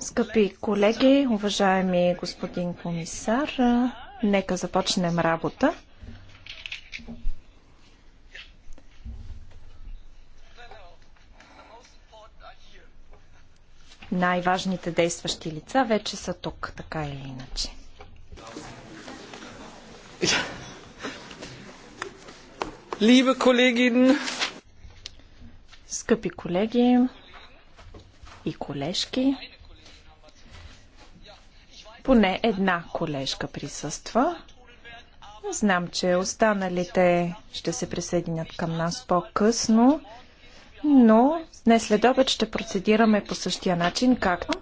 Скъпи колеги, уважаеми господин комисар, нека започнем работа. Най-важните действащи лица вече са тук, така или иначе. Скъпи колеги и колежки, поне една колежка присъства. Знам, че останалите ще се присъединят към нас по-късно, но днес след обед ще процедираме по същия начин, както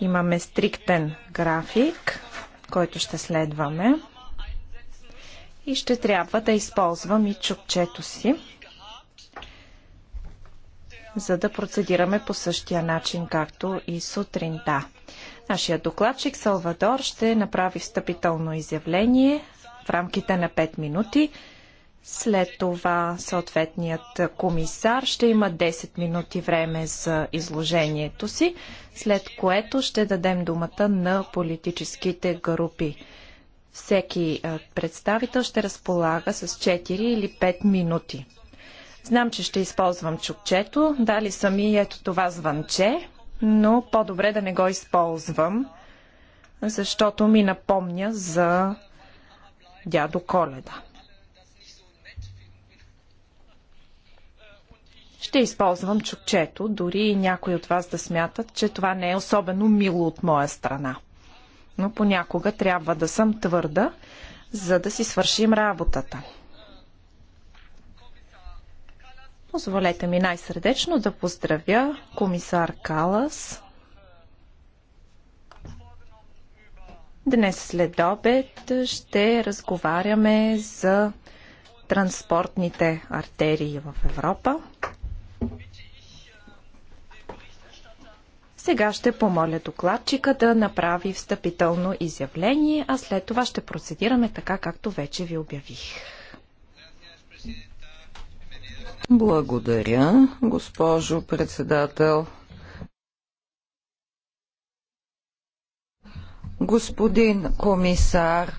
имаме стриктен график, който ще следваме и ще трябва да използвам и чукчето си за да процедираме по същия начин, както и сутринта. Нашия докладчик Салвадор ще направи встъпително изявление в рамките на 5 минути. След това съответният комисар ще има 10 минути време за изложението си, след което ще дадем думата на политическите групи. Всеки представител ще разполага с 4 или 5 минути. Знам, че ще използвам чукчето. Дали сами ето това звънче, но по-добре да не го използвам, защото ми напомня за дядо Коледа. Ще използвам чукчето, дори и някои от вас да смятат, че това не е особено мило от моя страна. Но понякога трябва да съм твърда, за да си свършим работата. Позволете ми най-сърдечно да поздравя комисар Калас. Днес след обед ще разговаряме за транспортните артерии в Европа. Сега ще помоля докладчика да направи встъпително изявление, а след това ще процедираме така, както вече ви обявих. Благодаря, госпожо председател. Господин комисар,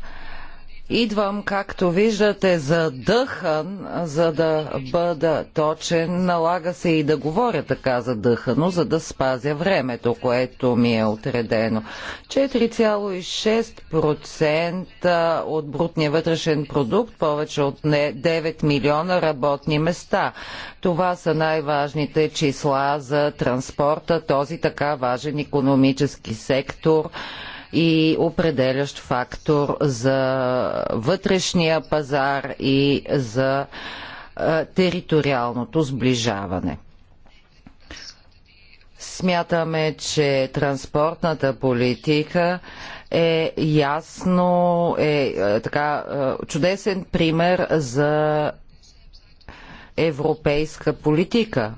Идвам, както виждате, задъхан, за да бъда точен. Налага се и да говоря така задъхано, за да спазя времето, което ми е отредено. 4,6% от брутния вътрешен продукт, повече от 9 милиона работни места. Това са най-важните числа за транспорта, този така важен економически сектор – и определящ фактор за вътрешния пазар и за териториалното сближаване. Смятаме, че транспортната политика е ясно, е така чудесен пример за европейска политика.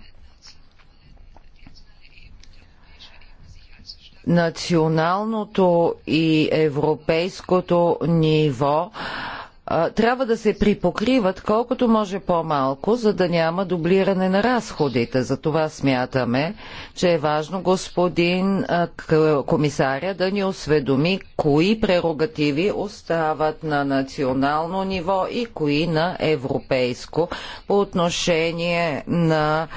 националното и европейското ниво трябва да се припокриват колкото може по-малко, за да няма дублиране на разходите. За това смятаме, че е важно господин комисаря да ни осведоми кои прерогативи остават на национално ниво и кои на европейско по отношение на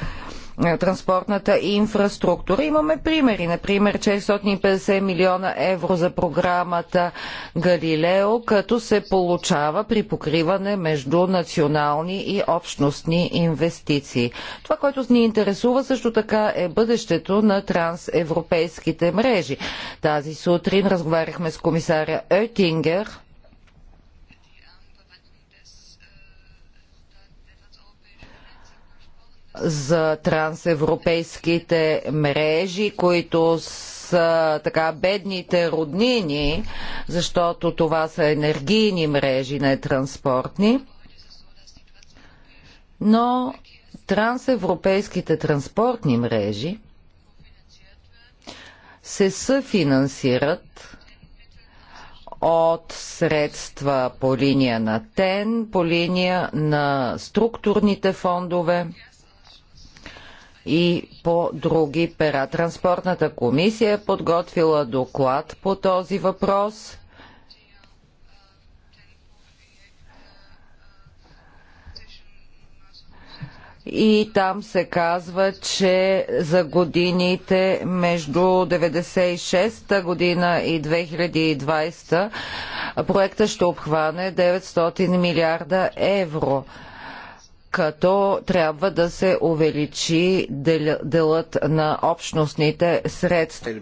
е, транспортната инфраструктура. Имаме примери, например 650 милиона евро за програмата Галилео, като се получава при покриване между национални и общностни инвестиции. Това, което ни интересува също така е бъдещето на трансевропейските мрежи. Тази сутрин разговаряхме с комисаря Оетингер за трансевропейските мрежи, които са така бедните роднини, защото това са енергийни мрежи, не транспортни. Но трансевропейските транспортни мрежи се съфинансират от средства по линия на ТЕН, по линия на структурните фондове и по други пера. Транспортната комисия е подготвила доклад по този въпрос. И там се казва, че за годините между 96-та година и 2020 проекта ще обхване 900 милиарда евро като трябва да се увеличи дел, делът на общностните средства.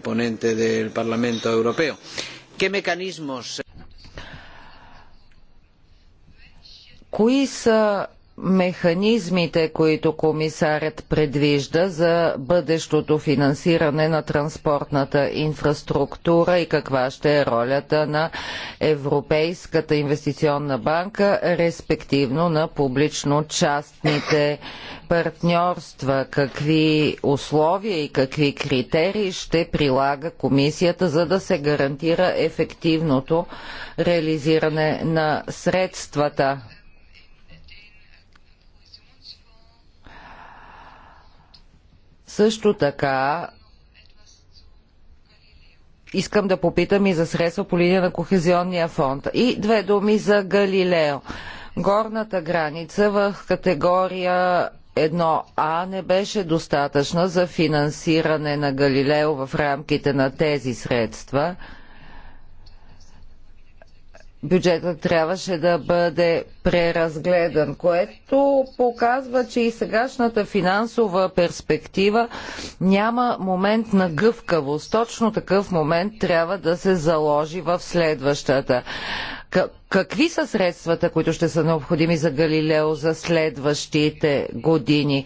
Кои са механизмите, които комисарят предвижда за бъдещото финансиране на транспортната инфраструктура и каква ще е ролята на Европейската инвестиционна банка, респективно на публично-частните партньорства, какви условия и какви критерии ще прилага комисията, за да се гарантира ефективното реализиране на средствата Също така искам да попитам и за средства по линия на Кохезионния фонд. И две думи за Галилео. Горната граница в категория 1А не беше достатъчна за финансиране на Галилео в рамките на тези средства – бюджетът трябваше да бъде преразгледан, което показва, че и сегашната финансова перспектива няма момент на гъвкавост. Точно такъв момент трябва да се заложи в следващата. Какви са средствата, които ще са необходими за Галилео за следващите години?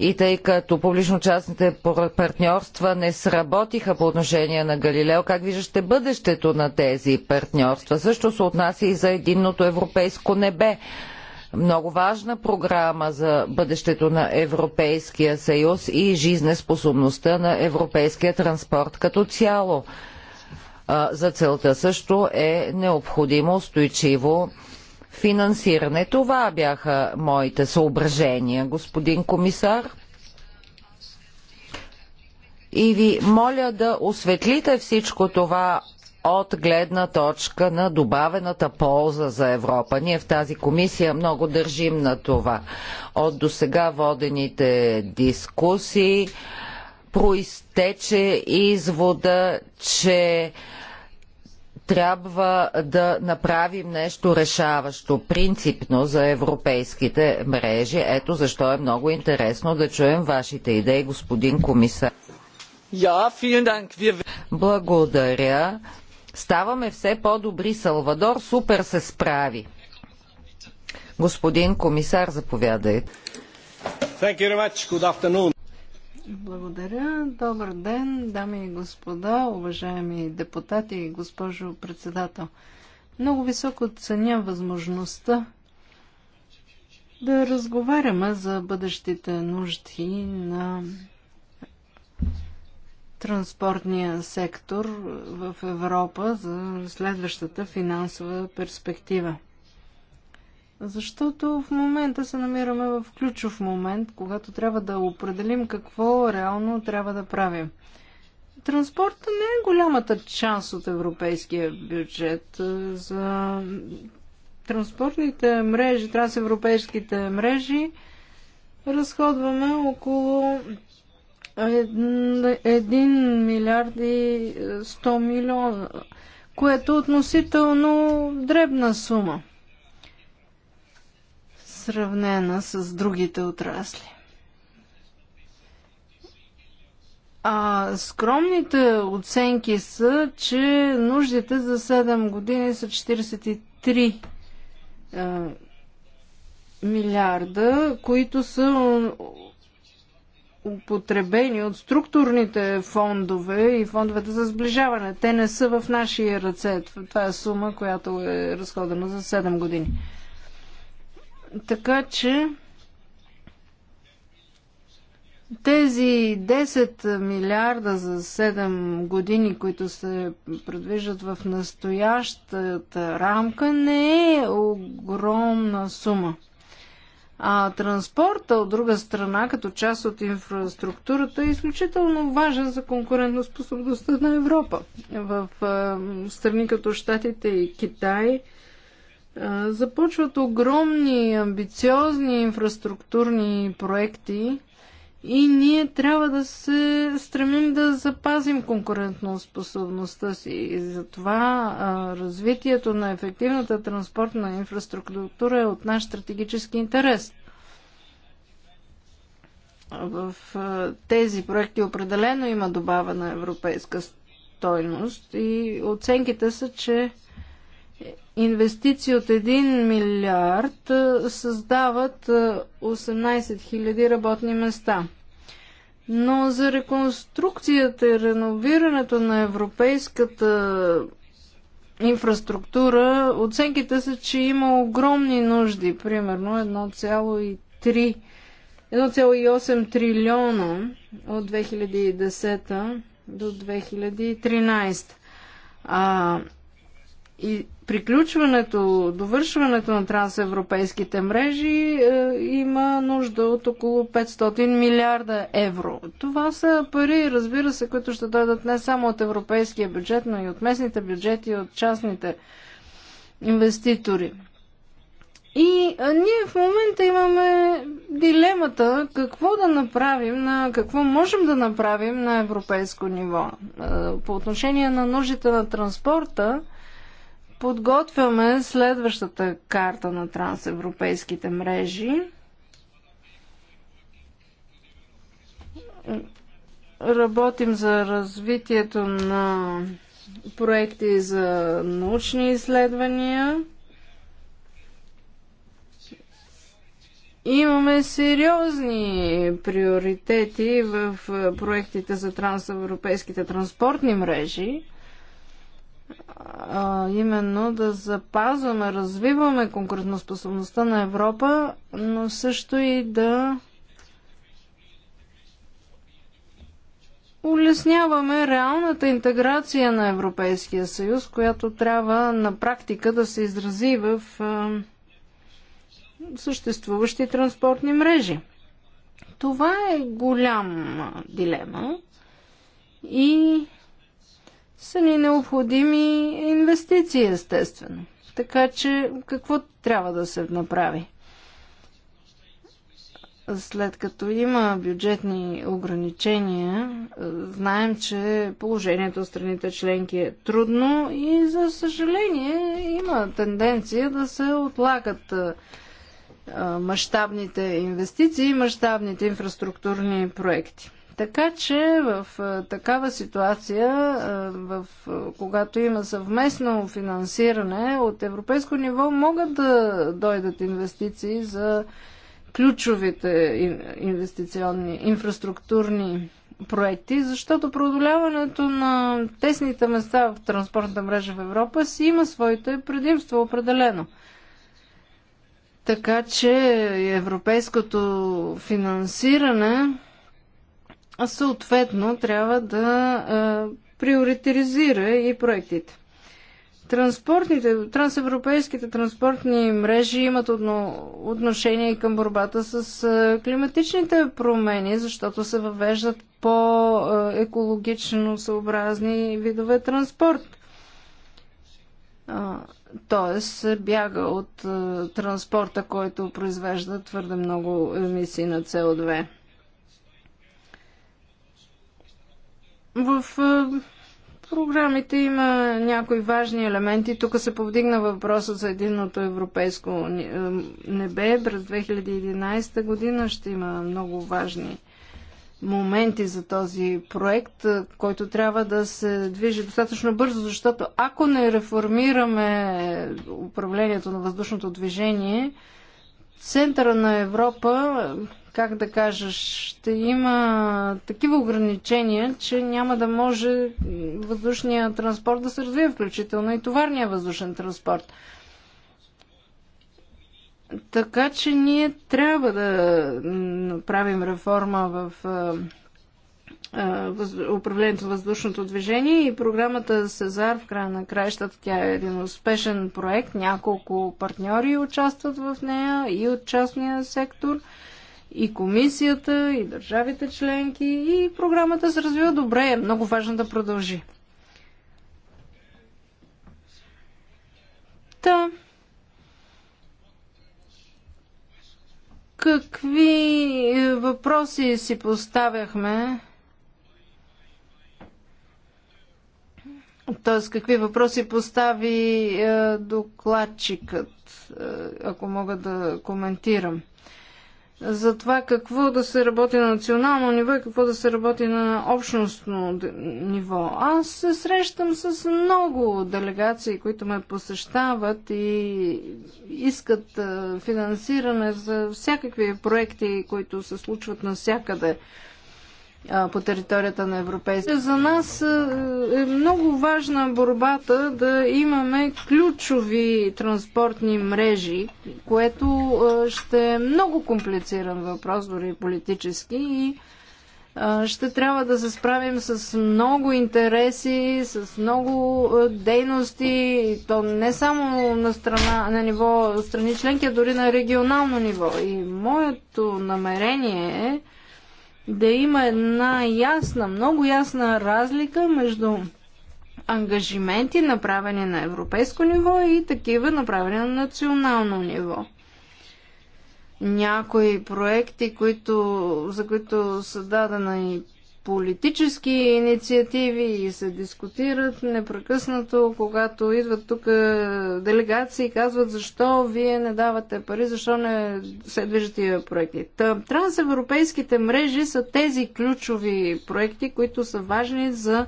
И тъй като публично-частните партньорства не сработиха по отношение на Галилео, как виждате бъдещето на тези партньорства? Също се отнася и за единното европейско небе много важна програма за бъдещето на Европейския съюз и жизнеспособността на европейския транспорт като цяло. За целта също е необходимо устойчиво финансиране. Това бяха моите съображения, господин комисар. И ви моля да осветлите всичко това от гледна точка на добавената полза за Европа. Ние в тази комисия много държим на това. От досега водените дискусии проистече извода, че трябва да направим нещо решаващо, принципно за европейските мрежи. Ето защо е много интересно да чуем вашите идеи, господин комисар. Благодаря. Ставаме все по-добри. Салвадор супер се справи. Господин комисар, заповядайте. Благодаря. Добър ден, дами и господа, уважаеми депутати и госпожо председател. Много високо ценя възможността да разговаряме за бъдещите нужди на транспортния сектор в Европа за следващата финансова перспектива. Защото в момента се намираме в ключов момент, когато трябва да определим какво реално трябва да правим. Транспортът не е голямата част от европейския бюджет. За транспортните мрежи, трансевропейските мрежи, разходваме около 1 милиард и 100 милиона, което е относително дребна сума сравнена с другите отрасли. А скромните оценки са, че нуждите за 7 години са 43 е, милиарда, които са употребени от структурните фондове и фондовете за сближаване. Те не са в нашия ръце. Това е сума, която е разходена за 7 години. Така че тези 10 милиарда за 7 години, които се предвиждат в настоящата рамка, не е огромна сума. А транспорта, от друга страна, като част от инфраструктурата, е изключително важен за конкурентоспособността на Европа. В страни като Штатите и Китай – започват огромни, амбициозни инфраструктурни проекти и ние трябва да се стремим да запазим конкурентоспособността си. И затова а, развитието на ефективната транспортна инфраструктура е от наш стратегически интерес. В а, тези проекти определено има добавена европейска стойност и оценките са, че инвестиции от 1 милиард създават 18 000 работни места. Но за реконструкцията и реновирането на европейската инфраструктура, оценките са, че има огромни нужди, примерно 1,3 1,8 трилиона от 2010 до 2013. А, и приключването, довършването на трансевропейските мрежи е, има нужда от около 500 милиарда евро. Това са пари, разбира се, които ще дойдат не само от европейския бюджет, но и от местните бюджети, и от частните инвеститори. И а, ние в момента имаме дилемата какво да направим, на какво можем да направим на европейско ниво. А, по отношение на нуждите на транспорта, подготвяме следващата карта на трансевропейските мрежи. Работим за развитието на проекти за научни изследвания. Имаме сериозни приоритети в проектите за трансевропейските транспортни мрежи а, именно да запазваме, развиваме конкурентоспособността на Европа, но също и да улесняваме реалната интеграция на Европейския съюз, която трябва на практика да се изрази в а, съществуващи транспортни мрежи. Това е голяма дилема и са ни необходими инвестиции, естествено. Така че какво трябва да се направи? След като има бюджетни ограничения, знаем, че положението в страните членки е трудно и за съжаление има тенденция да се отлагат мащабните инвестиции и мащабните инфраструктурни проекти. Така че в такава ситуация, в, когато има съвместно финансиране от европейско ниво, могат да дойдат инвестиции за ключовите инвестиционни, инфраструктурни проекти, защото продоляването на тесните места в транспортната мрежа в Европа си има своите предимства определено. Така че европейското финансиране а съответно трябва да приоритеризира и проектите. Транспортните, трансевропейските транспортни мрежи имат одно, отношение и към борбата с климатичните промени, защото се въвеждат по-екологично съобразни видове транспорт. Тоест бяга от транспорта, който произвежда твърде много емисии на СО2. В програмите има някои важни елементи. Тук се повдигна въпросът за единното европейско небе. През 2011 година ще има много важни моменти за този проект, който трябва да се движи достатъчно бързо, защото ако не реформираме управлението на въздушното движение, центъра на Европа как да кажеш, ще има такива ограничения, че няма да може въздушния транспорт да се развие, включително и товарния въздушен транспорт. Така че ние трябва да направим реформа в управлението на въздушното движение и програмата Сезар в края на краищата. Тя е един успешен проект. Няколко партньори участват в нея и от частния сектор – и комисията, и държавите членки, и програмата се развива добре. Е много важно да продължи. Та, какви е, въпроси си поставяхме? Т.е. какви въпроси постави е, докладчикът, е, ако мога да коментирам за това какво да се работи на национално ниво и какво да се работи на общностно ниво. Аз се срещам с много делегации, които ме посещават и искат финансиране за всякакви проекти, които се случват навсякъде по територията на Европейския. За нас е много важна борбата да имаме ключови транспортни мрежи, което ще е много комплициран въпрос, дори политически и ще трябва да се справим с много интереси, с много дейности, то не само на, страна, на ниво страни членки, а дори на регионално ниво. И моето намерение е да има една ясна, много ясна разлика между ангажименти, направени на европейско ниво и такива, направени на национално ниво. Някои проекти, които, за които са дадена и политически инициативи и се дискутират непрекъснато, когато идват тук е, делегации и казват защо вие не давате пари, защо не се движат тия проекти. Трансевропейските мрежи са тези ключови проекти, които са важни за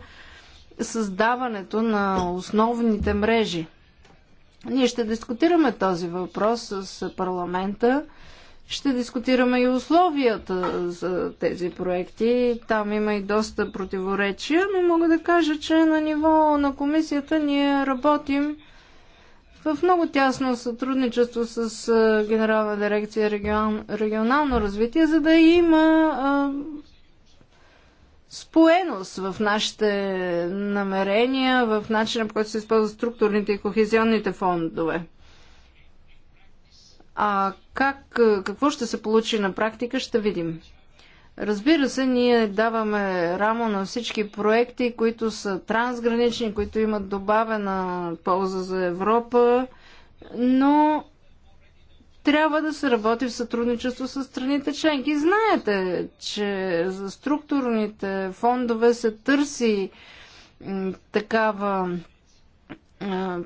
създаването на основните мрежи. Ние ще дискутираме този въпрос с парламента ще дискутираме и условията за тези проекти. Там има и доста противоречия, но мога да кажа, че на ниво на комисията ние работим в много тясно сътрудничество с Генерална дирекция регион, регионално развитие, за да има а, споеност в нашите намерения, в начина по който се използват структурните и кохезионните фондове. А как, какво ще се получи на практика, ще видим. Разбира се, ние даваме рамо на всички проекти, които са трансгранични, които имат добавена полза за Европа, но трябва да се работи в сътрудничество с страните членки. Знаете, че за структурните фондове се търси такава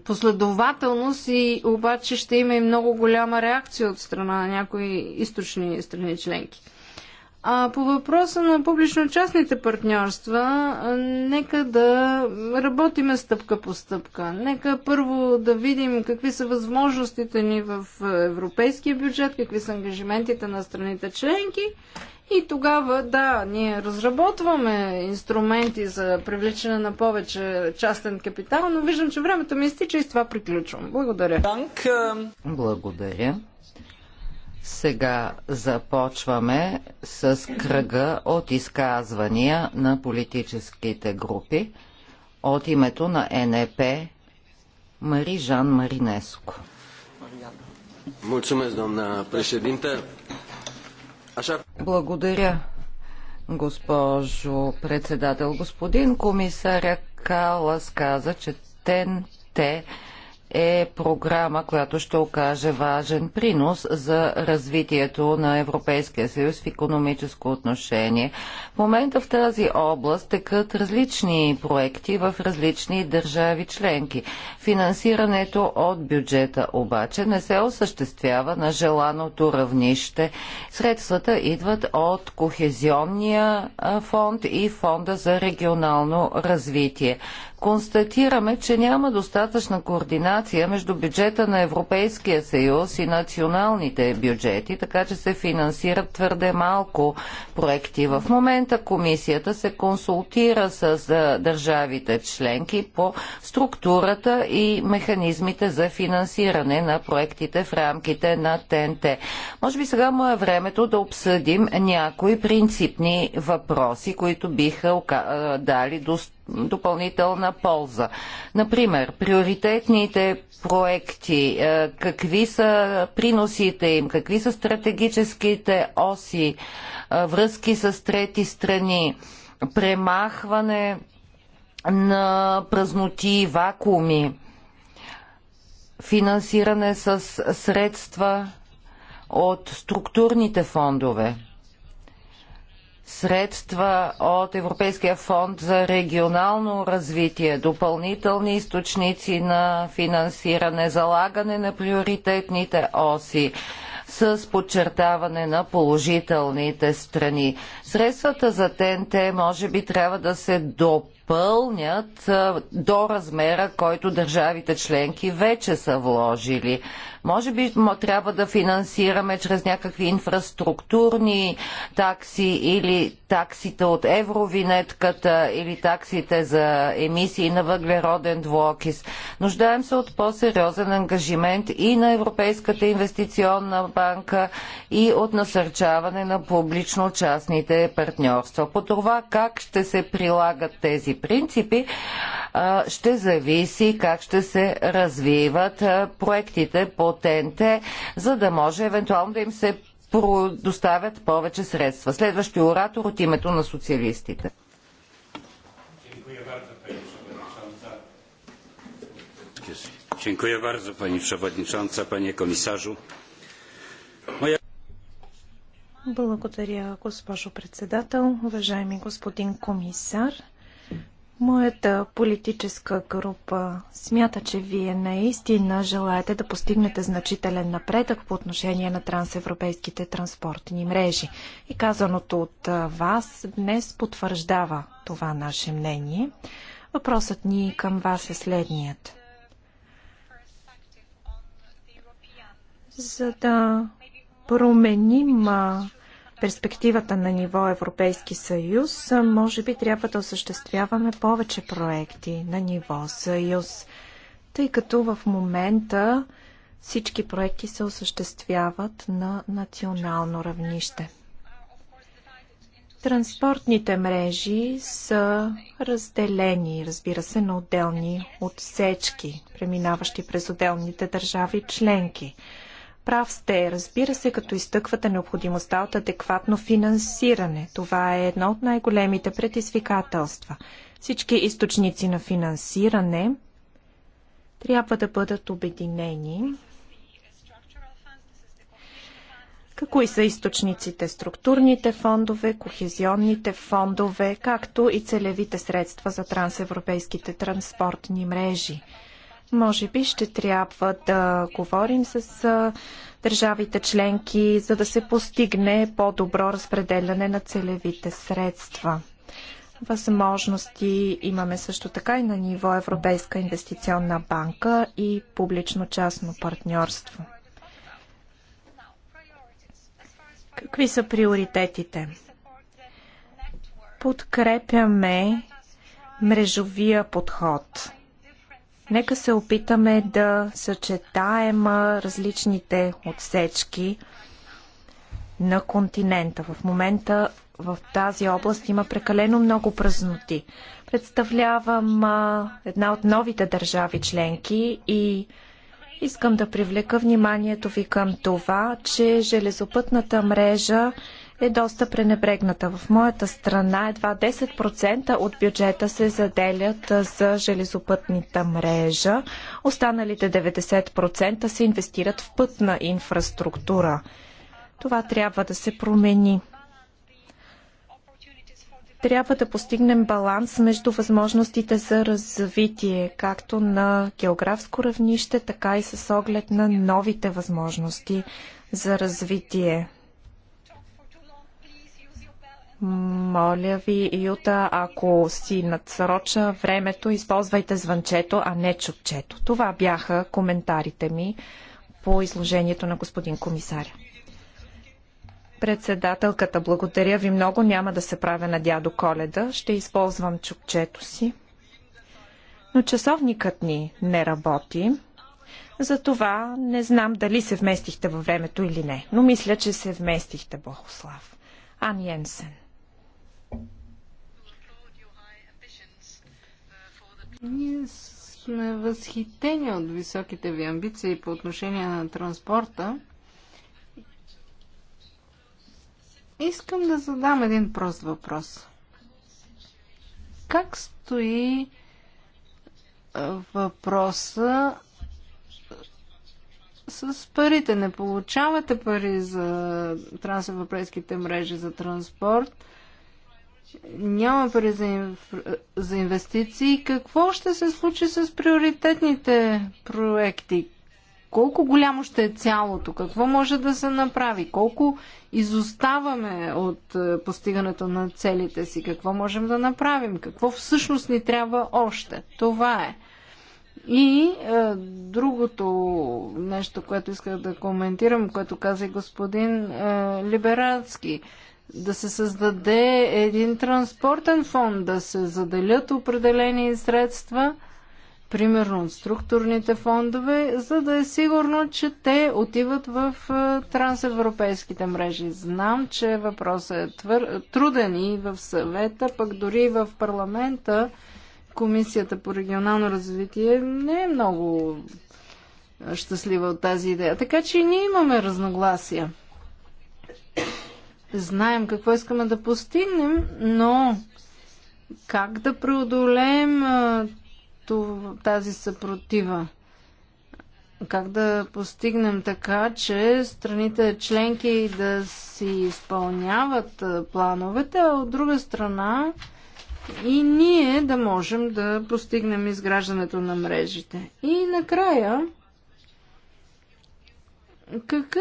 последователност и обаче ще има и много голяма реакция от страна на някои източни страни членки. А по въпроса на публично-частните партньорства, нека да работиме стъпка по стъпка. Нека първо да видим какви са възможностите ни в европейския бюджет, какви са ангажиментите на страните членки и тогава, да, ние разработваме инструменти за привличане на повече частен капитал, но виждам, че времето ми изтича и с това приключвам. Благодаря. Благодаря. Сега започваме с кръга от изказвания на политическите групи от името на НЕП Мари Жан Маринеско. Mulțumesc, doamna președinte. Благодаря, госпожо председател. Господин комисаря Калас каза, че ТЕН-Т е програма, която ще окаже важен принос за развитието на Европейския съюз в економическо отношение. В момента в тази област текат различни проекти в различни държави членки. Финансирането от бюджета обаче не се осъществява на желаното равнище. Средствата идват от Кохезионния фонд и Фонда за регионално развитие констатираме, че няма достатъчна координация между бюджета на Европейския съюз и националните бюджети, така че се финансират твърде малко проекти. В момента комисията се консултира с държавите членки по структурата и механизмите за финансиране на проектите в рамките на ТНТ. Може би сега му е времето да обсъдим някои принципни въпроси, които биха дали достатъчно допълнителна полза. Например, приоритетните проекти, е, какви са приносите им, какви са стратегическите оси, е, връзки с трети страни, премахване на празноти, вакууми, финансиране с средства от структурните фондове – средства от Европейския фонд за регионално развитие, допълнителни източници на финансиране, залагане на приоритетните оси с подчертаване на положителните страни. Средствата за ТНТ може би трябва да се допълнят до размера, който държавите членки вече са вложили. Може би трябва да финансираме чрез някакви инфраструктурни такси или таксите от евровинетката или таксите за емисии на въглероден двуокис. Нуждаем се от по-сериозен ангажимент и на Европейската инвестиционна банка и от насърчаване на публично-частните партньорства. По това как ще се прилагат тези принципи, ще зависи как ще се развиват проектите по по за да може евентуално да им се доставят повече средства. Следващия оратор от името на социалистите. Dziękuję bardzo Pani Przewodnicząca, Panie Komisarzu. Благодаря, госпожо председател, уважаеми господин комисар. Моята политическа група смята, че вие наистина желаете да постигнете значителен напредък по отношение на трансевропейските транспортни мрежи. И казаното от вас днес потвърждава това наше мнение. Въпросът ни към вас е следният. За да променим перспективата на ниво Европейски съюз, може би трябва да осъществяваме повече проекти на ниво съюз, тъй като в момента всички проекти се осъществяват на национално равнище. Транспортните мрежи са разделени, разбира се, на отделни отсечки, преминаващи през отделните държави членки – Прав сте, разбира се, като изтъквате необходимостта от адекватно финансиране. Това е едно от най-големите предизвикателства. Всички източници на финансиране трябва да бъдат обединени. Кои са източниците? Структурните фондове, кохезионните фондове, както и целевите средства за трансевропейските транспортни мрежи. Може би ще трябва да говорим с държавите членки, за да се постигне по-добро разпределяне на целевите средства. Възможности имаме също така и на ниво Европейска инвестиционна банка и публично-частно партньорство. Какви са приоритетите? Подкрепяме мрежовия подход. Нека се опитаме да съчетаем различните отсечки на континента. В момента в тази област има прекалено много празноти. Представлявам една от новите държави членки и искам да привлека вниманието ви към това, че железопътната мрежа е доста пренебрегната. В моята страна едва 10% от бюджета се заделят за железопътната мрежа. Останалите 90% се инвестират в пътна инфраструктура. Това трябва да се промени трябва да постигнем баланс между възможностите за развитие, както на географско равнище, така и с оглед на новите възможности за развитие. Моля ви, Юта, ако си надсроча времето, използвайте звънчето, а не чупчето. Това бяха коментарите ми по изложението на господин комисаря. Председателката, благодаря ви много. Няма да се правя на дядо Коледа. Ще използвам чупчето си. Но часовникът ни не работи. Затова не знам дали се вместихте във времето или не, но мисля, че се вместихте, Богослав. Ан Йенсен. Ние сме възхитени от високите ви амбиции по отношение на транспорта. Искам да задам един прост въпрос. Как стои въпроса с парите. Не получавате пари за трансевропейските мрежи за транспорт. Няма пари за, инф... за инвестиции. Какво ще се случи с приоритетните проекти? Колко голямо ще е цялото? Какво може да се направи? Колко изоставаме от е, постигането на целите си? Какво можем да направим? Какво всъщност ни трябва още? Това е. И е, другото нещо, което исках да коментирам, което каза и господин е, Либерацки, да се създаде един транспортен фонд, да се заделят определени средства, примерно от структурните фондове, за да е сигурно, че те отиват в е, трансевропейските мрежи. Знам, че въпросът е твър... труден и в съвета, пък дори и в парламента Комисията по регионално развитие не е много щастлива от тази идея. Така че и ние имаме разногласия. Знаем какво искаме да постигнем, но как да преодолеем тази съпротива? Как да постигнем така, че страните членки да си изпълняват плановете, а от друга страна и ние да можем да постигнем изграждането на мрежите. И накрая, какво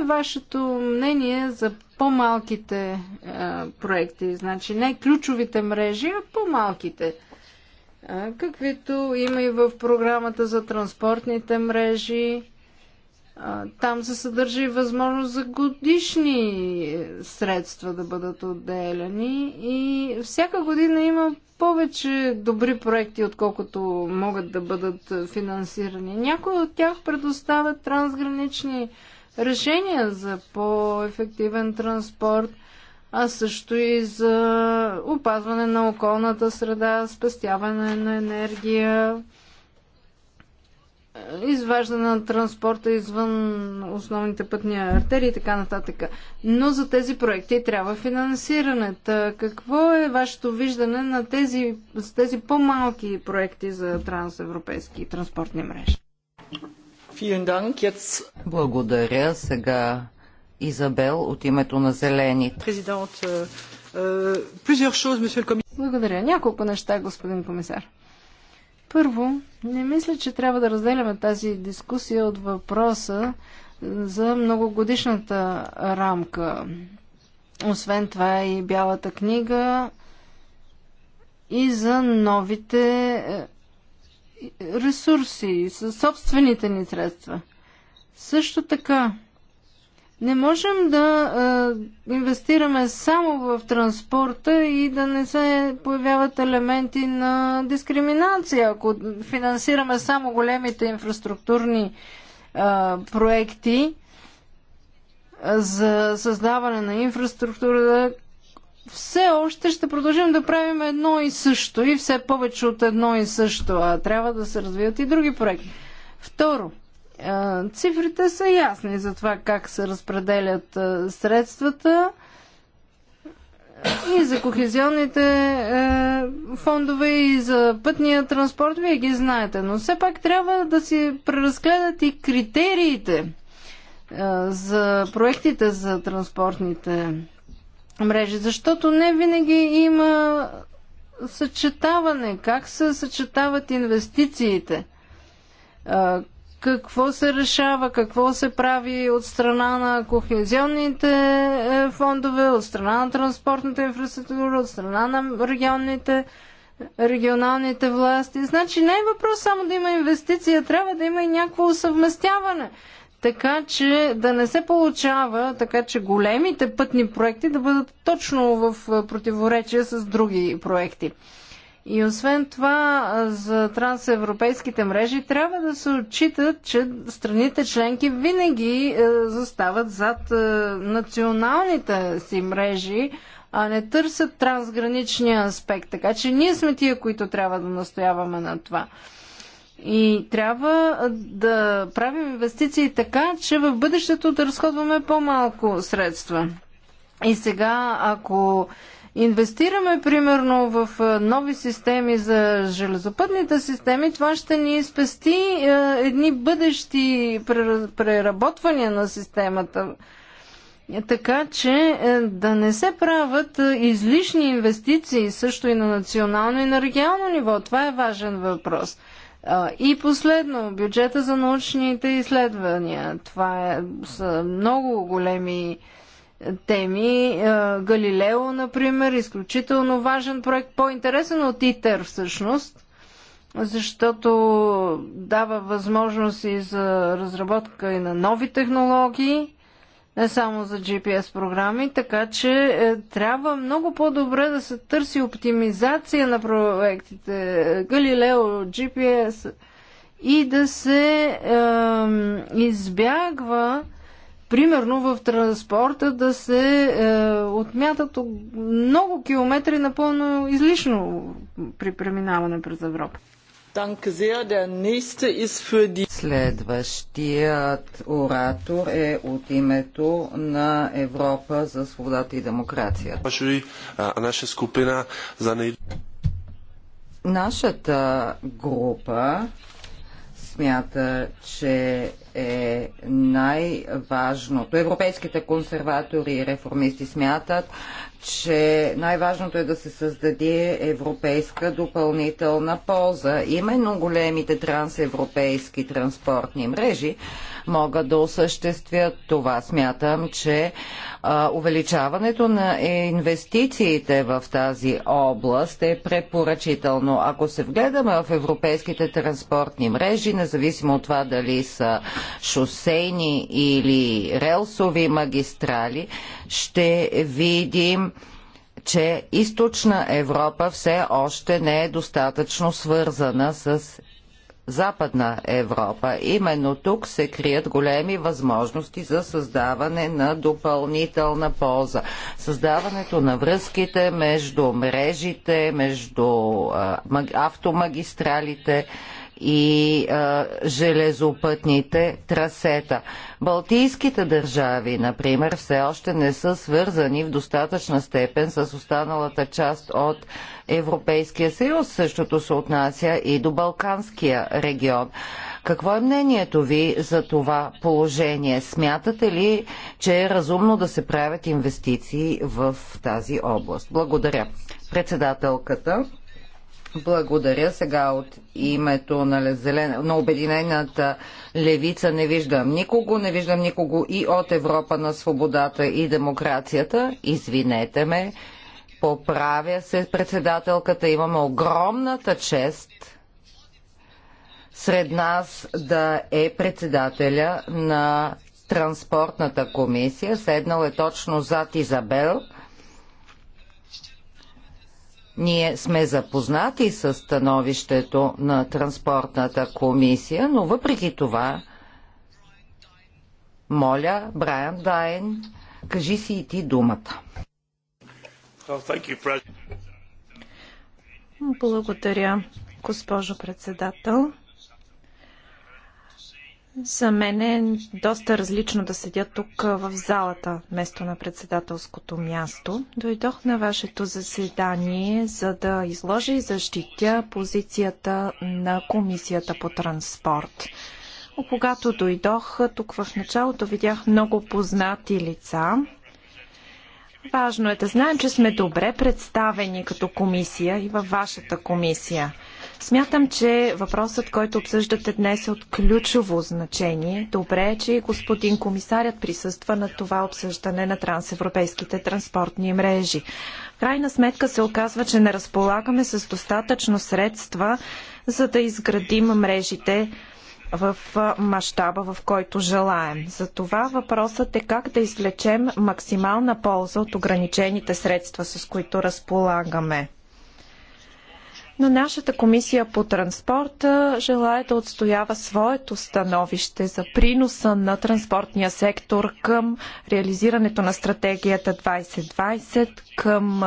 е вашето мнение за по-малките е, проекти? Значи не ключовите мрежи, а по-малките. Е, каквито има и в програмата за транспортните мрежи там се съдържа и възможност за годишни средства да бъдат отделяни и всяка година има повече добри проекти, отколкото могат да бъдат финансирани. Някои от тях предоставят трансгранични решения за по-ефективен транспорт, а също и за опазване на околната среда, спестяване на енергия, изваждане на транспорта извън основните пътни артерии и така нататък. Но за тези проекти трябва финансиране. какво е вашето виждане на тези, за тези по-малки проекти за трансевропейски транспортни мрежи? Благодаря. Сега Изабел от името на Зелените. Е, Благодаря. Няколко неща, господин комисар. Първо, не мисля, че трябва да разделяме тази дискусия от въпроса за многогодишната рамка. Освен това е и Бялата книга и за новите е, ресурси, със собствените ни средства. Също така, не можем да а, инвестираме само в транспорта и да не се появяват елементи на дискриминация. Ако финансираме само големите инфраструктурни а, проекти за създаване на инфраструктура, все още ще продължим да правим едно и също и все повече от едно и също, а трябва да се развият и други проекти. Второ – Цифрите са ясни за това как се разпределят средствата и за кохезионните фондове и за пътния транспорт, вие ги знаете, но все пак трябва да си преразгледат и критериите за проектите за транспортните мрежи, защото не винаги има съчетаване, как се съчетават инвестициите, какво се решава, какво се прави от страна на кохезионните е, фондове, от страна на транспортната инфраструктура, от страна на регионните, регионалните власти. Значи не е въпрос само да има инвестиция, трябва да има и някакво съвместяване. Така че да не се получава, така че големите пътни проекти да бъдат точно в е, противоречие с други проекти. И освен това, за трансевропейските мрежи трябва да се отчитат, че страните членки винаги е, застават зад е, националните си мрежи, а не търсят трансграничния аспект. Така че ние сме тия, които трябва да настояваме на това. И трябва е, да правим инвестиции така, че в бъдещето да разходваме по-малко средства. И сега, ако инвестираме примерно в нови системи за железопътните системи, това ще ни спести едни бъдещи преработвания на системата. Така че е, да не се правят излишни инвестиции също и на национално и на регионално ниво. Това е важен въпрос. И последно, бюджета за научните изследвания. Това е, са много големи теми. Е, Галилео, например, изключително важен проект, по-интересен от ИТЕР всъщност, защото дава възможност и за разработка и на нови технологии, не само за GPS програми, така че е, трябва много по-добре да се търси оптимизация на проектите Галилео, GPS и да се е, избягва е, примерно в транспорта да се е, отмятат много километри напълно излишно при преминаване през Европа. Следващият оратор е от името на Европа за свободата и демокрация. Нашата група смята, че е най-важното. Европейските консерватори и реформисти смятат, че най-важното е да се създаде европейска допълнителна полза. Именно големите трансевропейски транспортни мрежи могат да осъществят това. Смятам, че а, увеличаването на инвестициите в тази област е препоръчително. Ако се вгледаме в европейските транспортни мрежи, независимо от това дали са шосейни или релсови магистрали, ще видим че източна Европа все още не е достатъчно свързана с Западна Европа. Именно тук се крият големи възможности за създаване на допълнителна полза. Създаването на връзките между мрежите, между автомагистралите, и а, железопътните трасета. Балтийските държави, например, все още не са свързани в достатъчна степен с останалата част от Европейския съюз. Същото се отнася и до Балканския регион. Какво е мнението ви за това положение? Смятате ли, че е разумно да се правят инвестиции в тази област? Благодаря. Председателката. Благодаря. Сега от името на, зелена, на Обединената левица не виждам никого, не виждам никого и от Европа на свободата и демокрацията. Извинете ме, поправя се председателката. Имаме огромната чест сред нас да е председателя на транспортната комисия. Седнал е точно зад Изабел – ние сме запознати с становището на Транспортната комисия, но въпреки това, моля, Брайан Дайн, кажи си и ти думата. Благодаря, госпожо председател. За мен е доста различно да седя тук в залата, вместо на председателското място. Дойдох на вашето заседание, за да изложа и защитя позицията на Комисията по транспорт. Но когато дойдох тук в началото, видях много познати лица. Важно е да знаем, че сме добре представени като комисия и във вашата комисия. Смятам, че въпросът, който обсъждате днес е от ключово значение. Добре е, че и господин комисарят присъства на това обсъждане на трансевропейските транспортни мрежи. В крайна сметка се оказва, че не разполагаме с достатъчно средства, за да изградим мрежите в мащаба, в който желаем. Затова въпросът е как да извлечем максимална полза от ограничените средства, с които разполагаме. Но нашата комисия по транспорта желая да отстоява своето становище за приноса на транспортния сектор към реализирането на стратегията 2020, към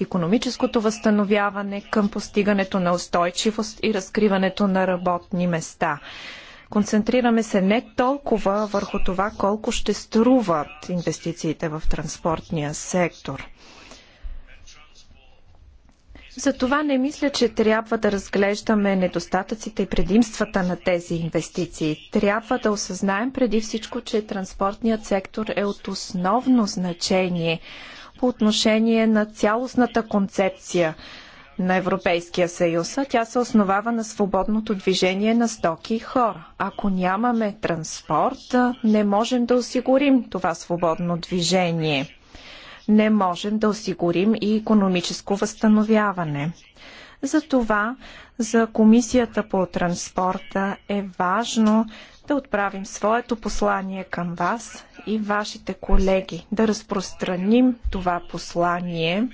економическото възстановяване, към постигането на устойчивост и разкриването на работни места. Концентрираме се не толкова върху това колко ще струват инвестициите в транспортния сектор. Затова не мисля, че трябва да разглеждаме недостатъците и предимствата на тези инвестиции. Трябва да осъзнаем преди всичко, че транспортният сектор е от основно значение по отношение на цялостната концепция на Европейския съюз, тя се основава на свободното движение на стоки и хора. Ако нямаме транспорт, не можем да осигурим това свободно движение не можем да осигурим и економическо възстановяване. Затова за Комисията по транспорта е важно да отправим своето послание към вас и вашите колеги, да разпространим това послание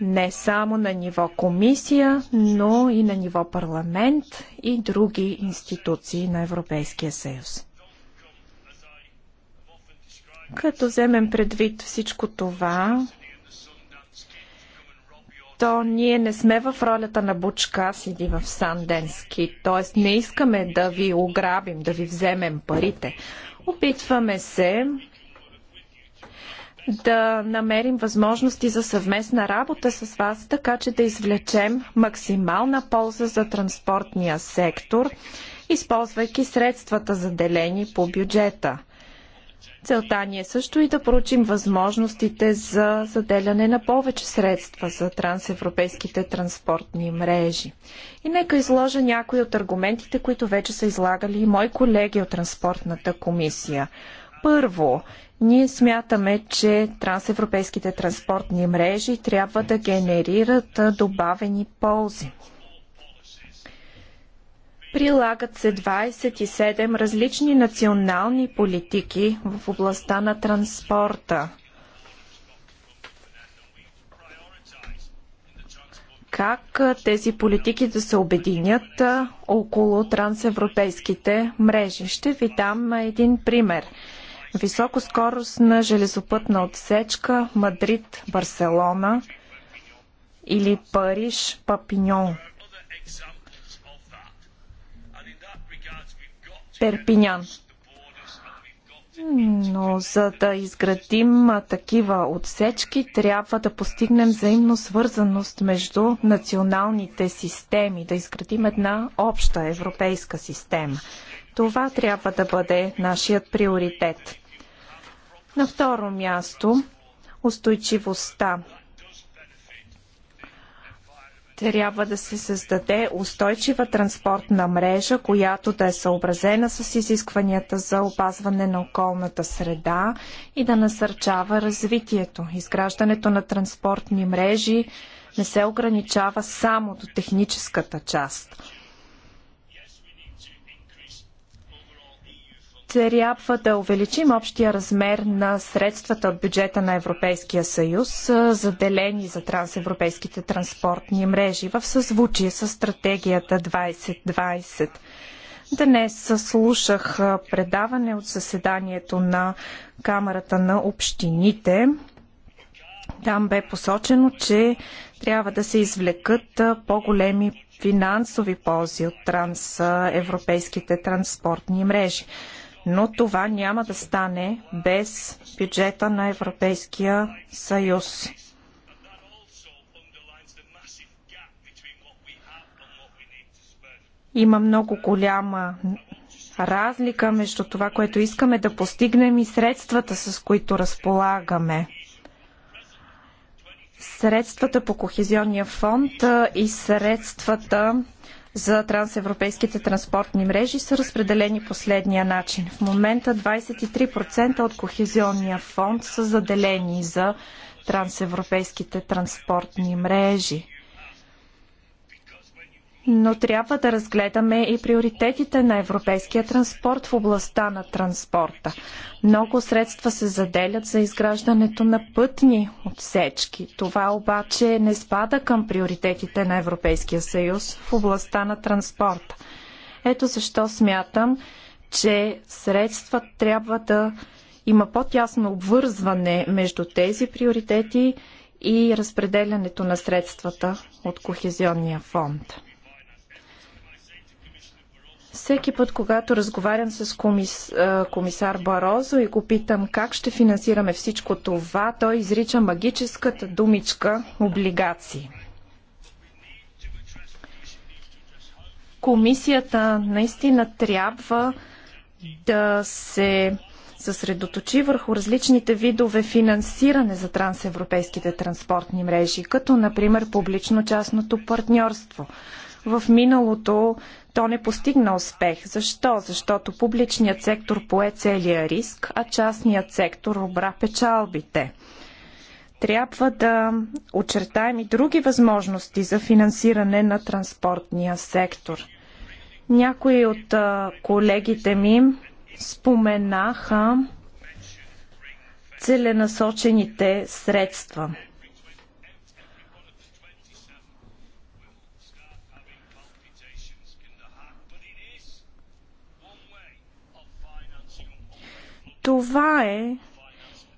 не само на ниво комисия, но и на ниво парламент и други институции на Европейския съюз. Като вземем предвид всичко това, то ние не сме в ролята на Бучка, сиди в Санденски. Тоест не искаме да ви ограбим, да ви вземем парите. Опитваме се да намерим възможности за съвместна работа с вас, така че да извлечем максимална полза за транспортния сектор, използвайки средствата заделени по бюджета. Целта ни е също и да проучим възможностите за заделяне на повече средства за трансевропейските транспортни мрежи. И нека изложа някои от аргументите, които вече са излагали и мои колеги от Транспортната комисия. Първо, ние смятаме, че трансевропейските транспортни мрежи трябва да генерират добавени ползи. Прилагат се 27 различни национални политики в областта на транспорта. Как тези политики да се обединят около трансевропейските мрежи? Ще ви дам един пример. Високоскоростна железопътна отсечка Мадрид-Барселона или Париж-Папиньон. Перпинян. Но за да изградим такива отсечки, трябва да постигнем взаимно свързаност между националните системи, да изградим една обща европейска система. Това трябва да бъде нашият приоритет. На второ място, устойчивостта трябва да се създаде устойчива транспортна мрежа, която да е съобразена с изискванията за опазване на околната среда и да насърчава развитието. Изграждането на транспортни мрежи не се ограничава само до техническата част. трябва да увеличим общия размер на средствата от бюджета на Европейския съюз, заделени за трансевропейските транспортни мрежи, в съзвучие с стратегията 2020. Днес слушах предаване от съседанието на Камерата на общините. Там бе посочено, че трябва да се извлекат по-големи финансови ползи от трансевропейските транспортни мрежи. Но това няма да стане без бюджета на Европейския съюз. Има много голяма разлика между това, което искаме да постигнем и средствата, с които разполагаме. Средствата по Кохезионния фонд и средствата за трансевропейските транспортни мрежи са разпределени последния начин. В момента 23% от кохезионния фонд са заделени за трансевропейските транспортни мрежи но трябва да разгледаме и приоритетите на европейския транспорт в областта на транспорта. Много средства се заделят за изграждането на пътни отсечки. Това обаче не спада към приоритетите на Европейския съюз в областта на транспорта. Ето защо смятам, че средства трябва да има по-тясно обвързване между тези приоритети и разпределянето на средствата от Кохезионния фонд. Всеки път, когато разговарям с комис, комисар Барозо и го питам как ще финансираме всичко това, той изрича магическата думичка облигации. Комисията наистина трябва да се съсредоточи върху различните видове финансиране за трансевропейските транспортни мрежи, като например публично-частното партньорство. В миналото то не постигна успех. Защо? Защото публичният сектор пое целия риск, а частният сектор обра печалбите. Трябва да очертаем и други възможности за финансиране на транспортния сектор. Някои от колегите ми споменаха целенасочените средства – Това е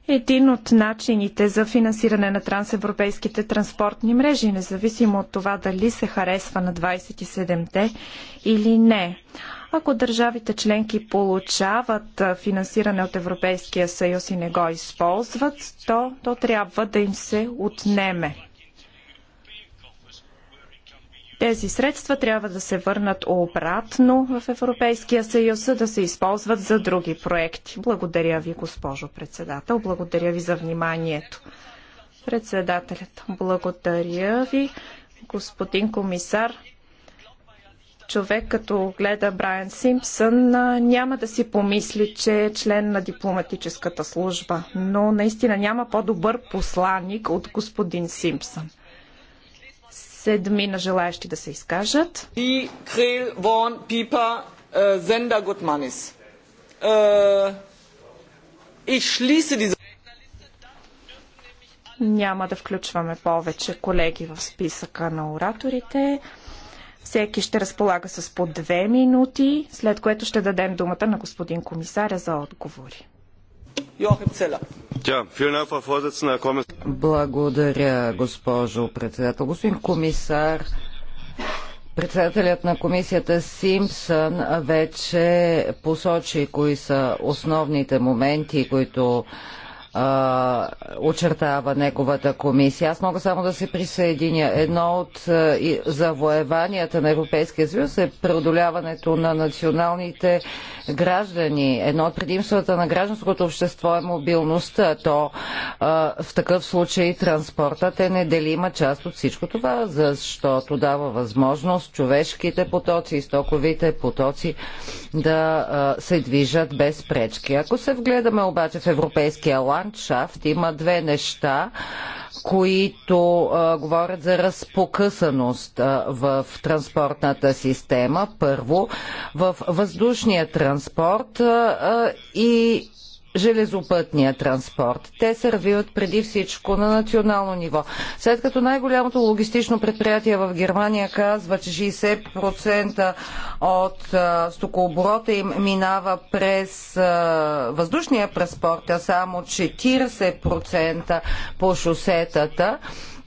един от начините за финансиране на трансевропейските транспортни мрежи, независимо от това дали се харесва на 27-те или не. Ако държавите членки получават финансиране от Европейския съюз и не го използват, то, то трябва да им се отнеме. Тези средства трябва да се върнат обратно в Европейския съюз, да се използват за други проекти. Благодаря ви, госпожо председател. Благодаря ви за вниманието. Председателят, благодаря ви, господин комисар човек като гледа Брайан Симпсън, няма да си помисли, че е член на дипломатическата служба. Но наистина няма по-добър посланник от господин Симпсън седми на желаящи да се изкажат. И крил Вон, Пипа, е, Зенда, Гутманис. Е, И шлисе Няма да включваме повече колеги в списъка на ораторите. Всеки ще разполага с по две минути, след което ще дадем думата на господин комисаря за отговори. Благодаря, госпожо председател. Господин комисар, председателят на комисията Симпсън вече посочи кои са основните моменти, които а, очертава неговата комисия. Аз мога само да се присъединя. Едно от а, завоеванията на Европейския съюз е преодоляването на националните граждани. Едно от предимствата на гражданското общество е мобилността. То а, в такъв случай транспортът е неделима част от всичко това, защото дава възможност човешките потоци и стоковите потоци да а, се движат без пречки. Ако се вгледаме обаче в европейския лайн, ландшафт има две неща, които а, говорят за разпокъсаност а, в транспортната система. Първо, в въздушния транспорт а, и железопътния транспорт. Те се развиват преди всичко на национално ниво. След като най-голямото логистично предприятие в Германия казва, че 60% от стокооборота им минава през а, въздушния транспорт, а само 40% по шосетата,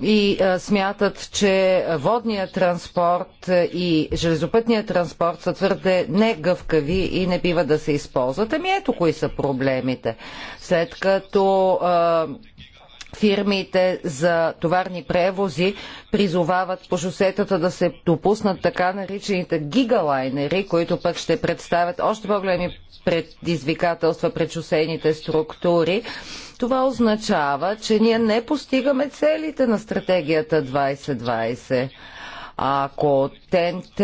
и смятат, че водният транспорт и железопътният транспорт са твърде негъвкави и не бива да се използват. Ами ето кои са проблемите. След като фирмите за товарни превози призовават по шосетата да се допуснат така наречените гигалайнери, които пък ще представят още по-големи предизвикателства пред шосейните структури. Това означава, че ние не постигаме целите на стратегията 2020. Ако ТНТ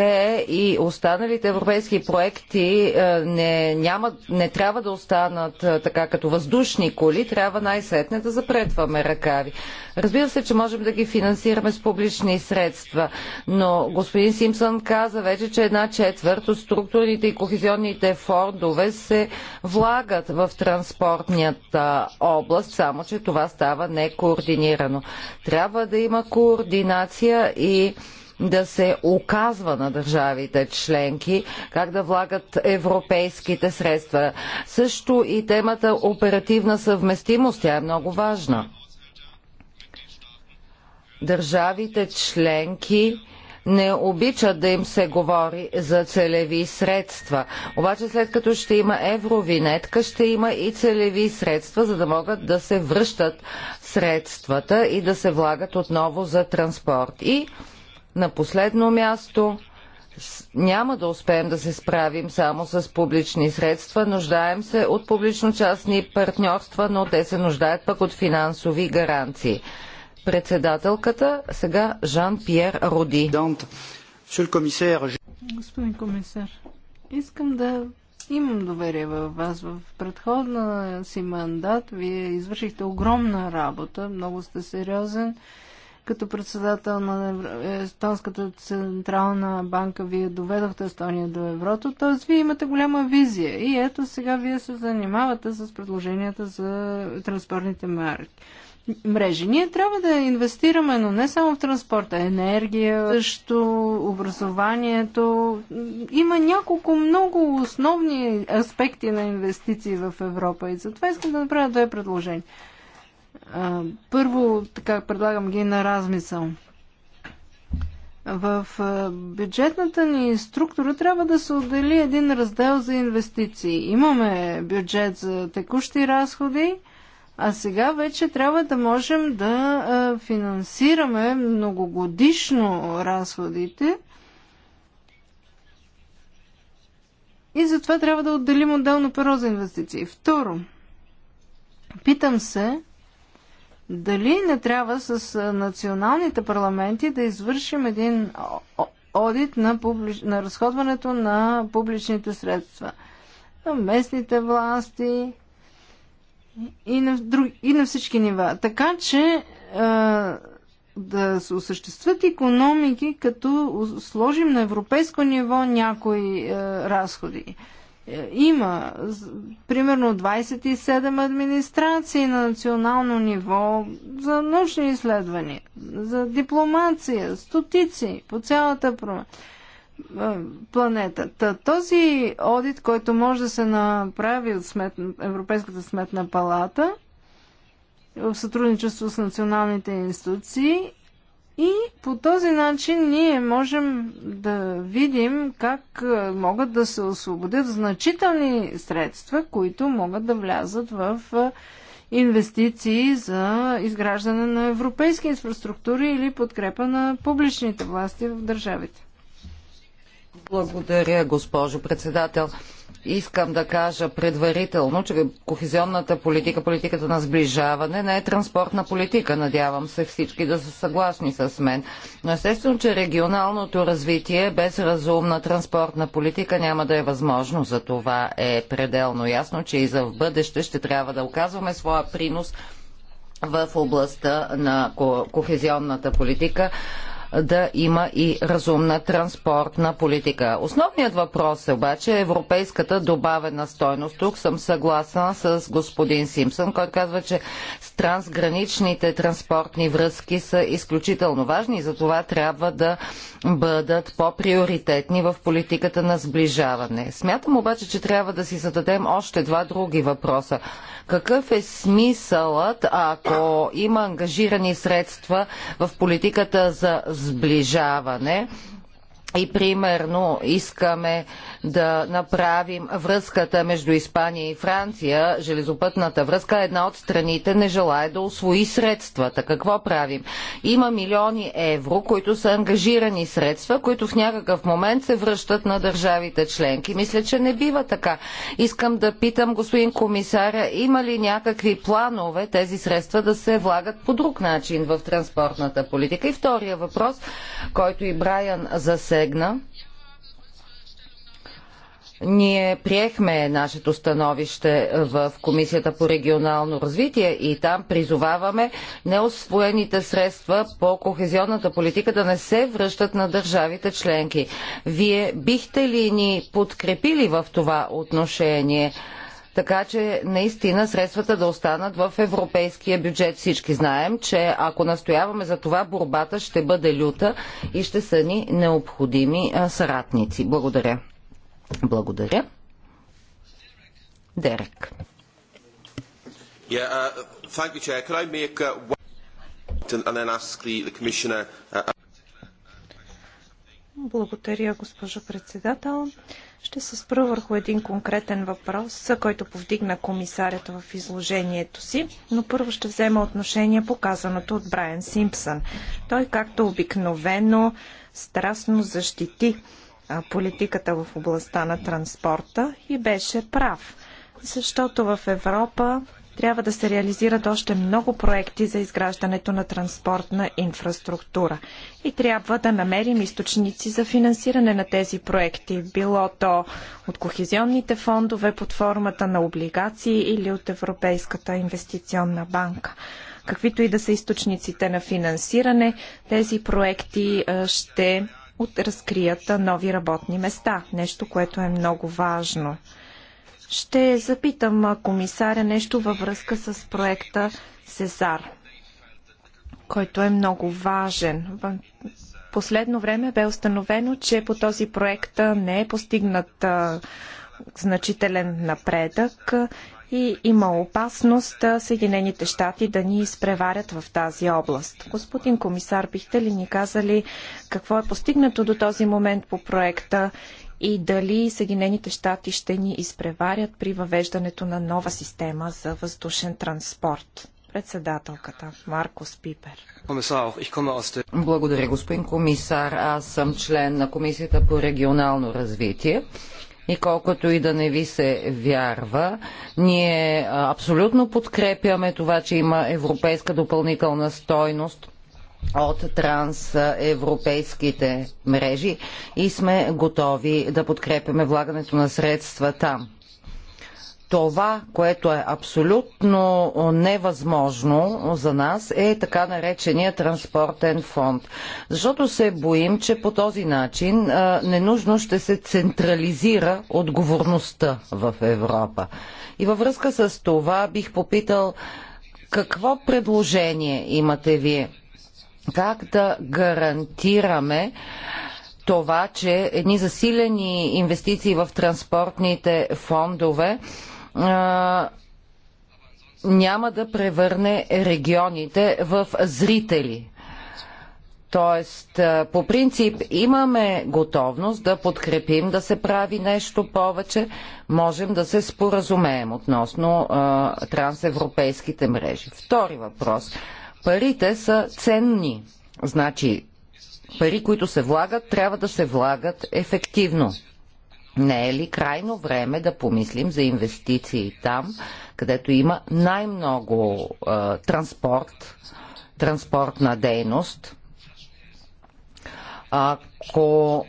и останалите европейски проекти е, не, няма, не трябва да останат е, така като въздушни коли, трябва най-сетне да запретваме ръкави. Разбира се, че можем да ги финансираме с публични средства, но господин Симпсън каза вече, че една четвърт от структурните и кохезионните фондове се влагат в транспортнията област, само че това става некоординирано. Трябва да има координация и да се оказва на държавите членки как да влагат европейските средства. Също и темата оперативна съвместимост, тя е много важна. Държавите членки не обичат да им се говори за целеви средства. Обаче след като ще има евровинетка, ще има и целеви средства, за да могат да се връщат средствата и да се влагат отново за транспорт. И на последно място, няма да успеем да се справим само с публични средства. Нуждаем се от публично-частни партньорства, но те се нуждаят пък от финансови гаранции. Председателката сега Жан-Пьер Роди. Господин комисар, искам да имам доверие във вас. В предходна си мандат вие извършихте огромна работа, много сте сериозен като председател на Естонската централна банка, вие доведохте Естония до еврото, т.е. вие имате голяма визия. И ето сега вие се занимавате с предложенията за транспортните марки мрежи. Ние трябва да инвестираме, но не само в транспорта, енергия, също образованието. Има няколко много основни аспекти на инвестиции в Европа и затова искам да направя две предложения. Първо, така предлагам ги на размисъл. В бюджетната ни структура трябва да се отдели един раздел за инвестиции. Имаме бюджет за текущи разходи, а сега вече трябва да можем да финансираме многогодишно разходите. И затова трябва да отделим отделно перо за инвестиции. Второ, питам се, дали не трябва с националните парламенти да извършим един одит на, публич... на разходването на публичните средства? На местните власти и на, друг... и на всички нива. Така че да се осъществят економики, като сложим на европейско ниво някои е, разходи. Е, има примерно 27 администрации на национално ниво за научни изследвания, за дипломация, стотици по цялата е, планета. Та, този одит, който може да се направи от смет... Европейската сметна палата, в сътрудничество с националните институции и по този начин ние можем да видим как могат да се освободят значителни средства, които могат да влязат в инвестиции за изграждане на европейски инфраструктури или подкрепа на публичните власти в държавите. Благодаря, госпожо председател. Искам да кажа предварително, че кохезионната политика, политиката на сближаване не е транспортна политика. Надявам се всички да са съгласни с мен. Но естествено, че регионалното развитие без разумна транспортна политика няма да е възможно. За това е пределно ясно, че и за в бъдеще ще трябва да оказваме своя принос в областта на кохезионната политика да има и разумна транспортна политика. Основният въпрос е обаче европейската добавена стойност. Тук съм съгласна с господин Симпсън, който казва, че трансграничните транспортни връзки са изключително важни и за това трябва да бъдат по-приоритетни в политиката на сближаване. Смятам обаче, че трябва да си зададем още два други въпроса. Какъв е смисълът, ако има ангажирани средства в политиката за сближаване и примерно искаме да направим връзката между Испания и Франция, железопътната връзка, е една от страните не желая да освои средствата. Какво правим? Има милиони евро, които са ангажирани средства, които в някакъв момент се връщат на държавите членки. Мисля, че не бива така. Искам да питам господин комисаря, има ли някакви планове тези средства да се влагат по друг начин в транспортната политика? И втория въпрос, който и Брайан засегна ние приехме нашето становище в Комисията по регионално развитие и там призоваваме неосвоените средства по кохезионната политика да не се връщат на държавите членки. Вие бихте ли ни подкрепили в това отношение? така че наистина средствата да останат в европейския бюджет. Всички знаем, че ако настояваме за това, борбата ще бъде люта и ще са ни необходими съратници. Благодаря. Благодаря. Дерек. Uh, uh, uh, Благодаря, госпожо председател. Ще се спра върху един конкретен въпрос, който повдигна комисарят в изложението си, но първо ще взема отношение по казаното от Брайан Симпсън. Той, както обикновено, страстно защити политиката в областта на транспорта и беше прав, защото в Европа трябва да се реализират още много проекти за изграждането на транспортна инфраструктура. И трябва да намерим източници за финансиране на тези проекти, било то от кохезионните фондове под формата на облигации или от Европейската инвестиционна банка. Каквито и да са източниците на финансиране, тези проекти ще от разкрията нови работни места. Нещо, което е много важно. Ще запитам комисаря нещо във връзка с проекта Сезар, който е много важен. В последно време бе установено, че по този проект не е постигнат значителен напредък и има опасност Съединените щати да ни изпреварят в тази област. Господин комисар, бихте ли ни казали какво е постигнато до този момент по проекта и дали Съединените щати ще ни изпреварят при въвеждането на нова система за въздушен транспорт? председателката Маркос Пипер. Благодаря, господин комисар. Аз съм член на Комисията по регионално развитие и колкото и да не ви се вярва, ние абсолютно подкрепяме това, че има европейска допълнителна стойност от трансевропейските мрежи и сме готови да подкрепяме влагането на средства там. Това, което е абсолютно невъзможно за нас, е така наречения транспортен фонд. Защото се боим, че по този начин а, ненужно ще се централизира отговорността в Европа. И във връзка с това бих попитал какво предложение имате вие? Как да гарантираме това, че едни засилени инвестиции в транспортните фондове няма да превърне регионите в зрители. Тоест, по принцип имаме готовност да подкрепим да се прави нещо повече, можем да се споразумеем относно а, трансевропейските мрежи. Втори въпрос. Парите са ценни. Значи, пари, които се влагат, трябва да се влагат ефективно. Не е ли крайно време да помислим за инвестиции там, където има най-много е, транспорт, транспортна дейност? Ако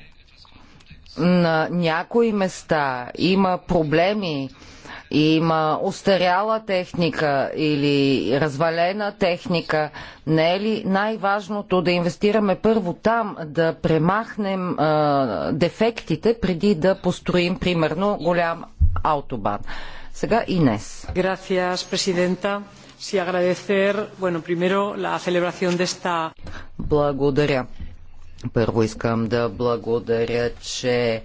на някои места има проблеми има устаряла техника или развалена техника. Не е ли най-важното да инвестираме първо там, да премахнем а, дефектите, преди да построим, примерно, голям автобан? Сега Инес. Gracias, президента. Si agradecer, bueno, primero la celebración de esta... Благодаря. Първо искам да благодаря, че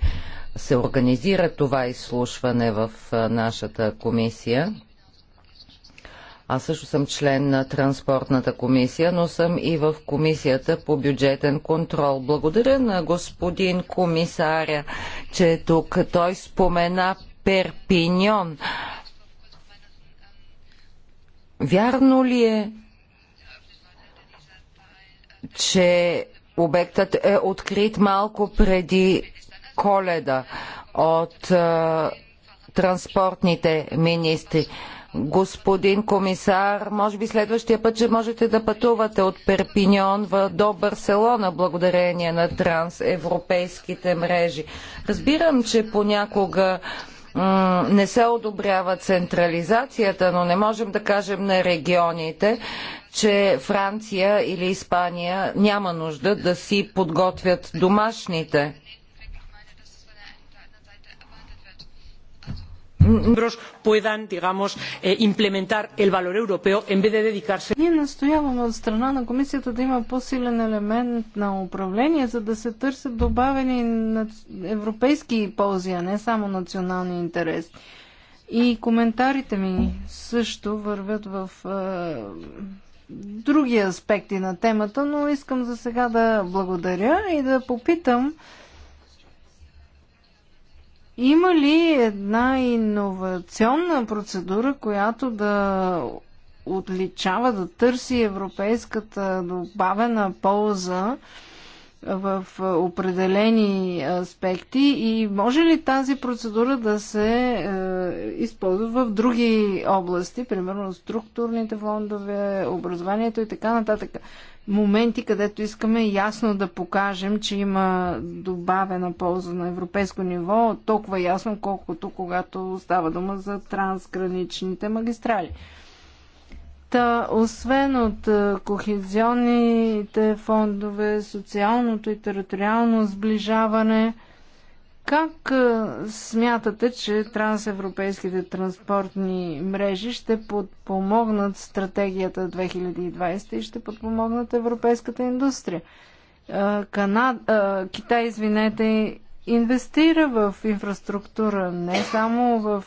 се организира това изслушване в нашата комисия. Аз също съм член на транспортната комисия, но съм и в комисията по бюджетен контрол. Благодаря на господин комисаря, че е тук. Той спомена Перпиньон. Вярно ли е, че обектът е открит малко преди коледа от а, е, транспортните министри. Господин комисар, може би следващия път, че можете да пътувате от Перпиньон до Барселона благодарение на трансевропейските мрежи. Разбирам, че понякога не се одобрява централизацията, но не можем да кажем на регионите, че Франция или Испания няма нужда да си подготвят домашните. puedan digamos eh, implementar el valor europeo en vez de dedicarse Ние настояваме от страна на комисията да има по-силен елемент на управление, за да се търсят добавени европейски ползи, а не само национални интереси. И коментарите ми също вървят в е, други аспекти на темата, но искам за сега да благодаря и да попитам има ли една иновационна процедура, която да отличава, да търси европейската добавена полза в определени аспекти и може ли тази процедура да се е, използва в други области, примерно структурните фондове, образованието и така нататък? моменти, където искаме ясно да покажем, че има добавена полза на европейско ниво, толкова ясно, колкото когато става дума за трансграничните магистрали. Та, освен от е, кохезионните фондове, социалното и териториално сближаване – как смятате, че трансевропейските транспортни мрежи ще подпомогнат стратегията 2020 и ще подпомогнат европейската индустрия? Канад... Китай, извинете, инвестира в инфраструктура, не само в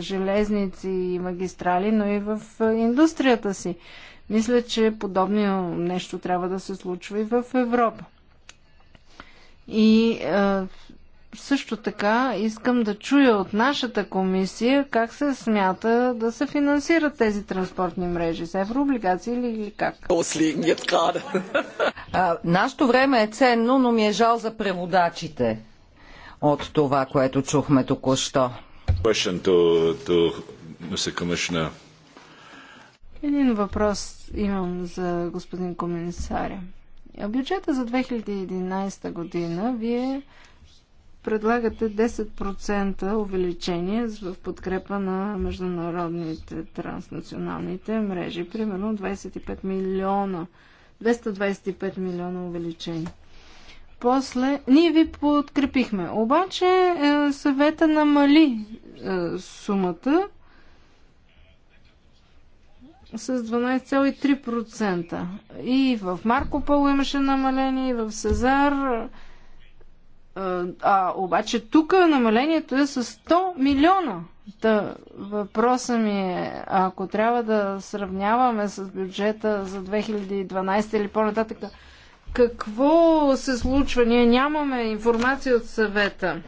железници и магистрали, но и в индустрията си. Мисля, че подобно нещо трябва да се случва и в Европа. И също така искам да чуя от нашата комисия как се смята да се финансират тези транспортни мрежи. С еврооблигации или, или как? кадър. нашето време е ценно, но ми е жал за преводачите от това, което чухме току-що. Един въпрос имам за господин комисаря. Бюджета за 2011 година вие предлагате 10% увеличение в подкрепа на международните транснационалните мрежи. Примерно 25 милиона, 225 милиона увеличение. После ние ви подкрепихме, обаче е, съвета намали е, сумата с 12,3%. И в Марко Поло имаше намаление, и в Сезар а обаче тук намалението е с 100 милиона. Да, въпросът ми е, ако трябва да сравняваме с бюджета за 2012 или по-нататък, какво се случва? Ние нямаме информация от съвета.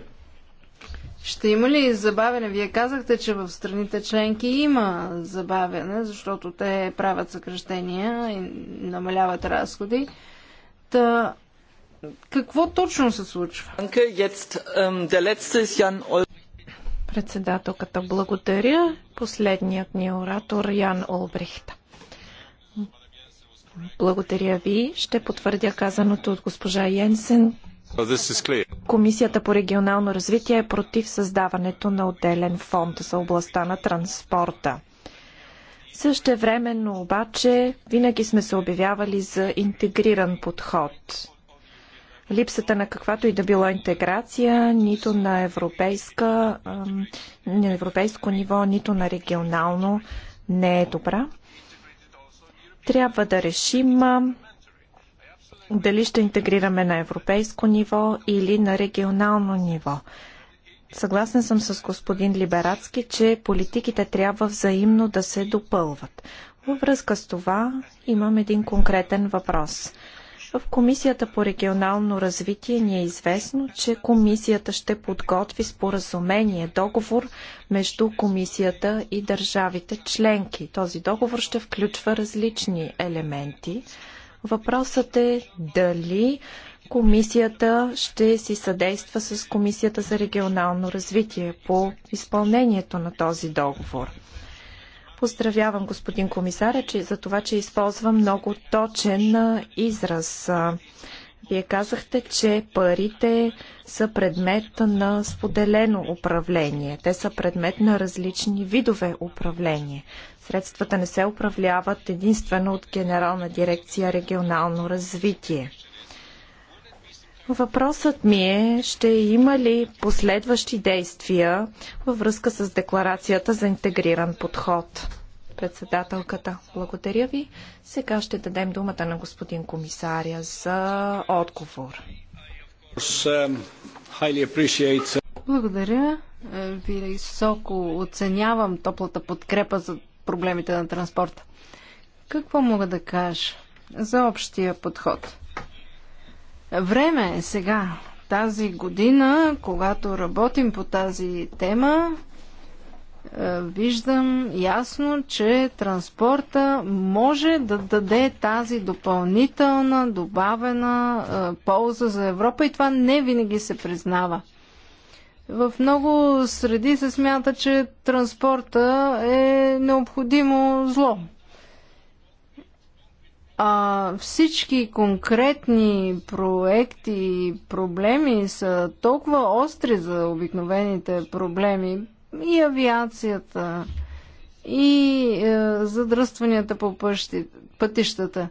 Ще има ли забавяне? Вие казахте, че в страните членки има забавяне, защото те правят съкръщения и намаляват разходи. Та, какво точно се случва? Ähm, Председателката благодаря. Последният ни оратор Ян Олбрихта. Благодаря ви. Ще потвърдя казаното от госпожа Йенсен. Комисията по регионално развитие е против създаването на отделен фонд за областта на транспорта. Същевременно обаче винаги сме се обявявали за интегриран подход липсата на каквато и да било интеграция, нито на, европейска, на европейско ниво, нито на регионално, не е добра. Трябва да решим дали ще интегрираме на европейско ниво или на регионално ниво. Съгласен съм с господин Либерацки, че политиките трябва взаимно да се допълват. Във връзка с това имам един конкретен въпрос. В Комисията по регионално развитие ни е известно, че Комисията ще подготви споразумение, договор между Комисията и държавите членки. Този договор ще включва различни елементи. Въпросът е дали комисията ще си съдейства с Комисията за регионално развитие по изпълнението на този договор. Поздравявам господин комисаря че, за това, че използва много точен израз. Вие казахте, че парите са предмет на споделено управление. Те са предмет на различни видове управление. Средствата не се управляват единствено от Генерална дирекция регионално развитие. Въпросът ми е, ще има ли последващи действия във връзка с декларацията за интегриран подход? Председателката, благодаря ви. Сега ще дадем думата на господин комисаря за отговор. Благодаря. Високо оценявам топлата подкрепа за проблемите на транспорта. Какво мога да кажа за общия подход? Време е сега, тази година, когато работим по тази тема, е, виждам ясно, че транспорта може да даде тази допълнителна, добавена е, полза за Европа и това не винаги се признава. В много среди се смята, че транспорта е необходимо зло а, всички конкретни проекти и проблеми са толкова остри за обикновените проблеми и авиацията, и е, задръстванията по пъщи, пътищата.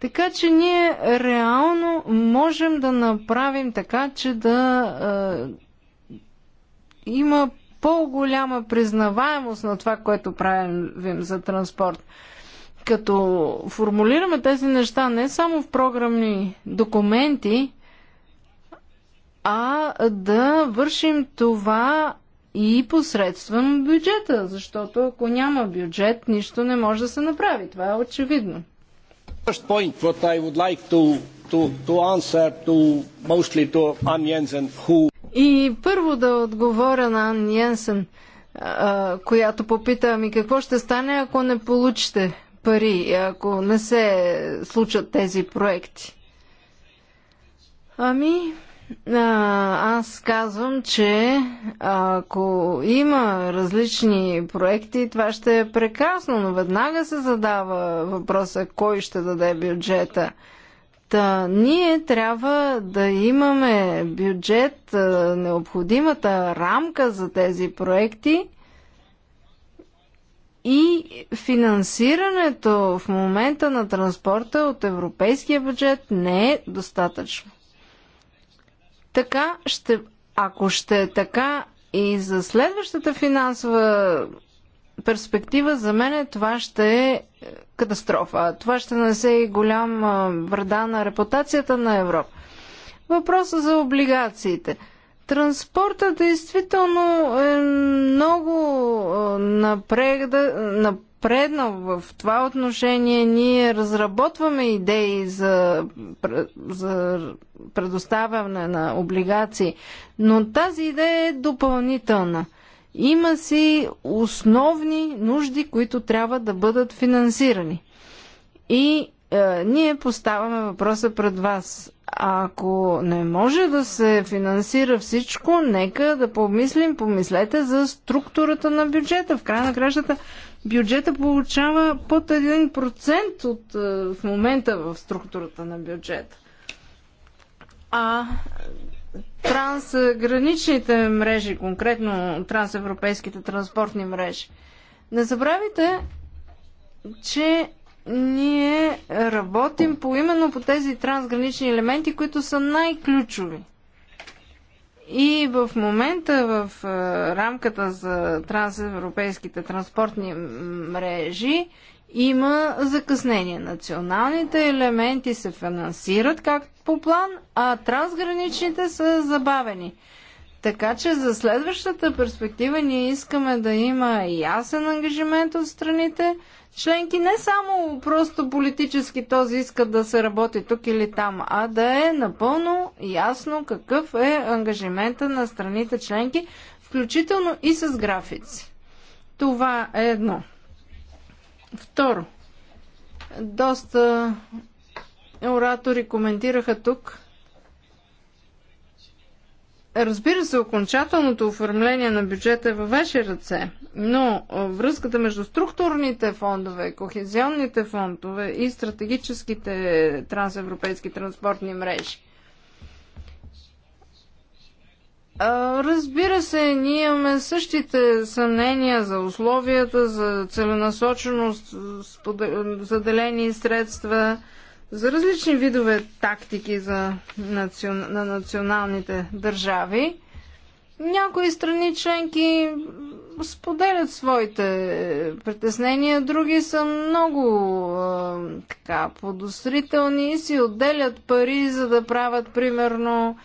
Така че ние реално можем да направим така, че да е, има по-голяма признаваемост на това, което правим за транспорт като формулираме тези неща не само в програмни документи, а да вършим това и посредством бюджета, защото ако няма бюджет, нищо не може да се направи. Това е очевидно. И първо да отговоря на Ан Йенсен, която попита, ами какво ще стане, ако не получите пари, ако не се случат тези проекти? Ами, а, аз казвам, че ако има различни проекти, това ще е прекрасно, но веднага се задава въпроса кой ще даде бюджета. Та, ние трябва да имаме бюджет, необходимата рамка за тези проекти – и финансирането в момента на транспорта от европейския бюджет не е достатъчно. Така ще, ако ще е така и за следващата финансова перспектива, за мен е, това ще е катастрофа. Това ще нанесе и голям вреда на репутацията на Европа. Въпроса за облигациите – Транспорта действително е много напредна напреднал в това отношение. Ние разработваме идеи за, за предоставяне на облигации, но тази идея е допълнителна. Има си основни нужди, които трябва да бъдат финансирани. И е, ние поставяме въпроса пред вас. ако не може да се финансира всичко, нека да помислим, помислете за структурата на бюджета. В края на кращата бюджета получава под 1% от, е, в момента в структурата на бюджета. А трансграничните мрежи, конкретно трансевропейските транспортни мрежи, не забравяйте, че ние работим по именно по тези трансгранични елементи, които са най-ключови. И в момента в е, рамката за трансевропейските транспортни мрежи има закъснение. Националните елементи се финансират как по план, а трансграничните са забавени. Така че за следващата перспектива ние искаме да има ясен ангажимент от страните – членки не само просто политически този иска да се работи тук или там, а да е напълно ясно какъв е ангажимента на страните членки, включително и с графици. Това е едно. Второ, доста оратори коментираха тук Разбира се, окончателното оформление на бюджета е във ваши ръце, но връзката между структурните фондове, кохезионните фондове и стратегическите трансевропейски транспортни мрежи. Разбира се, ние имаме същите съмнения за условията, за целенасоченост, заделени средства, за различни видове тактики за национ... на националните държави. Някои страни членки споделят своите притеснения, други са много така подозрителни и си отделят пари, за да правят примерно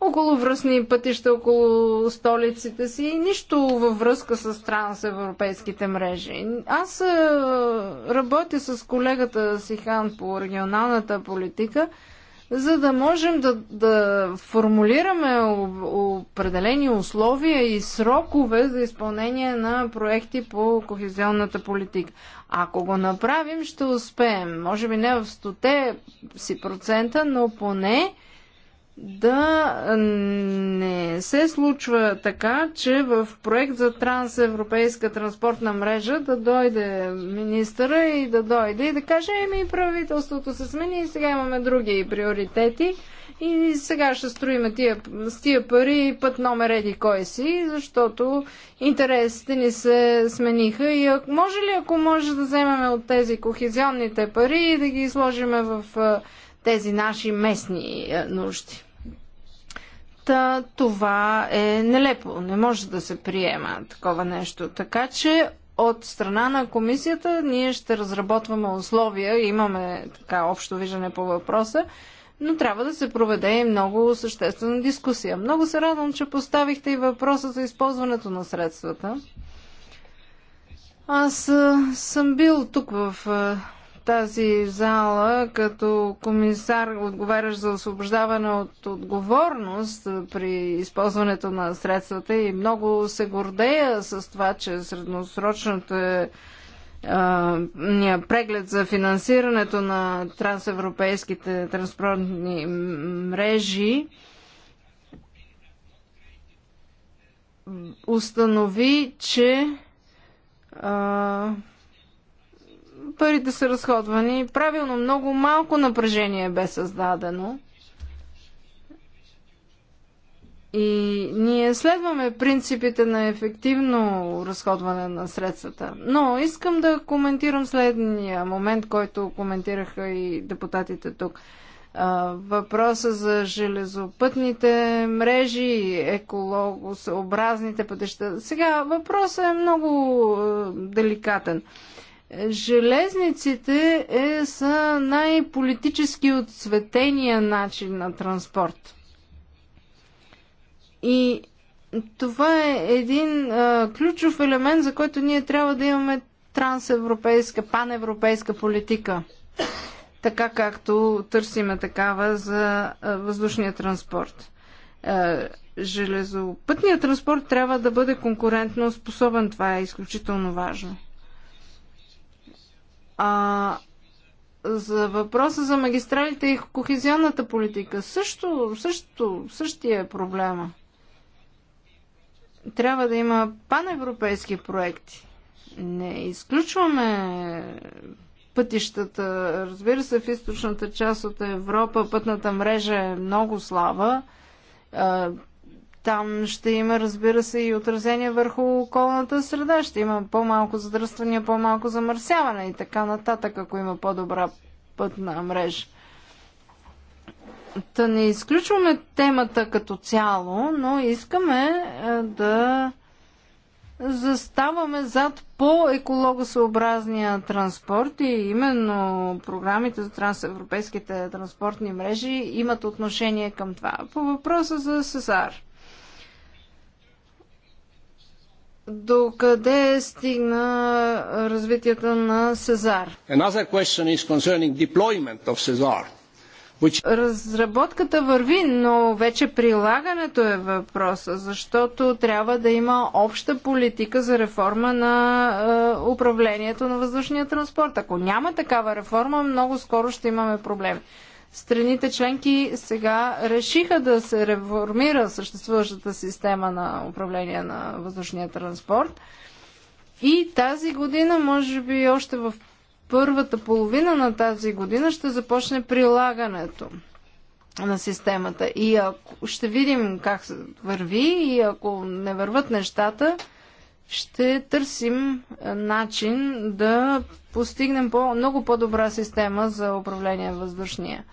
около връзни пътища около столиците си и нищо във връзка с трансевропейските мрежи. Аз е, работя с колегата Сихан по регионалната политика, за да можем да, да формулираме определени условия и срокове за изпълнение на проекти по кохезионната политика. Ако го направим, ще успеем. Може би не в стоте си процента, но поне да не се случва така, че в проект за трансевропейска транспортна мрежа да дойде министъра и да дойде и да каже, еми правителството се смени и сега имаме други приоритети и сега ще строиме тия, с тия пари път номер еди кой си, защото интересите ни се смениха и ако, може ли, ако може да вземем от тези кохезионните пари и да ги сложиме в тези наши местни нужди? а, това е нелепо. Не може да се приема такова нещо. Така че от страна на комисията ние ще разработваме условия, имаме така общо виждане по въпроса, но трябва да се проведе и много съществена дискусия. Много се радвам, че поставихте и въпроса за използването на средствата. Аз съм бил тук в тази зала като комисар, отговарящ за освобождаване от отговорност при използването на средствата и много се гордея с това, че средносрочното е преглед за финансирането на трансевропейските транспортни мрежи установи, че а, парите са разходвани правилно. Много малко напрежение бе създадено. И ние следваме принципите на ефективно разходване на средствата. Но искам да коментирам следния момент, който коментираха и депутатите тук. Въпроса за железопътните мрежи, екологосъобразните пътища. Сега въпросът е много деликатен. Железниците е, са най-политически отсветения начин на транспорт. И това е един а, ключов елемент, за който ние трябва да имаме трансевропейска, паневропейска политика. Така както търсиме такава за а, въздушния транспорт. А, железопътният транспорт трябва да бъде конкурентно способен. Това е изключително важно. А за въпроса за магистралите и кохезионната политика също, също, същия е проблема. Трябва да има паневропейски проекти. Не изключваме пътищата. Разбира се, в източната част от Европа пътната мрежа е много слаба. Там ще има, разбира се, и отразение върху околната среда. Ще има по-малко задръствания, по-малко замърсяване и така нататък, ако има по-добра пътна мрежа. Та не изключваме темата като цяло, но искаме е, да заставаме зад по-екологосъобразния транспорт и именно програмите за трансевропейските транспортни мрежи имат отношение към това. По въпроса за Сезар. до къде стигна развитието на Сезар? Разработката върви, но вече прилагането е въпроса, защото трябва да има обща политика за реформа на е, управлението на въздушния транспорт. Ако няма такава реформа, много скоро ще имаме проблеми. Страните членки сега решиха да се реформира съществуващата система на управление на въздушния транспорт. И тази година, може би още в първата половина на тази година, ще започне прилагането на системата. И ако ще видим как върви и ако не върват нещата, ще търсим начин да постигнем по- много по-добра система за управление въздушния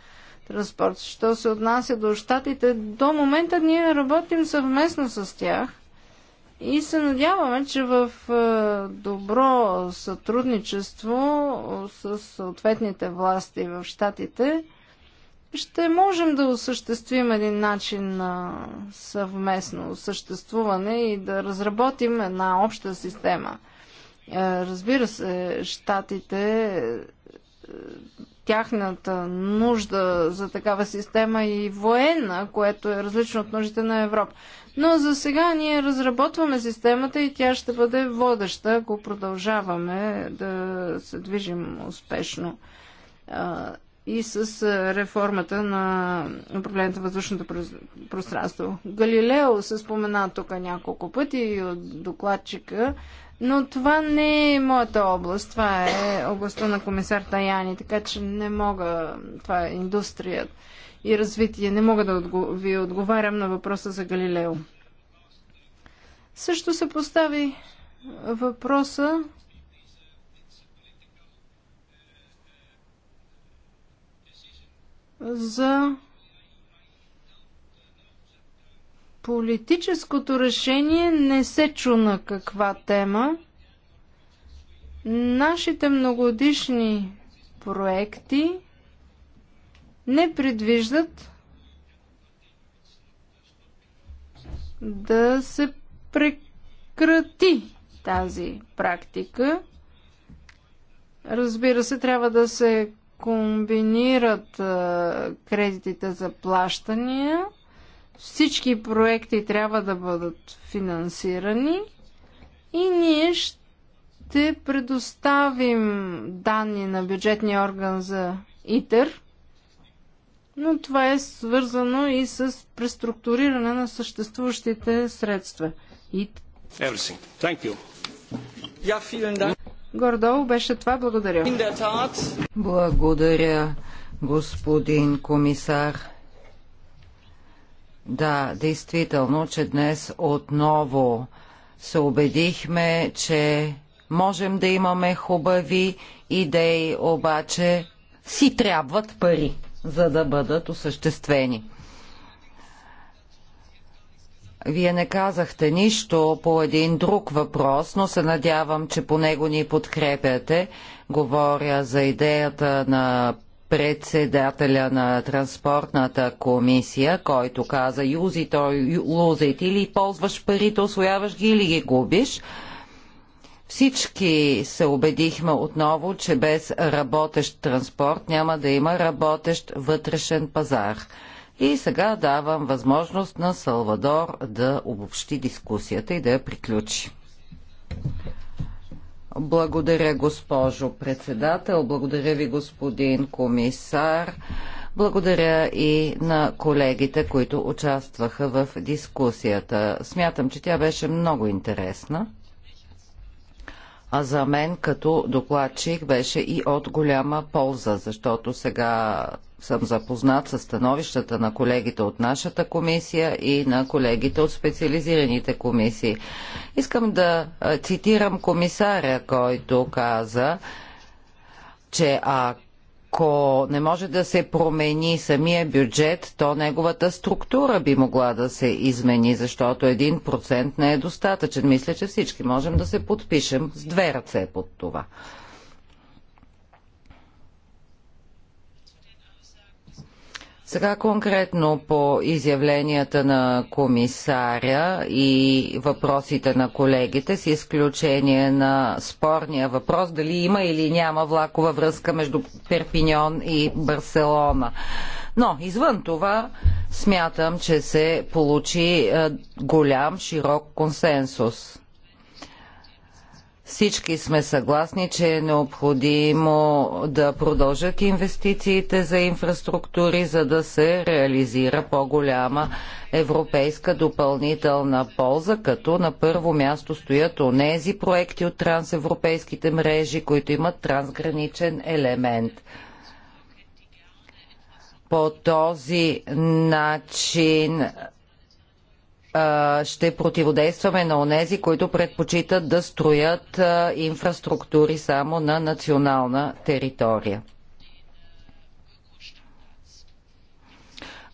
транспорт. Що се отнася до щатите, до момента ние работим съвместно с тях и се надяваме, че в добро сътрудничество с съответните власти в щатите ще можем да осъществим един начин на съвместно съществуване и да разработим една обща система. Е, разбира се, щатите, е, тяхната нужда за такава система и военна, което е различно от нуждите на Европа. Но за сега ние разработваме системата и тя ще бъде водеща, ако продължаваме да се движим успешно е, и с реформата на управлението на въздушното пространство. Галилео се спомена тук няколко пъти и от докладчика, но това не е моята област, това е областта на комисар Таяни, така че не мога, това е индустрия и развитие, не мога да ви отговарям на въпроса за Галилео. Също се постави въпроса за политическото решение не се чу на каква тема. Нашите многодишни проекти не предвиждат да се прекрати тази практика. Разбира се, трябва да се комбинират кредитите за плащания. Всички проекти трябва да бъдат финансирани и ние ще предоставим данни на бюджетния орган за ИТЕР, но това е свързано и с преструктуриране на съществуващите средства. И... Yeah, Гордол беше това. Благодаря. Благодаря, господин комисар. Да, действително, че днес отново се убедихме, че можем да имаме хубави идеи, обаче си трябват пари, за да бъдат осъществени. Вие не казахте нищо по един друг въпрос, но се надявам, че по него ни подкрепяте. Говоря за идеята на председателя на транспортната комисия, който каза юзи той ти или ползваш парите, освояваш ги или ги губиш. Всички се убедихме отново, че без работещ транспорт няма да има работещ вътрешен пазар. И сега давам възможност на Салвадор да обобщи дискусията и да я приключи. Благодаря, госпожо председател. Благодаря ви, господин комисар. Благодаря и на колегите, които участваха в дискусията. Смятам, че тя беше много интересна а за мен като докладчик беше и от голяма полза, защото сега съм запознат с становищата на колегите от нашата комисия и на колегите от специализираните комисии. Искам да цитирам комисаря, който каза, че ако ако не може да се промени самия бюджет, то неговата структура би могла да се измени, защото един процент не е достатъчен. Мисля, че всички можем да се подпишем с две ръце под това. Сега конкретно по изявленията на комисаря и въпросите на колегите, с изключение на спорния въпрос дали има или няма влакова връзка между Перпиньон и Барселона. Но извън това смятам, че се получи е, голям, широк консенсус. Всички сме съгласни, че е необходимо да продължат инвестициите за инфраструктури, за да се реализира по-голяма европейска допълнителна полза, като на първо място стоят онези проекти от трансевропейските мрежи, които имат трансграничен елемент по този начин ще противодействаме на онези, които предпочитат да строят инфраструктури само на национална територия.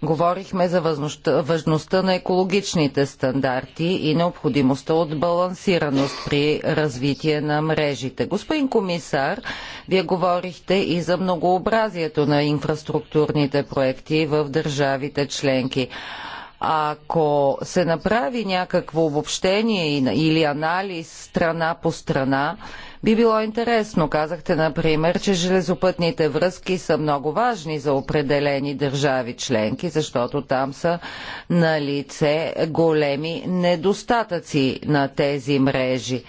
Говорихме за важността на екологичните стандарти и необходимостта от балансираност при развитие на мрежите. Господин комисар, вие говорихте и за многообразието на инфраструктурните проекти в държавите членки. Ако се направи някакво обобщение или анализ страна по страна, би било интересно. Казахте, например, че железопътните връзки са много важни за определени държави членки, защото там са на лице големи недостатъци на тези мрежи.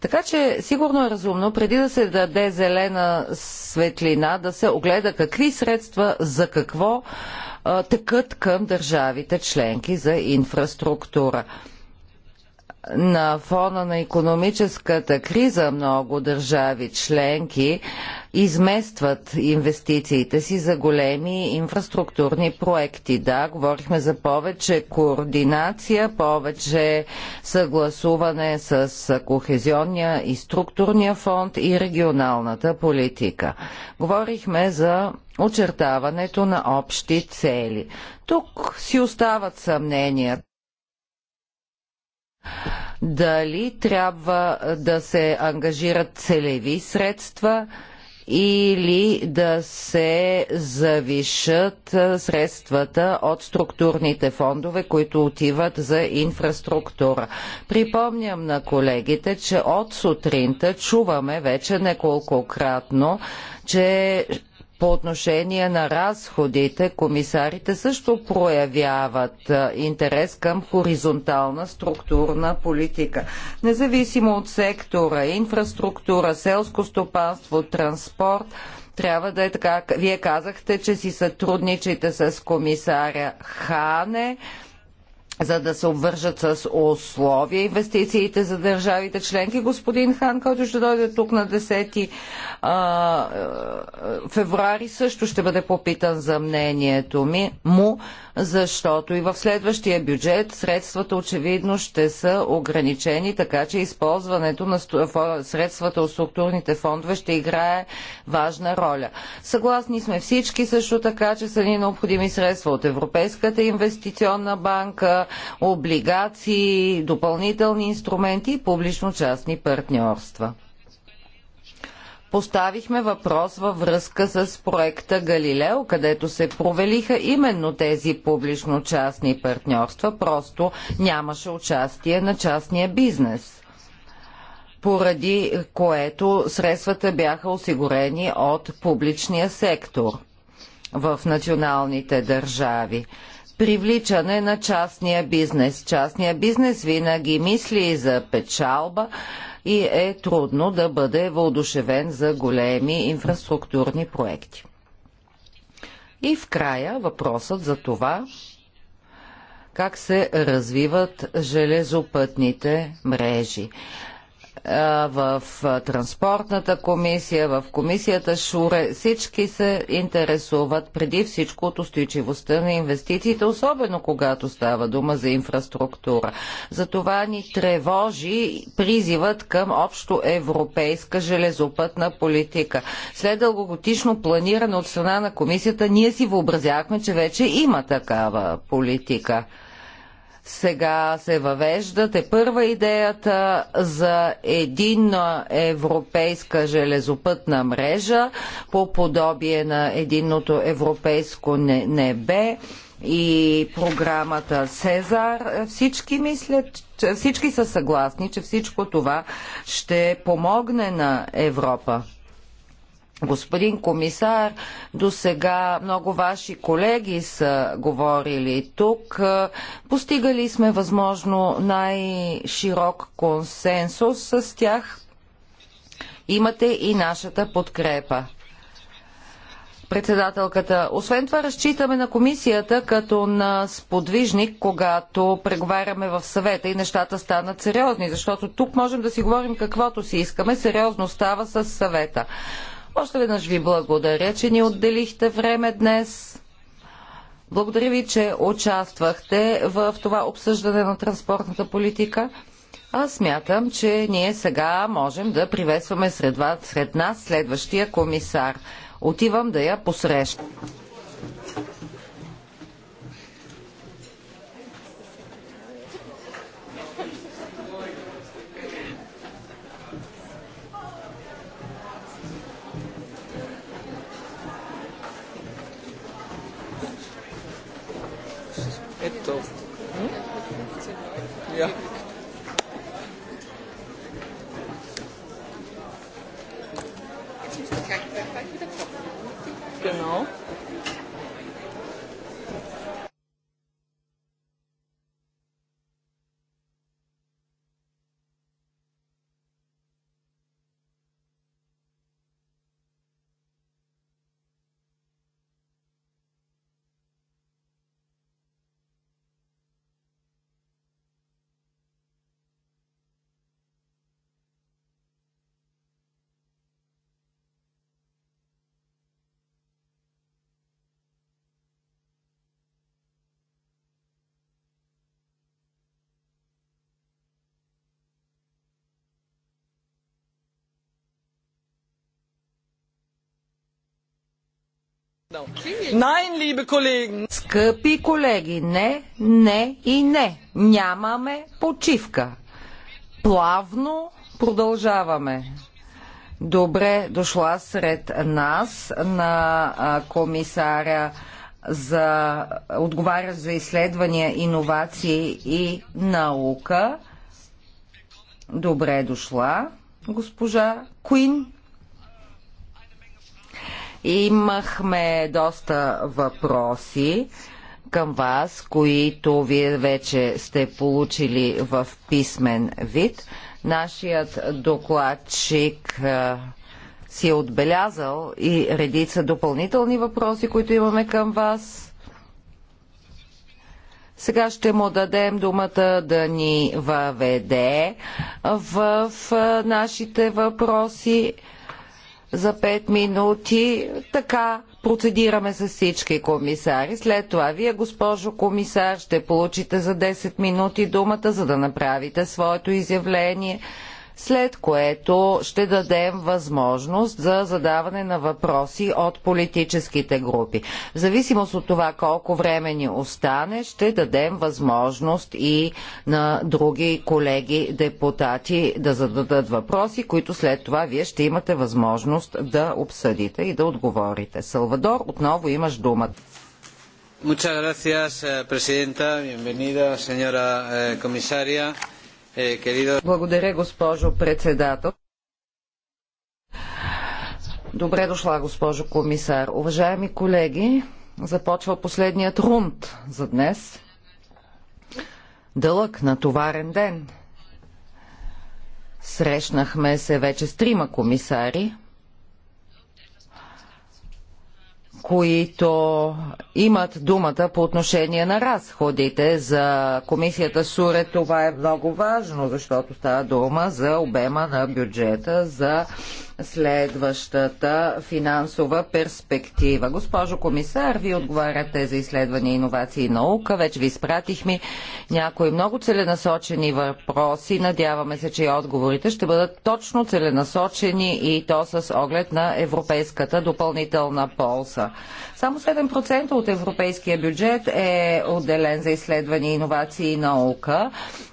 Така че сигурно е разумно, преди да се даде зелена светлина, да се огледа какви средства за какво тъкът към държавите членки за инфраструктура. На фона на економическата криза много държави членки изместват инвестициите си за големи инфраструктурни проекти. Да, говорихме за повече координация, повече съгласуване с кохезионния и структурния фонд и регионалната политика. Говорихме за очертаването на общи цели. Тук си остават съмнения дали трябва да се ангажират целеви средства или да се завишат средствата от структурните фондове, които отиват за инфраструктура. Припомням на колегите, че от сутринта чуваме вече неколкократно, че по отношение на разходите, комисарите също проявяват интерес към хоризонтална структурна политика. Независимо от сектора, инфраструктура, селско стопанство, транспорт, трябва да е така. Вие казахте, че си сътрудничите с комисаря Хане за да се обвържат с условия инвестициите за държавите членки. Господин Хан, който ще дойде тук на 10 е, февруари, също ще бъде попитан за мнението ми, му, защото и в следващия бюджет средствата очевидно ще са ограничени, така че използването на средствата от структурните фондове ще играе важна роля. Съгласни сме всички също така, че са ни необходими средства от Европейската инвестиционна банка, облигации, допълнителни инструменти и публично-частни партньорства. Поставихме въпрос във връзка с проекта Галилео, където се провелиха именно тези публично-частни партньорства, просто нямаше участие на частния бизнес поради което средствата бяха осигурени от публичния сектор в националните държави привличане на частния бизнес. Частния бизнес винаги мисли за печалба и е трудно да бъде въодушевен за големи инфраструктурни проекти. И в края въпросът за това как се развиват железопътните мрежи в транспортната комисия, в комисията Шуре. Всички се интересуват преди всичко от устойчивостта на инвестициите, особено когато става дума за инфраструктура. Затова ни тревожи призивът към общо европейска железопътна политика. След дългогодишно планиране от страна на комисията, ние си въобразяхме, че вече има такава политика. Сега се въвежда е първа идеята за единна европейска железопътна мрежа по подобие на единното европейско небе и програмата Сезар. Всички мислят, всички са съгласни, че всичко това ще помогне на Европа. Господин комисар, до сега много ваши колеги са говорили тук. Постигали сме възможно най-широк консенсус с тях. Имате и нашата подкрепа председателката. Освен това, разчитаме на комисията като на сподвижник, когато преговаряме в съвета и нещата станат сериозни, защото тук можем да си говорим каквото си искаме, сериозно става с съвета. Още веднъж ви благодаря, че ни отделихте време днес. Благодаря ви, че участвахте в това обсъждане на транспортната политика. Аз смятам, че ние сега можем да приветстваме сред, сред нас следващия комисар. Отивам да я посрещам. Скъпи колеги, не, не и не. Нямаме почивка. Плавно продължаваме. Добре дошла сред нас на комисаря за отговаря за изследвания, иновации и наука. Добре дошла, госпожа Куин Имахме доста въпроси към вас, които вие вече сте получили в писмен вид. Нашият докладчик си е отбелязал и редица допълнителни въпроси, които имаме към вас. Сега ще му дадем думата да ни въведе в нашите въпроси за 5 минути. Така процедираме с всички комисари. След това вие, госпожо комисар, ще получите за 10 минути думата, за да направите своето изявление след което ще дадем възможност за задаване на въпроси от политическите групи. В зависимост от това колко време ни остане, ще дадем възможност и на други колеги депутати да зададат въпроси, които след това вие ще имате възможност да обсъдите и да отговорите. Салвадор, отново имаш думата. Muchas gracias, eh, Presidenta. Bienvenida, señora eh, comisaria. Eh, Благодаря, госпожо председател. Добре дошла, госпожо комисар. Уважаеми колеги, започва последният рунд за днес. Дълъг, натоварен ден. Срещнахме се вече с трима комисари – които имат думата по отношение на разходите. За комисията Суре това е много важно, защото става дума за обема на бюджета за следващата финансова перспектива. Госпожо комисар, вие отговаряте за изследвания, иновации и наука. Вече ви изпратихме някои много целенасочени въпроси. Надяваме се, че и отговорите ще бъдат точно целенасочени и то с оглед на европейската допълнителна полза. Само 7% от европейския бюджет е отделен за изследвания, иновации и наука.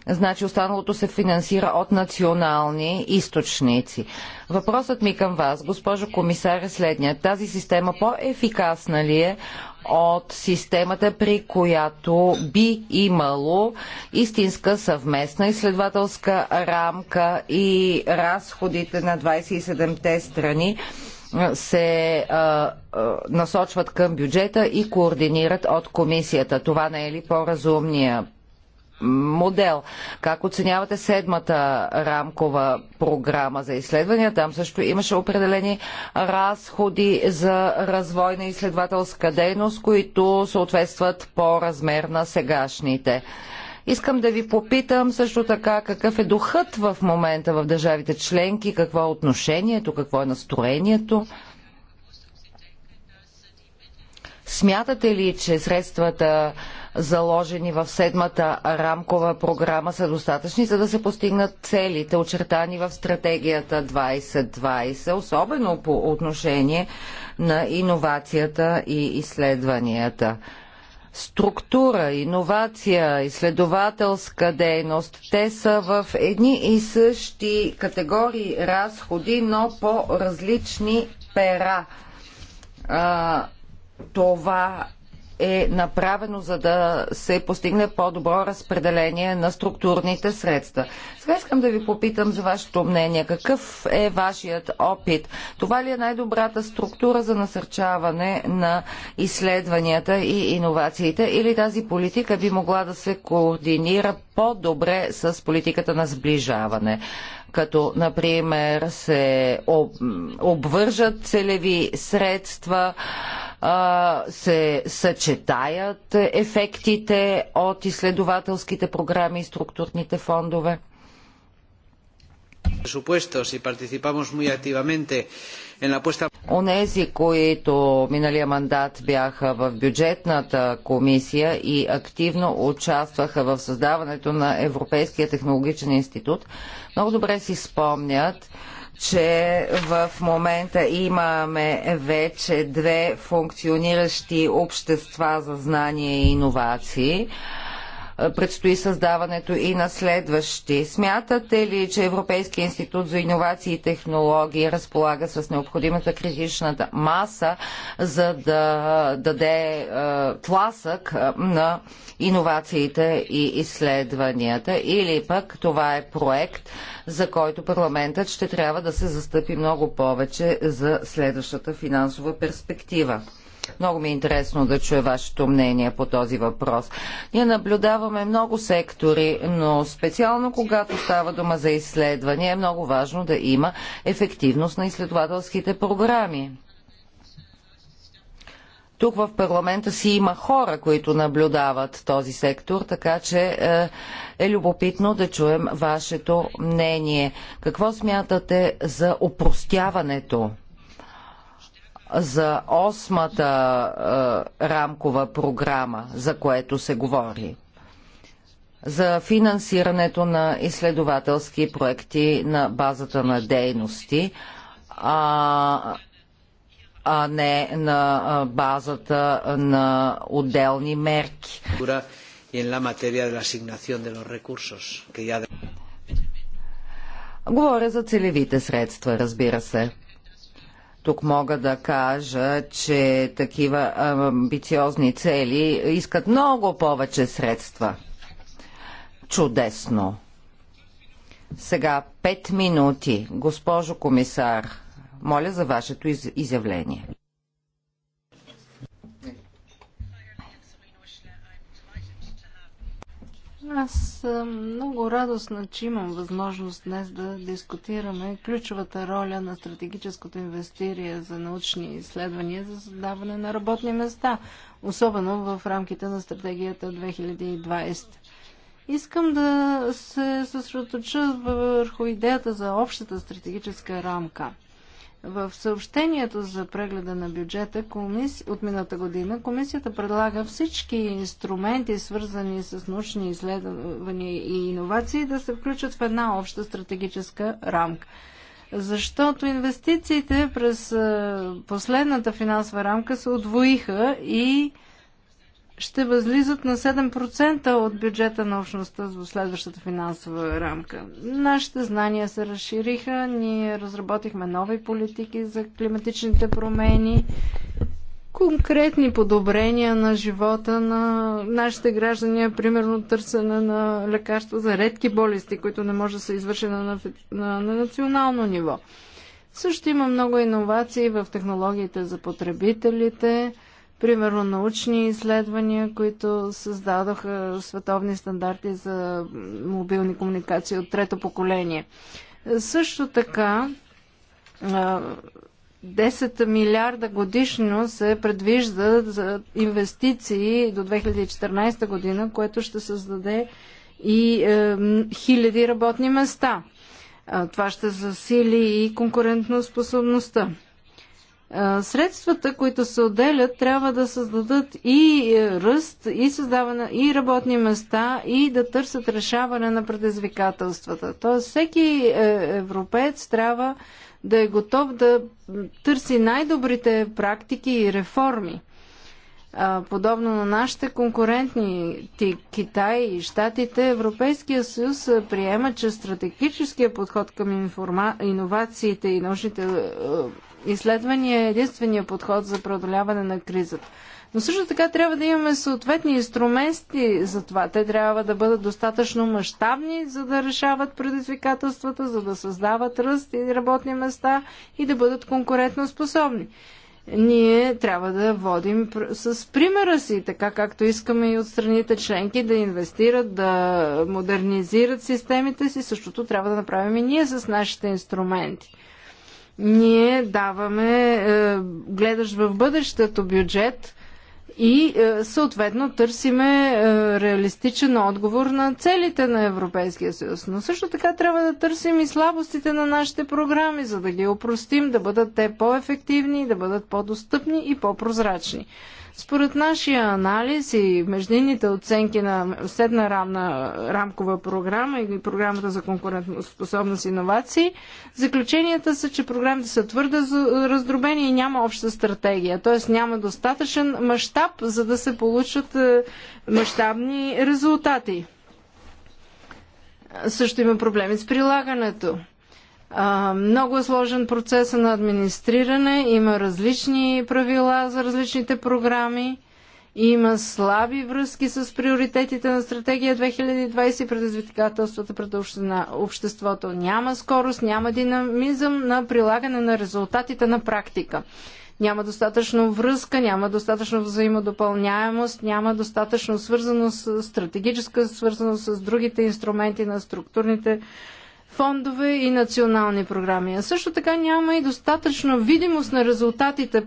Значи останалото се финансира от национални източници. Въпросът ми към вас, госпожо комисар, е следният. Тази система по-ефикасна ли е от системата, при която би имало истинска съвместна изследователска рамка и разходите на 27-те страни се а, а, насочват към бюджета и координират от комисията. Това не е ли по-разумния модел. Как оценявате седмата рамкова програма за изследвания? Там също имаше определени разходи за развой на изследователска дейност, които съответстват по размер на сегашните. Искам да ви попитам също така какъв е духът в момента в държавите членки, какво е отношението, какво е настроението. Смятате ли, че средствата заложени в седмата рамкова програма са достатъчни, за да се постигнат целите, очертани в стратегията 2020, особено по отношение на иновацията и изследванията? структура, иновация, изследователска дейност, те са в едни и същи категории разходи, но по различни пера. А, това е направено за да се постигне по-добро разпределение на структурните средства. Сега искам да ви попитам за вашето мнение. Какъв е вашият опит? Това ли е най-добрата структура за насърчаване на изследванията и иновациите или тази политика би могла да се координира по-добре с политиката на сближаване? като, например, се обвържат целеви средства, се съчетаят ефектите от изследователските програми и структурните фондове? Онези, които миналия мандат бяха в бюджетната комисия и активно участваха в създаването на Европейския технологичен институт, много добре си спомнят, че в момента имаме вече две функциониращи общества за знания и иновации предстои създаването и на следващи. Смятате ли, че Европейския институт за иновации и технологии разполага с необходимата критичната маса, за да даде тласък на иновациите и изследванията? Или пък това е проект, за който парламентът ще трябва да се застъпи много повече за следващата финансова перспектива? Много ми е интересно да чуя вашето мнение по този въпрос. Ние наблюдаваме много сектори, но специално когато става дума за изследвания е много важно да има ефективност на изследователските програми. Тук в парламента си има хора, които наблюдават този сектор, така че е, е любопитно да чуем вашето мнение. Какво смятате за опростяването? за осмата е, рамкова програма, за което се говори. За финансирането на изследователски проекти на базата на дейности, а, а не на базата на отделни мерки. Говоря за целевите средства, разбира се. Тук мога да кажа, че такива амбициозни цели искат много повече средства. Чудесно! Сега пет минути. Госпожо комисар, моля за вашето изявление. Аз съм много радостна, че имам възможност днес да дискутираме ключовата роля на стратегическото инвестирие за научни изследвания за създаване на работни места, особено в рамките на стратегията 2020. Искам да се съсредоточа върху идеята за общата стратегическа рамка. В съобщението за прегледа на бюджета от миналата година комисията предлага всички инструменти, свързани с научни изследвания и иновации, да се включат в една обща стратегическа рамка. Защото инвестициите през последната финансова рамка се отвоиха и ще възлизат на 7% от бюджета на общността за следващата финансова рамка. Нашите знания се разшириха, ние разработихме нови политики за климатичните промени, конкретни подобрения на живота на нашите граждани, примерно търсене на лекарства за редки болести, които не може да се извърши на, на, на, на национално ниво. Също има много иновации в технологиите за потребителите – Примерно научни изследвания, които създадоха световни стандарти за мобилни комуникации от трето поколение. Също така, 10 милиарда годишно се предвижда за инвестиции до 2014 година, което ще създаде и е, хиляди работни места. Това ще засили и конкурентно способността средствата, които се отделят, трябва да създадат и е, ръст, и създаване, и работни места, и да търсят решаване на предизвикателствата. Тоест всеки е, европеец трябва да е готов да търси най-добрите практики и реформи. Подобно на нашите конкурентни Китай и Штатите, Европейския съюз е, приема, че стратегическия подход към информа... иновациите и научните изследвания е единствения подход за преодоляване на кризата. Но също така трябва да имаме съответни инструменти за това. Те трябва да бъдат достатъчно мащабни, за да решават предизвикателствата, за да създават ръст и работни места и да бъдат конкурентно способни. Ние трябва да водим с примера си, така както искаме и от страните членки да инвестират, да модернизират системите си. Същото трябва да направим и ние с нашите инструменти ние даваме е, гледаш в бъдещето бюджет и е, съответно търсиме е, реалистичен отговор на целите на Европейския съюз. Но също така трябва да търсим и слабостите на нашите програми, за да ги опростим, да бъдат те по-ефективни, да бъдат по-достъпни и по-прозрачни. Според нашия анализ и междинните оценки на седна равна рамкова програма и програмата за конкурентоспособност и иновации, заключенията са, че програмите са твърде раздробени и няма обща стратегия. Т.е. няма достатъчен мащаб, за да се получат е, мащабни резултати. Също има проблеми с прилагането много е сложен процеса на администриране, има различни правила за различните програми, има слаби връзки с приоритетите на стратегия 2020 и предизвикателствата пред обществото. Няма скорост, няма динамизъм на прилагане на резултатите на практика. Няма достатъчно връзка, няма достатъчно взаимодопълняемост, няма достатъчно свързаност, стратегическа свързаност с другите инструменти на структурните фондове и национални програми. А също така няма и достатъчно видимост на резултатите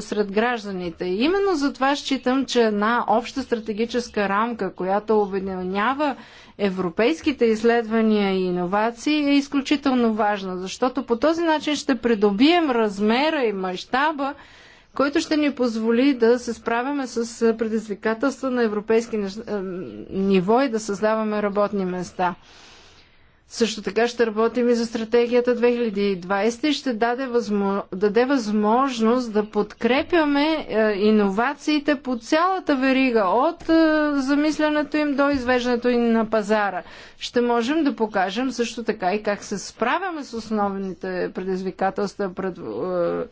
сред гражданите. И именно за това считам, че една обща стратегическа рамка, която обединява европейските изследвания и иновации е изключително важна, защото по този начин ще придобием размера и мащаба, който ще ни позволи да се справяме с предизвикателства на европейски ниво и да създаваме работни места. Също така ще работим и за стратегията 2020 и ще даде възмо... даде възможност да подкрепяме е, иновациите по цялата верига, от е, замислянето им до извеждането им на пазара. Ще можем да покажем също така и как се справяме с основните предизвикателства пред. Е,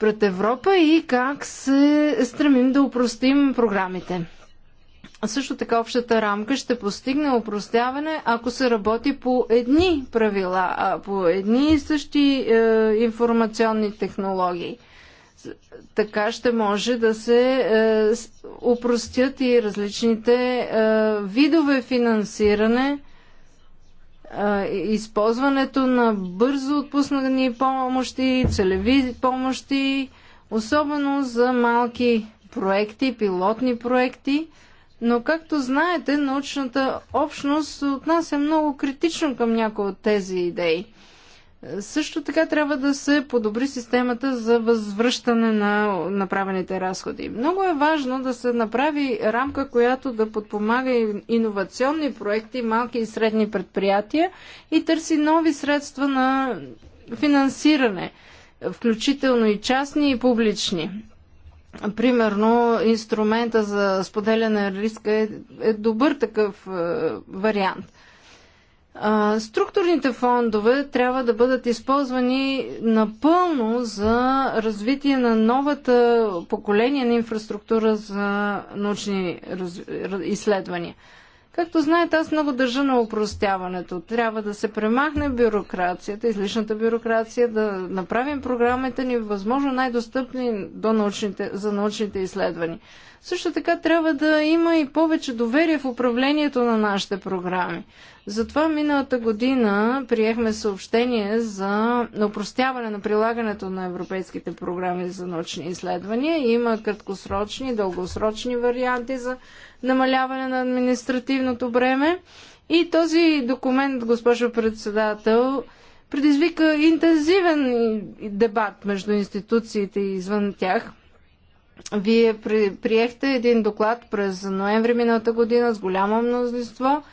пред Европа и как се стремим да упростим програмите също така общата рамка ще постигне упростяване, ако се работи по едни правила, а по едни и същи е, информационни технологии. Така ще може да се е, опростят и различните е, видове финансиране, е, използването на бързо отпуснани помощи, целеви помощи, особено за малки проекти, пилотни проекти – но както знаете, научната общност от нас е много критично към някои от тези идеи. Също така трябва да се подобри системата за възвръщане на направените разходи. Много е важно да се направи рамка, която да подпомага иновационни проекти, малки и средни предприятия и търси нови средства на финансиране, включително и частни и публични. Примерно, инструмента за споделяне на риска е, е добър такъв е, вариант. А, структурните фондове трябва да бъдат използвани напълно за развитие на новата поколение на инфраструктура за научни раз... изследвания. Както знаете, аз много държа на упростяването. Трябва да се премахне бюрокрацията, излишната бюрокрация, да направим програмите ни възможно най-достъпни до научните, за научните изследвания. Също така трябва да има и повече доверие в управлението на нашите програми. Затова миналата година приехме съобщение за упростяване на прилагането на европейските програми за научни изследвания. Има краткосрочни, дългосрочни варианти за намаляване на административното бреме. И този документ, госпожо председател, предизвика интензивен дебат между институциите и извън тях. Вие приехте един доклад през ноември миналата година с голямо мнозинство –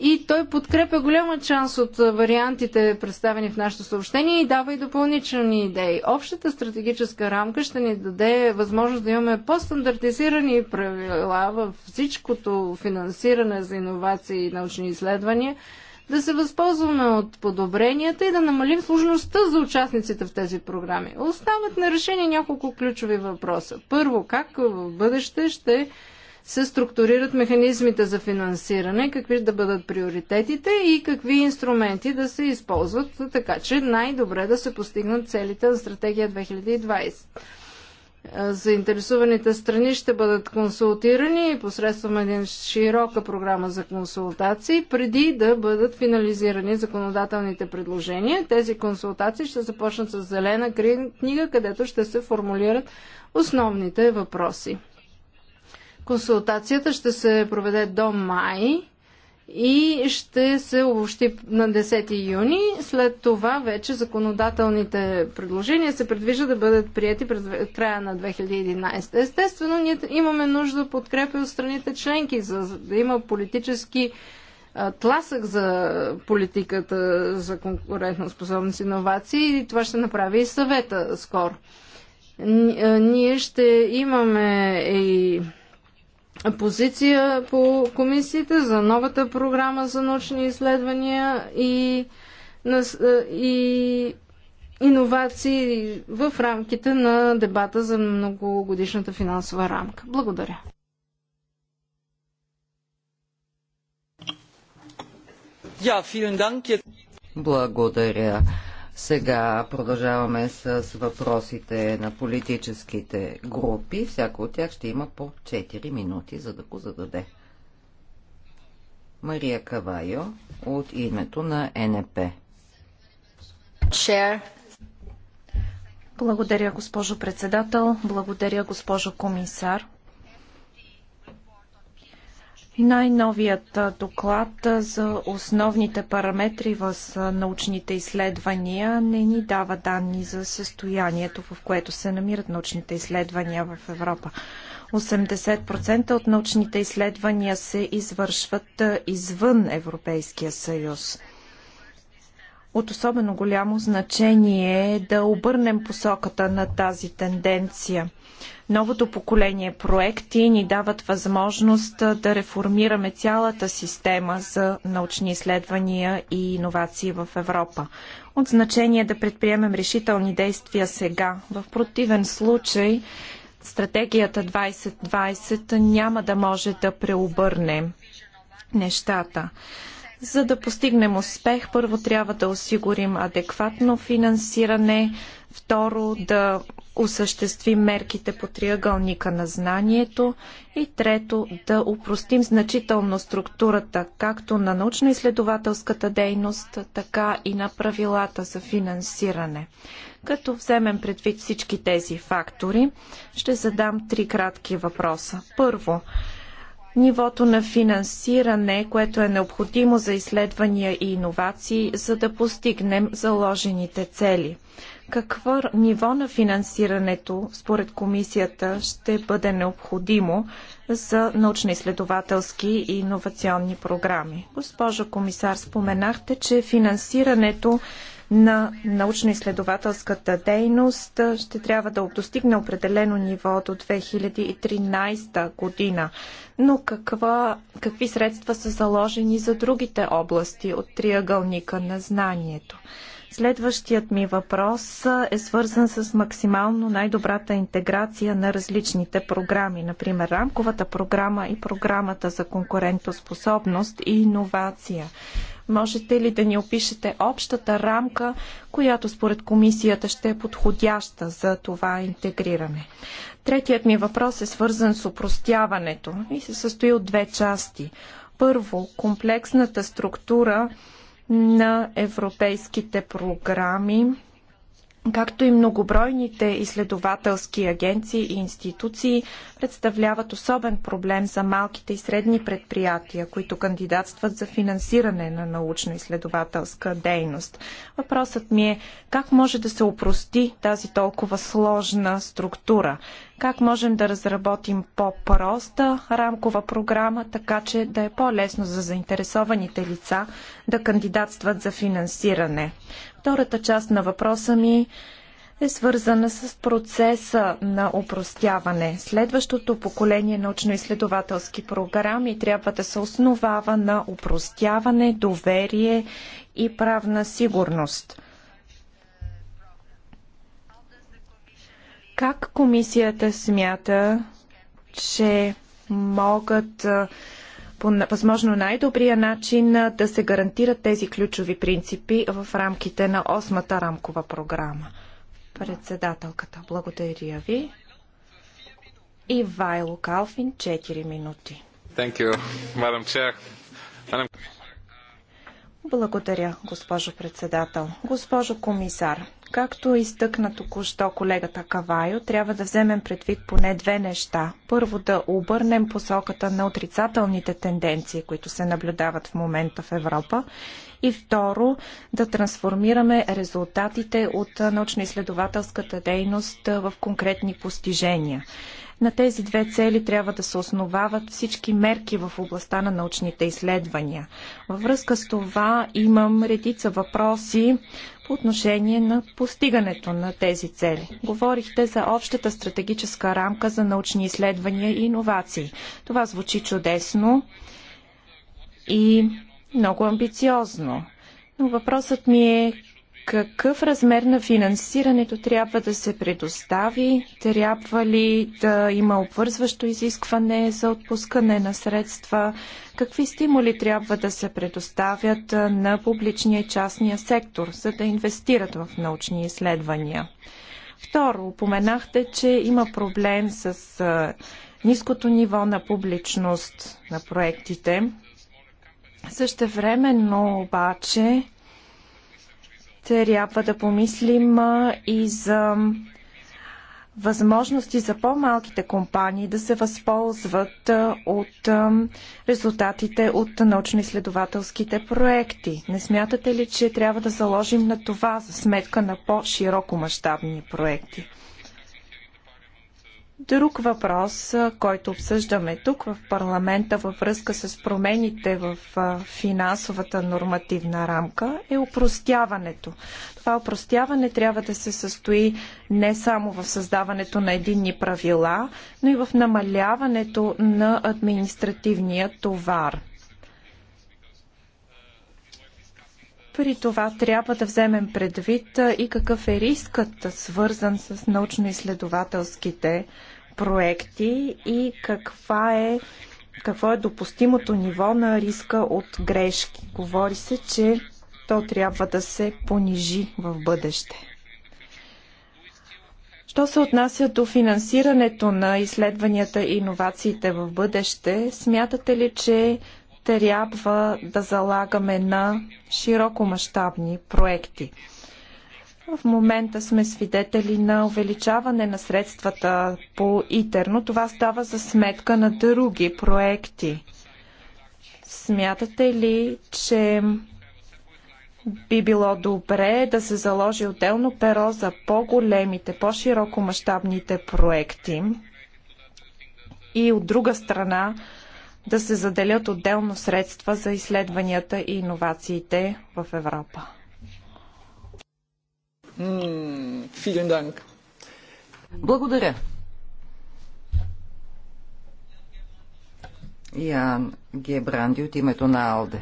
и той подкрепя голяма част от вариантите, представени в нашето съобщение и дава и допълнителни идеи. Общата стратегическа рамка ще ни даде възможност да имаме по-стандартизирани правила в всичкото финансиране за иновации и научни изследвания, да се възползваме от подобренията и да намалим сложността за участниците в тези програми. Остават на решение няколко ключови въпроса. Първо, как в бъдеще ще се структурират механизмите за финансиране, какви да бъдат приоритетите и какви инструменти да се използват, така че най-добре да се постигнат целите на стратегия 2020. Е, заинтересуваните страни ще бъдат консултирани посредством един широка програма за консултации, преди да бъдат финализирани законодателните предложения. Тези консултации ще започнат с зелена книга, където ще се формулират основните въпроси. Консултацията ще се проведе до май и ще се обобщи на 10 юни. След това вече законодателните предложения се предвижда да бъдат прияти през края на 2011. Естествено, ние имаме нужда да подкрепи от страните членки, за да има политически тласък за политиката за конкурентоспособност и иновации и това ще направи и съвета скоро. Ние ще имаме и позиция по комисията за новата програма за научни изследвания и, и иновации в рамките на дебата за многогодишната финансова рамка. Благодаря. Благодаря. Сега продължаваме с въпросите на политическите групи. Всяко от тях ще има по 4 минути, за да го зададе. Мария Кавайо от името на НП. Share. Благодаря, госпожо председател. Благодаря, госпожо комисар. Най-новият доклад за основните параметри в научните изследвания не ни дава данни за състоянието, в което се намират научните изследвания в Европа. 80% от научните изследвания се извършват извън Европейския съюз. От особено голямо значение е да обърнем посоката на тази тенденция – Новото поколение проекти ни дават възможност да реформираме цялата система за научни изследвания и иновации в Европа. От значение е да предприемем решителни действия сега. В противен случай стратегията 2020 няма да може да преобърне нещата. За да постигнем успех, първо трябва да осигурим адекватно финансиране, второ да осъществи мерките по триъгълника на знанието и трето да упростим значително структурата както на научно-изследователската дейност, така и на правилата за финансиране. Като вземем предвид всички тези фактори, ще задам три кратки въпроса. Първо, нивото на финансиране, което е необходимо за изследвания и иновации, за да постигнем заложените цели. Какво ниво на финансирането според комисията ще бъде необходимо за научно-изследователски и иновационни програми? Госпожо комисар, споменахте, че финансирането на научно-изследователската дейност ще трябва да достигне определено ниво до 2013 година. Но каква, какви средства са заложени за другите области от триъгълника на знанието? Следващият ми въпрос е свързан с максимално най-добрата интеграция на различните програми, например рамковата програма и програмата за конкурентоспособност и иновация. Можете ли да ни опишете общата рамка, която според комисията ще е подходяща за това интегриране? Третият ми въпрос е свързан с упростяването и се състои от две части. Първо, комплексната структура на европейските програми, както и многобройните изследователски агенции и институции представляват особен проблем за малките и средни предприятия, които кандидатстват за финансиране на научно-изследователска дейност. Въпросът ми е как може да се опрости тази толкова сложна структура? Как можем да разработим по-проста рамкова програма, така че да е по-лесно за заинтересованите лица да кандидатстват за финансиране? Втората част на въпроса ми е свързана с процеса на упростяване. Следващото поколение научно-изследователски програми трябва да се основава на упростяване, доверие и правна сигурност. Как комисията смята, че могат по възможно най-добрия начин да се гарантират тези ключови принципи в рамките на осмата рамкова програма. Председателката, благодаря ви. И Вайло Калфин, 4 минути. Thank you, Madam Chair. Благодаря, госпожо председател. Госпожо комисар, както изтъкна току-що колегата Кавайо, трябва да вземем предвид поне две неща. Първо да обърнем посоката на отрицателните тенденции, които се наблюдават в момента в Европа. И второ да трансформираме резултатите от научно-изследователската дейност в конкретни постижения. На тези две цели трябва да се основават всички мерки в областта на научните изследвания. Във връзка с това имам редица въпроси по отношение на постигането на тези цели. Говорихте за общата стратегическа рамка за научни изследвания и иновации. Това звучи чудесно и много амбициозно. Но въпросът ми е какъв размер на финансирането трябва да се предостави? Трябва ли да има обвързващо изискване за отпускане на средства? Какви стимули трябва да се предоставят на публичния и частния сектор, за да инвестират в научни изследвания? Второ, упоменахте, че има проблем с ниското ниво на публичност на проектите. Същевременно обаче трябва да помислим и за възможности за по-малките компании да се възползват от резултатите от научно-изследователските проекти. Не смятате ли, че трябва да заложим на това за сметка на по-широко мащабни проекти? Друг въпрос, който обсъждаме тук в парламента във връзка с промените в финансовата нормативна рамка е опростяването. Това опростяване трябва да се състои не само в създаването на единни правила, но и в намаляването на административния товар. При това трябва да вземем предвид и какъв е рискът, свързан с научно-изследователските проекти и каква е, какво е допустимото ниво на риска от грешки. Говори се, че то трябва да се понижи в бъдеще. Що се отнася до финансирането на изследванията и иновациите в бъдеще, смятате ли, че трябва да залагаме на широкомащабни проекти. В момента сме свидетели на увеличаване на средствата по ИТЕР, но това става за сметка на други проекти. Смятате ли, че би било добре да се заложи отделно перо за по-големите, по-широкомащабните проекти? И от друга страна, да се заделят отделно средства за изследванията и иновациите в Европа. Благодаря. Ян Гебранди от името на АЛДЕ.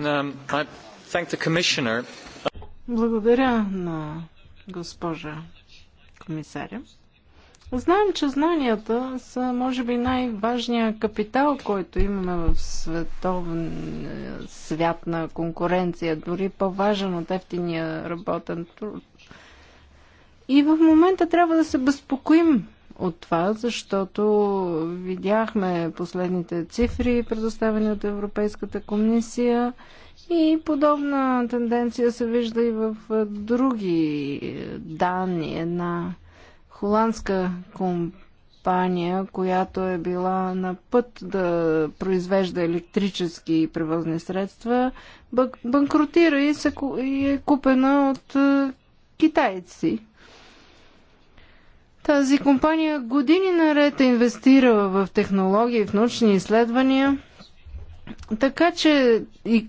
Благодаря на госпожа комисаря. Знаем, че знанията са, може би, най-важният капитал, който имаме в световен свят на конкуренция, дори по-важен от ефтиния работен труд. И в момента трябва да се безпокоим от това, защото видяхме последните цифри, предоставени от Европейската комисия и подобна тенденция се вижда и в други данни. Една холандска компания, която е била на път да произвежда електрически превозни средства, банкротира и, се, и е купена от е, китайци. Тази компания години наред е инвестирала в технологии, в научни изследвания, така че и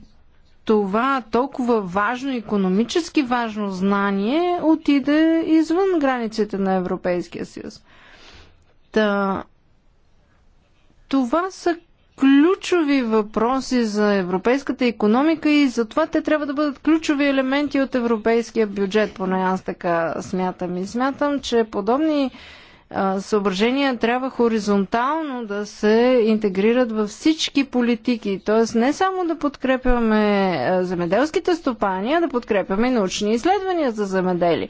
това толкова важно, економически важно знание отиде извън границите на Европейския съюз. Та, това са ключови въпроси за европейската економика и затова те трябва да бъдат ключови елементи от европейския бюджет, поне аз така смятам. И смятам, че подобни съображения трябва хоризонтално да се интегрират във всички политики. Тоест не само да подкрепяме земеделските стопани, а да подкрепяме научни изследвания за земеделие.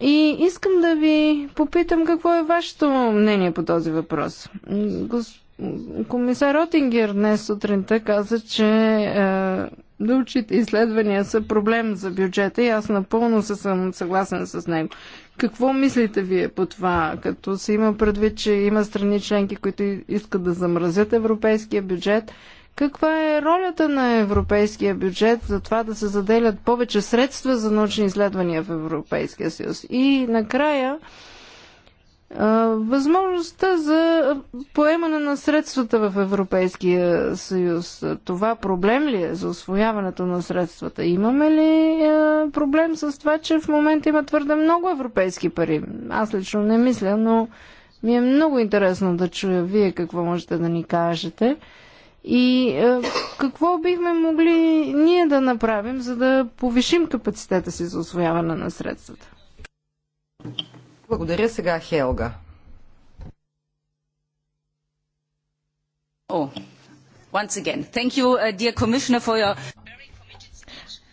И искам да ви попитам какво е вашето мнение по този въпрос. Комисар Ротингер днес сутринта каза, че е, научните изследвания са проблем за бюджета и аз напълно се съм съгласен с него. Какво мислите вие по това, като се има предвид, че има страни членки, които искат да замразят европейския бюджет? Каква е ролята на европейския бюджет за това да се заделят повече средства за научни изследвания в Европейския съюз? И накрая, Възможността за поемане на средствата в Европейския съюз. Това проблем ли е за освояването на средствата? Имаме ли проблем с това, че в момента има твърде много европейски пари? Аз лично не мисля, но ми е много интересно да чуя вие какво можете да ни кажете. И е, какво бихме могли ние да направим, за да повишим капацитета си за освояване на средствата? Благодаря сега Хелга. once again, thank you, uh, dear Commissioner, for your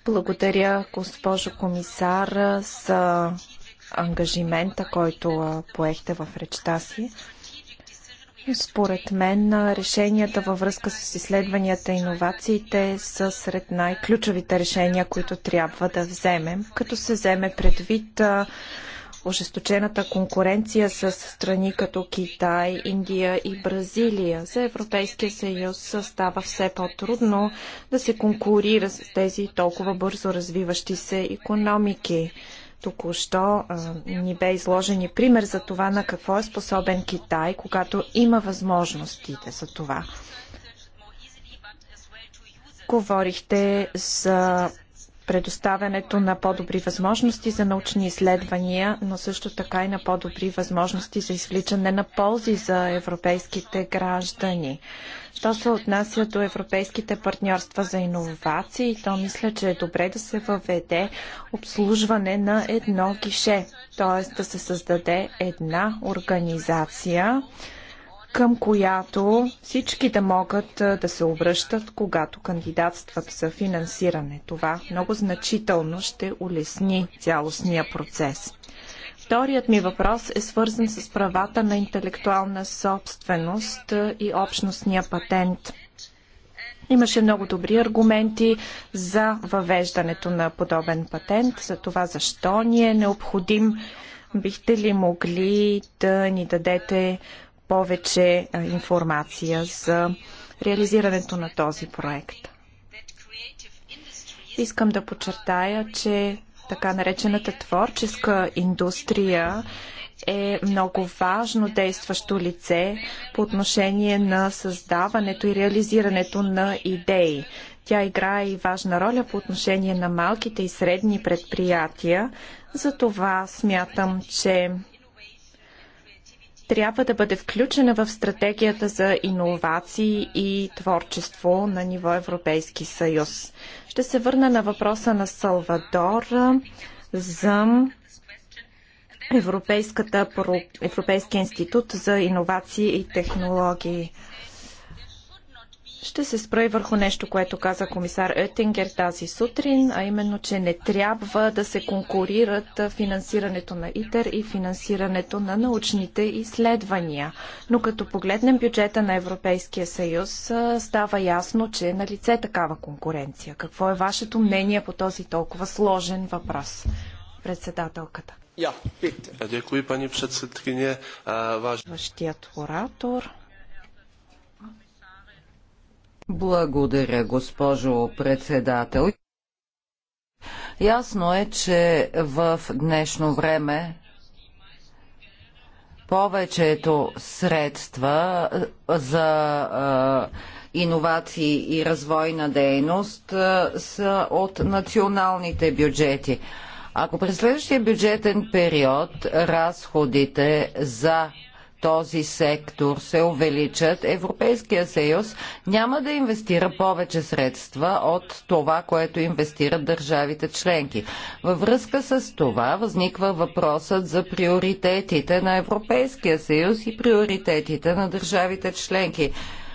благодаря, госпожо комисар, за ангажимента, който поехте в речта си. Според мен решенията във връзка с изследванията и иновациите са сред най-ключовите решения, които трябва да вземем, като се вземе предвид ожесточената конкуренция с страни като Китай, Индия и Бразилия. За Европейския съюз става все по-трудно да се конкурира с тези толкова бързо развиващи се економики. Току-що ни бе изложен и пример за това на какво е способен Китай, когато има възможностите за това. Говорихте за предоставянето на по-добри възможности за научни изследвания, но също така и на по-добри възможности за извличане на ползи за европейските граждани. Що се отнася до европейските партньорства за иновации, то мисля, че е добре да се въведе обслужване на едно гише, т.е. да се създаде една организация, към която всички да могат да се обръщат, когато кандидатстват за финансиране. Това много значително ще улесни цялостния процес. Вторият ми въпрос е свързан с правата на интелектуална собственост и общностния патент. Имаше много добри аргументи за въвеждането на подобен патент, за това защо ни е необходим. Бихте ли могли да ни дадете повече информация за реализирането на този проект. Искам да подчертая, че така наречената творческа индустрия е много важно действащо лице по отношение на създаването и реализирането на идеи. Тя играе и важна роля по отношение на малките и средни предприятия. Затова смятам, че трябва да бъде включена в стратегията за иновации и творчество на ниво Европейски съюз. Ще се върна на въпроса на Салвадор за Европейската, Европейския институт за иновации и технологии. Ще се спра и върху нещо, което каза комисар Етингер тази сутрин, а именно, че не трябва да се конкурират финансирането на ИТЕР и финансирането на научните изследвания. Но като погледнем бюджета на Европейския съюз, става ясно, че е на лице такава конкуренция. Какво е вашето мнение по този толкова сложен въпрос? Председателката. Я, пите. Дякую, пани председателкиня. Ваш... Вашият оратор. Благодаря, госпожо председател. Ясно е, че в днешно време повечето средства за иновации и развойна дейност са от националните бюджети. Ако през следващия бюджетен период разходите за този сектор се увеличат, Европейския съюз няма да инвестира повече средства от това, което инвестират държавите членки. Във връзка с това възниква въпросът за приоритетите на Европейския съюз и приоритетите на държавите членки.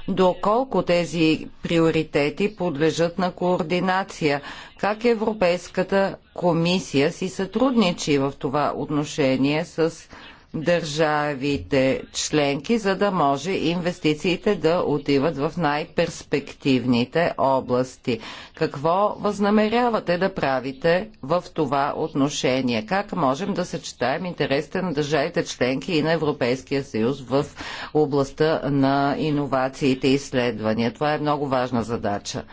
Доколко тези приоритети подлежат на координация? Как Европейската комисия си сътрудничи в това отношение с държавите членки, за да може инвестициите да отиват в най-перспективните области. Какво възнамерявате да правите в това отношение? Как можем да съчетаем интересите на държавите членки и на Европейския съюз в областта на иновациите и изследвания? Това е много важна задача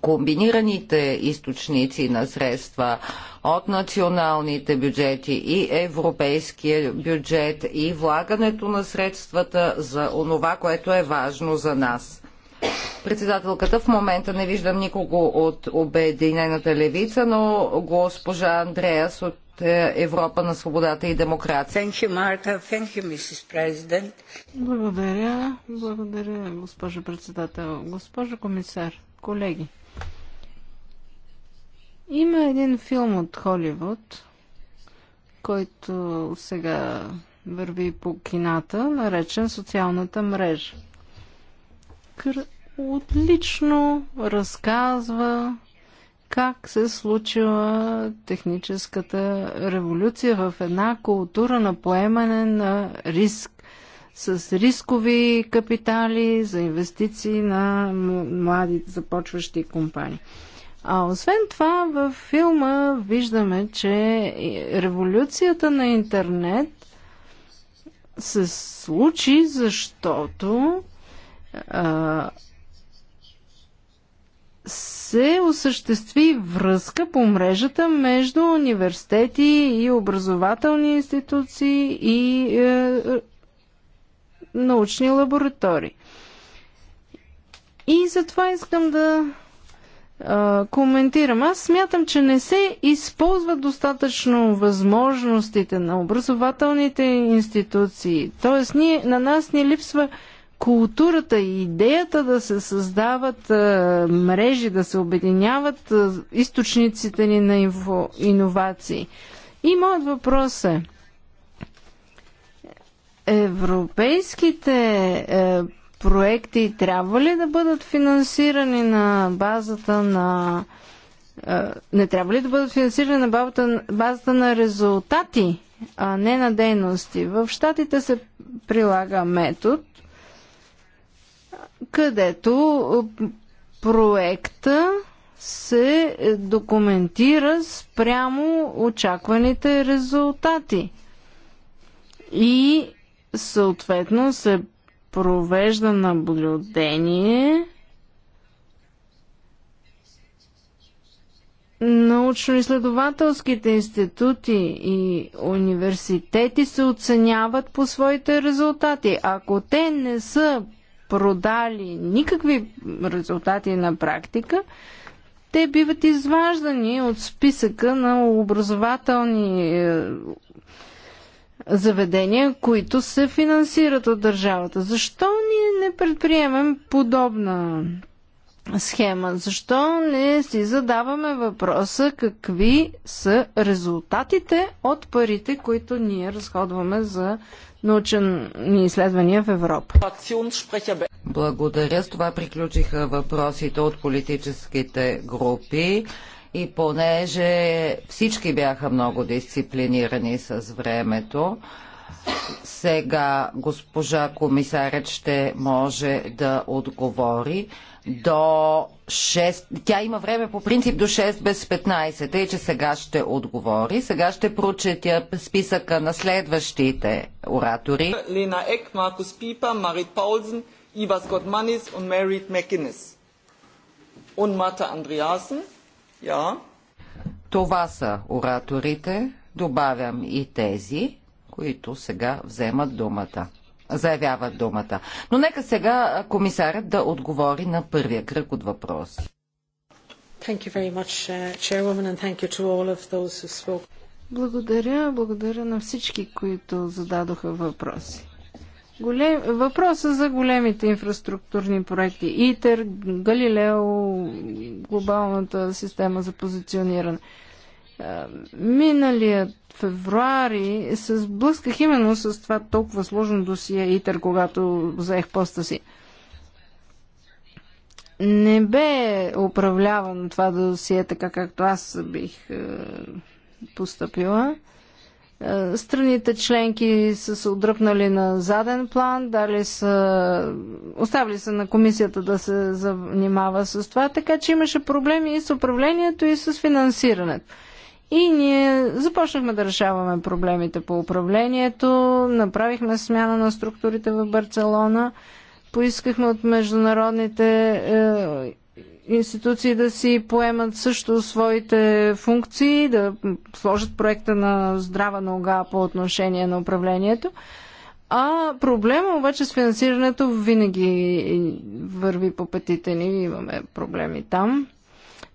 комбинираните източници на средства от националните бюджети и европейския бюджет и влагането на средствата за онова, което е важно за нас. Председателката в момента не виждам никого от Обединената левица, но госпожа Андреас от е, Европа на свободата и демокрация. Благодаря, благодаря, госпожо председател. Госпожо комисар, колеги. Има един филм от Холивуд, който сега върви по кината, наречен Социалната мрежа. Кър... Отлично разказва как се случила техническата революция в една култура на поемане на риск с рискови капитали за инвестиции на млади започващи компании. А освен това, във филма виждаме, че революцията на интернет се случи, защото а, се осъществи връзка по мрежата между университети и образователни институции и е, научни лаборатории. И затова искам да а, коментирам. Аз смятам, че не се използват достатъчно възможностите на образователните институции. Тоест, ние, на нас ни липсва културата и идеята да се създават а, мрежи, да се обединяват а, източниците ни на инфо, иновации. И моят въпрос е – Европейските е, проекти трябва ли да бъдат финансирани на базата на е, не трябва ли да бъдат финансирани на базата, базата на резултати, а не на дейности? В Штатите се прилага метод, където проекта се документира спрямо очакваните резултати. И Съответно се провежда наблюдение научно-изследователските институти и университети се оценяват по своите резултати. Ако те не са продали никакви резултати на практика, те биват изваждани от списъка на образователни заведения, които се финансират от държавата. Защо ние не предприемем подобна схема? Защо не си задаваме въпроса какви са резултатите от парите, които ние разходваме за научни изследвания в Европа? Благодаря. С това приключиха въпросите от политическите групи. И понеже всички бяха много дисциплинирани с времето, сега госпожа комисарът ще може да отговори до 6. Тя има време по принцип до 6 без 15, тъй че сега ще отговори. Сега ще прочетя списъка на следващите оратори. Лена Ек, Маркус Пипа, Марит Паулзен, Ива Скотманис и Мерит Мекинес. И Мата Андриасен. Ja. Това са ораторите. Добавям и тези, които сега вземат думата. Заявяват думата. Но нека сега комисарят да отговори на първия кръг от въпроси. Благодаря, благодаря на всички, които зададоха въпроси. Голем... Въпроса за големите инфраструктурни проекти. ИТЕР, Галилео, глобалната система за позициониране. Миналият февруари се сблъсках именно с това толкова сложно досие ИТЕР, когато взех поста си. Не бе управлявано това досие така, както аз бих поступила. Е, страните членки са се отдръпнали на заден план, дали са, оставили са на комисията да се занимава с това, така че имаше проблеми и с управлението, и с финансирането. И ние започнахме да решаваме проблемите по управлението, направихме смяна на структурите в Барселона, поискахме от международните е, институции да си поемат също своите функции, да сложат проекта на здрава нога по отношение на управлението. А проблема обаче с финансирането винаги върви по пътите ни, имаме проблеми там.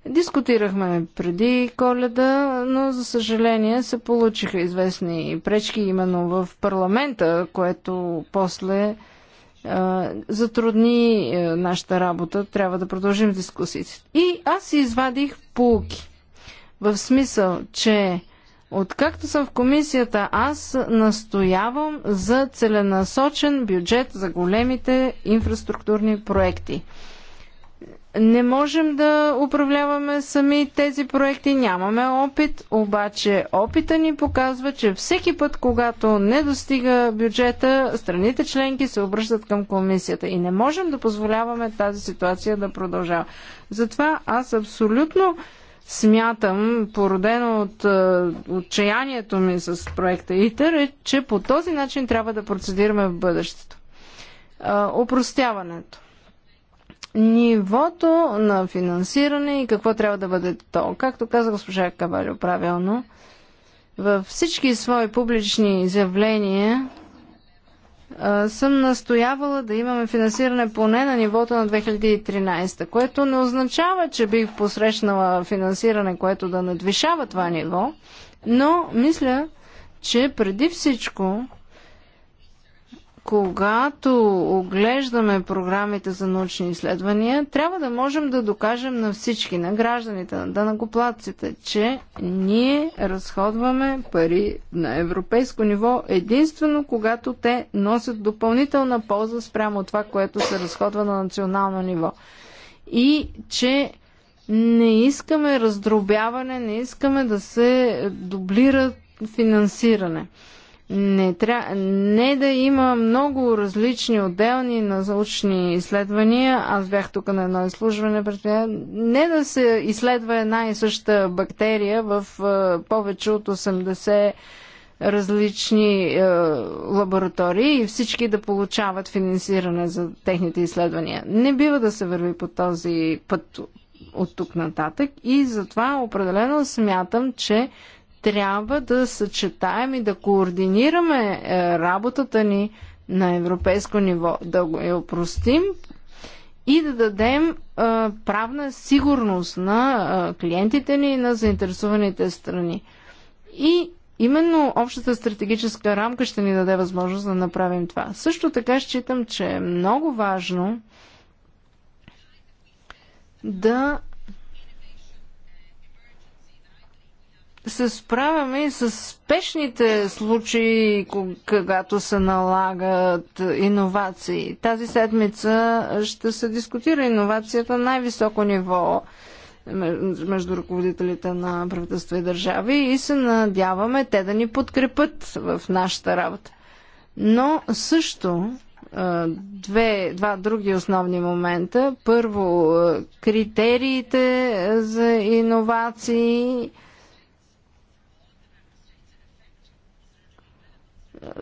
Дискутирахме преди коледа, но за съжаление се получиха известни пречки именно в парламента, което после затрудни нашата работа. Трябва да продължим дискусиите. И аз си извадих полки. В смисъл, че Откакто съм в комисията, аз настоявам за целенасочен бюджет за големите инфраструктурни проекти. Не можем да управляваме сами тези проекти, нямаме опит, обаче опита ни показва, че всеки път, когато не достига бюджета, страните членки се обръщат към комисията и не можем да позволяваме тази ситуация да продължава. Затова аз абсолютно смятам, породено от е, отчаянието ми с проекта ИТЕР, е, че по този начин трябва да процедираме в бъдещето. Е, опростяването нивото на финансиране и какво трябва да бъде то. Както каза госпожа Кавалио правилно, във всички свои публични изявления съм настоявала да имаме финансиране поне на нивото на 2013, което не означава, че бих посрещнала финансиране, което да надвишава това ниво, но мисля, че преди всичко когато оглеждаме програмите за научни изследвания, трябва да можем да докажем на всички, на гражданите, на данъкоплатците, че ние разходваме пари на европейско ниво единствено, когато те носят допълнителна полза спрямо това, което се разходва на национално ниво. И че не искаме раздробяване, не искаме да се дублира финансиране не, тря... не да има много различни отделни научни изследвания. Аз бях тук на едно изслужване. Не да се изследва една и съща бактерия в повече от 80 различни е, лаборатории и всички да получават финансиране за техните изследвания. Не бива да се върви по този път от тук нататък и затова определено смятам, че трябва да съчетаем и да координираме е, работата ни на европейско ниво, да го я опростим и да дадем е, правна сигурност на е, клиентите ни и на заинтересуваните страни. И Именно общата стратегическа рамка ще ни даде възможност да направим това. Също така считам, че е много важно да се справяме и с спешните случаи, когато се налагат иновации. Тази седмица ще се дискутира иновацията на най-високо ниво между ръководителите на правителство и държави и се надяваме те да ни подкрепят в нашата работа. Но също две, два други основни момента. Първо, критериите за иновации –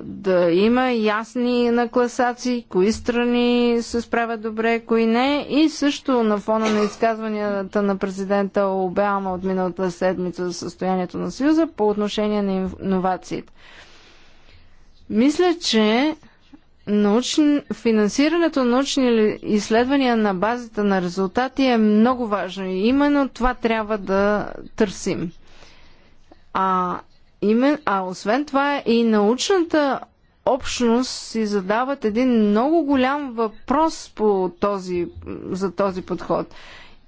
да има ясни накласации, кои страни се справят добре, кои не. И също на фона на изказванията на президента Обама от миналата седмица за състоянието на Съюза по отношение на иновациите. Мисля, че научни, финансирането на научни изследвания на базата на резултати е много важно и именно това трябва да търсим. А Имен, а освен това и научната общност си задават един много голям въпрос по този, за този подход.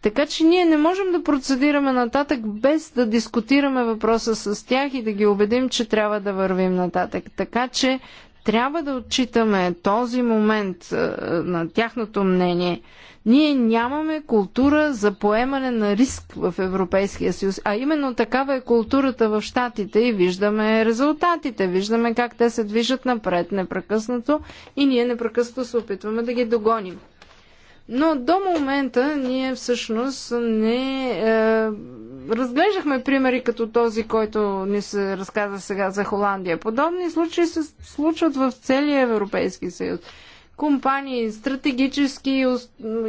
Така че ние не можем да процедираме нататък без да дискутираме въпроса с тях и да ги убедим, че трябва да вървим нататък. Така че трябва да отчитаме този момент е, на тяхното мнение. Ние нямаме култура за поемане на риск в Европейския съюз, а именно такава е културата в Штатите и виждаме резултатите, виждаме как те се движат напред непрекъснато и ние непрекъснато се опитваме да ги догоним. Но до момента ние всъщност не е, разглеждахме примери като този, който ни се разказа сега за Холандия. Подобни случаи се случват в целия Европейски съюз. Компании, стратегически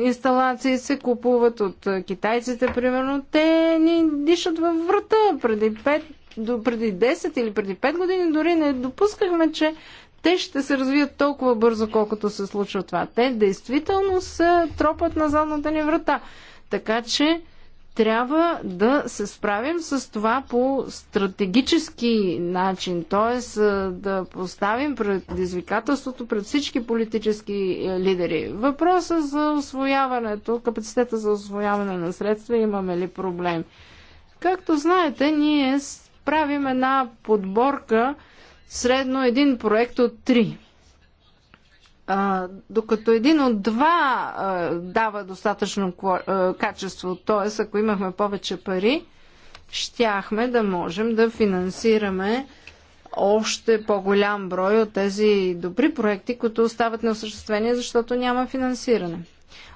инсталации се купуват от китайците, примерно. Те ни дишат във врата. Преди 5, до, преди 10 или преди 5 години дори не допускахме, че те ще се развият толкова бързо, колкото се случва това. Те действително са тропат на задната ни врата. Така че трябва да се справим с това по стратегически начин, т.е. да поставим предизвикателството пред всички политически е, лидери. Въпроса за освояването, капацитета за освояване на средства, имаме ли проблем? Както знаете, ние правим една подборка средно един проект от три. А, докато един от два а, дава достатъчно а, качество, т.е. ако имахме повече пари, щяхме да можем да финансираме още по-голям брой от тези добри проекти, които остават неосъществени, защото няма финансиране.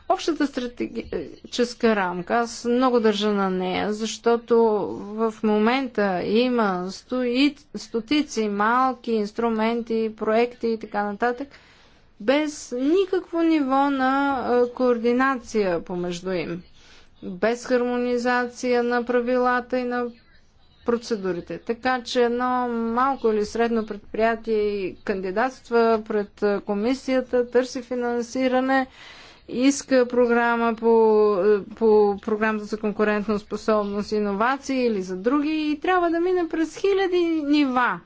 Общата стратегическа рамка, аз много държа на нея, защото в момента има стои, стотици малки инструменти, проекти и така нататък – без никакво ниво на координация помежду им, без хармонизация на правилата и на процедурите. Така че едно малко или средно предприятие кандидатства пред комисията, търси финансиране, иска програма по, по програмата за конкурентна способност, иновации или за други и трябва да мине през хиляди нива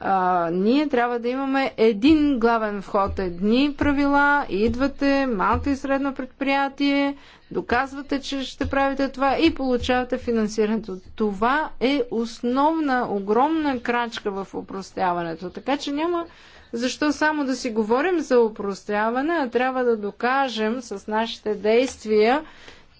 а, ние трябва да имаме един главен вход, едни правила, идвате, малко и средно предприятие, доказвате, че ще правите това и получавате финансирането. Това е основна, огромна крачка в упростяването. Така че няма защо само да си говорим за упростяване, а трябва да докажем с нашите действия,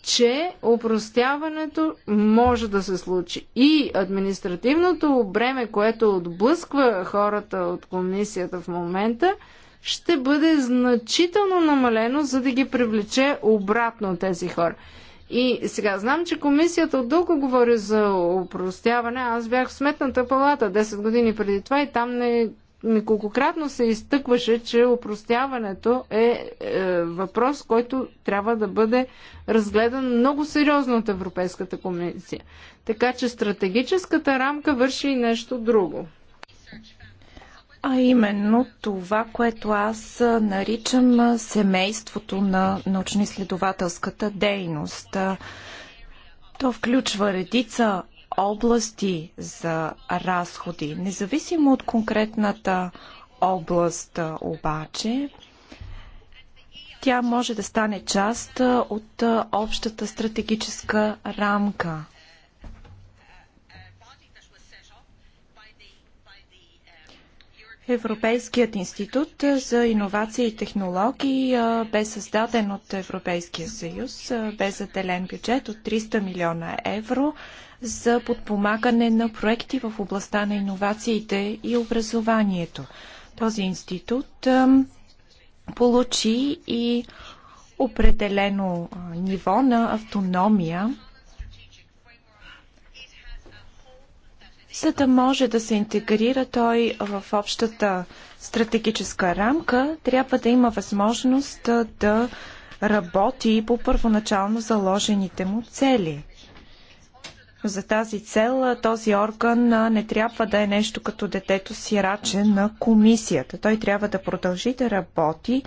че упростяването може да се случи. И административното бреме, което отблъсква хората от комисията в момента, ще бъде значително намалено, за да ги привлече обратно тези хора. И сега знам, че комисията от дълго говори за упростяване. Аз бях в сметната палата 10 години преди това и там не неколкократно се изтъкваше, че упростяването е, е въпрос, който трябва да бъде разгледан много сериозно от Европейската комисия. Така че стратегическата рамка върши и нещо друго. А именно това, което аз наричам семейството на научно-изследователската дейност. То включва редица области за разходи. Независимо от конкретната област обаче, тя може да стане част от общата стратегическа рамка. Европейският институт за иновации и технологии бе създаден от Европейския съюз, бе заделен бюджет от 300 милиона евро за подпомагане на проекти в областта на иновациите и образованието. Този институт получи и определено ниво на автономия, за да може да се интегрира той в общата стратегическа рамка, трябва да има възможност да работи по първоначално заложените му цели. За тази цел този орган не трябва да е нещо като детето сираче на комисията. Той трябва да продължи да работи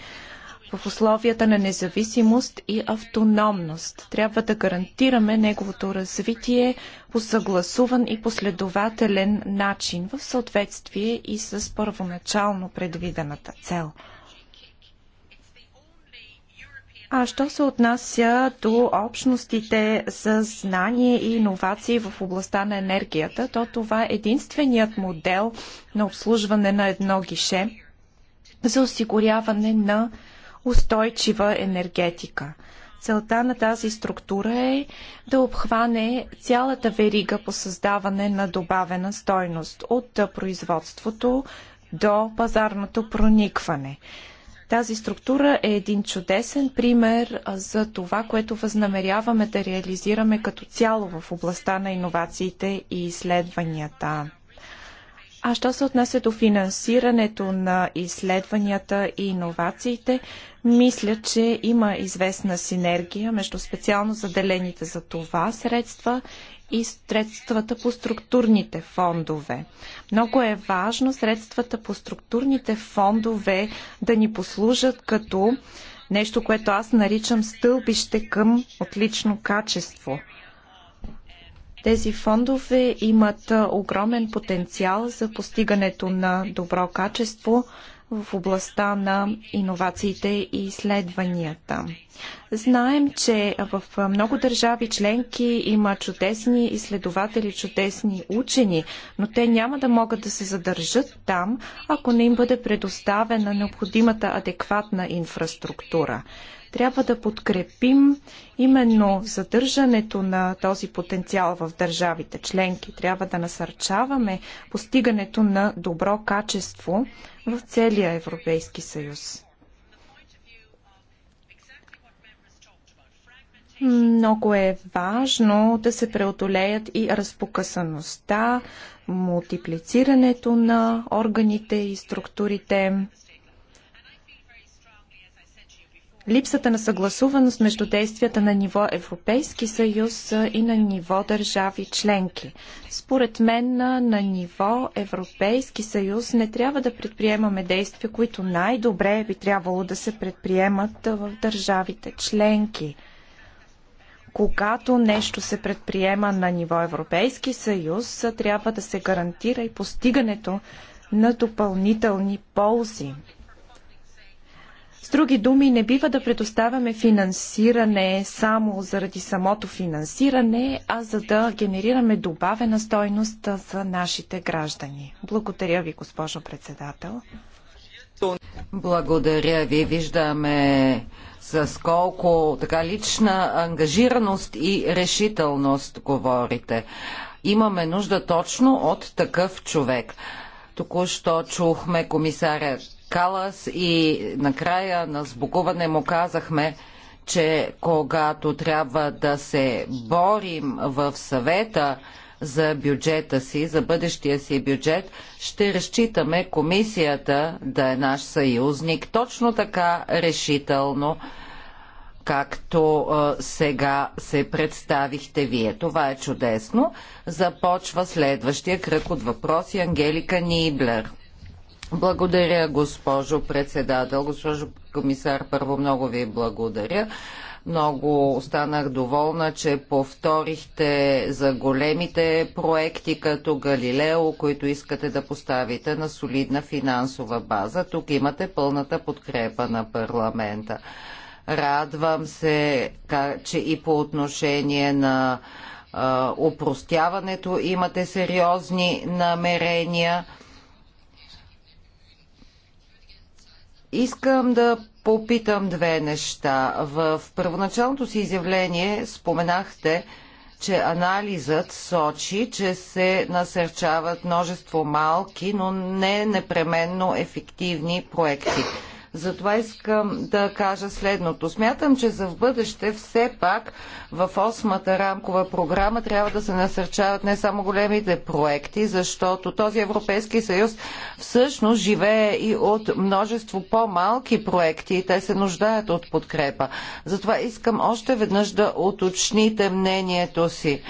в условията на независимост и автономност. Трябва да гарантираме неговото развитие по съгласуван и последователен начин в съответствие и с първоначално предвидената цел. А що се отнася до общностите с знание и иновации в областта на енергията, то това е единственият модел на обслужване на едно гише за осигуряване на устойчива енергетика. Целта на тази структура е да обхване цялата верига по създаване на добавена стойност от производството до пазарното проникване. Тази структура е един чудесен пример за това, което възнамеряваме да реализираме като цяло в областта на иновациите и изследванията. А що се отнася до финансирането на изследванията и иновациите, мисля, че има известна синергия между специално заделените за това средства и средствата по структурните фондове. Много е важно средствата по структурните фондове да ни послужат като нещо, което аз наричам стълбище към отлично качество. Тези фондове имат огромен потенциал за постигането на добро качество, в областта на иновациите и изследванията. Знаем, че в много държави членки има чудесни изследователи, чудесни учени, но те няма да могат да се задържат там, ако не им бъде предоставена необходимата адекватна инфраструктура трябва да подкрепим именно задържането на този потенциал в държавите членки. Трябва да насърчаваме постигането на добро качество в целия Европейски съюз. Много е важно да се преодолеят и разпокъсаността, мултиплицирането на органите и структурите липсата на съгласуваност между действията на ниво Европейски съюз и на ниво държави членки. Според мен на ниво Европейски съюз не трябва да предприемаме действия, които най-добре би трябвало да се предприемат в държавите членки когато нещо се предприема на ниво Европейски съюз, трябва да се гарантира и постигането на допълнителни ползи. С други думи, не бива да предоставяме финансиране само заради самото финансиране, а за да генерираме добавена стойност за нашите граждани. Благодаря ви, госпожо председател. Благодаря ви. Виждаме с колко така лична ангажираност и решителност говорите. Имаме нужда точно от такъв човек. Току-що чухме комисарят Калас и накрая на сбогуване му казахме, че когато трябва да се борим в съвета за бюджета си, за бъдещия си бюджет, ще разчитаме комисията да е наш съюзник точно така решително, както сега се представихте вие. Това е чудесно. Започва следващия кръг от въпроси Ангелика Ниблер. Благодаря, госпожо председател. Госпожо комисар, първо много ви благодаря. Много останах доволна, че повторихте за големите проекти като Галилео, които искате да поставите на солидна финансова база. Тук имате пълната подкрепа на парламента. Радвам се, че и по отношение на упростяването имате сериозни намерения Искам да попитам две неща. В първоначалното си изявление споменахте, че анализът сочи, че се насърчават множество малки, но не непременно ефективни проекти. Затова искам да кажа следното. Смятам, че за в бъдеще все пак в осмата рамкова програма трябва да се насърчават не само големите проекти, защото този Европейски съюз всъщност живее и от множество по-малки проекти и те се нуждаят от подкрепа. Затова искам още веднъж да уточните мнението си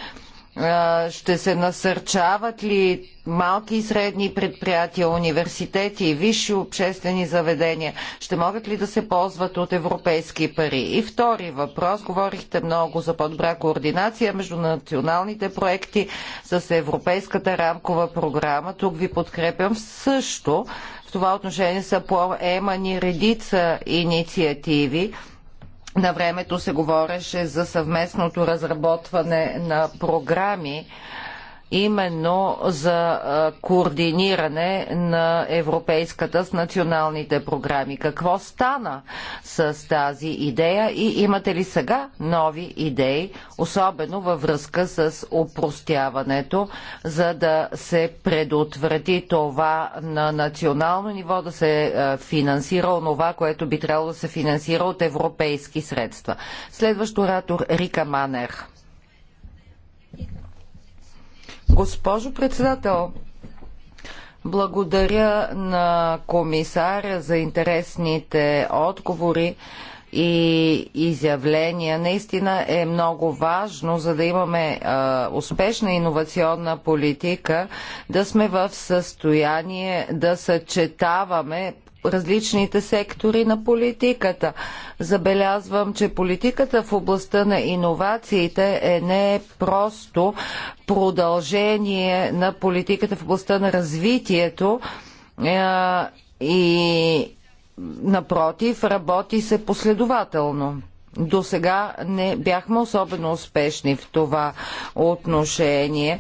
ще се насърчават ли малки и средни предприятия, университети и висши обществени заведения, ще могат ли да се ползват от европейски пари? И втори въпрос, говорихте много за по-добра координация между националните проекти с Европейската рамкова програма. Тук ви подкрепям също. В това отношение са поемани редица инициативи на времето се говореше за съвместното разработване на програми именно за координиране на европейската с националните програми. Какво стана с тази идея и имате ли сега нови идеи, особено във връзка с упростяването, за да се предотврати това на национално ниво да се финансира онова, което би трябвало да се финансира от европейски средства. Следващ оратор Рика Манер. Госпожо председател, благодаря на комисаря за интересните отговори и изявления. Наистина е много важно, за да имаме а, успешна иновационна политика, да сме в състояние да съчетаваме различните сектори на политиката. Забелязвам, че политиката в областта на иновациите е не просто продължение на политиката в областта на развитието и напротив, работи се последователно. До сега не бяхме особено успешни в това отношение.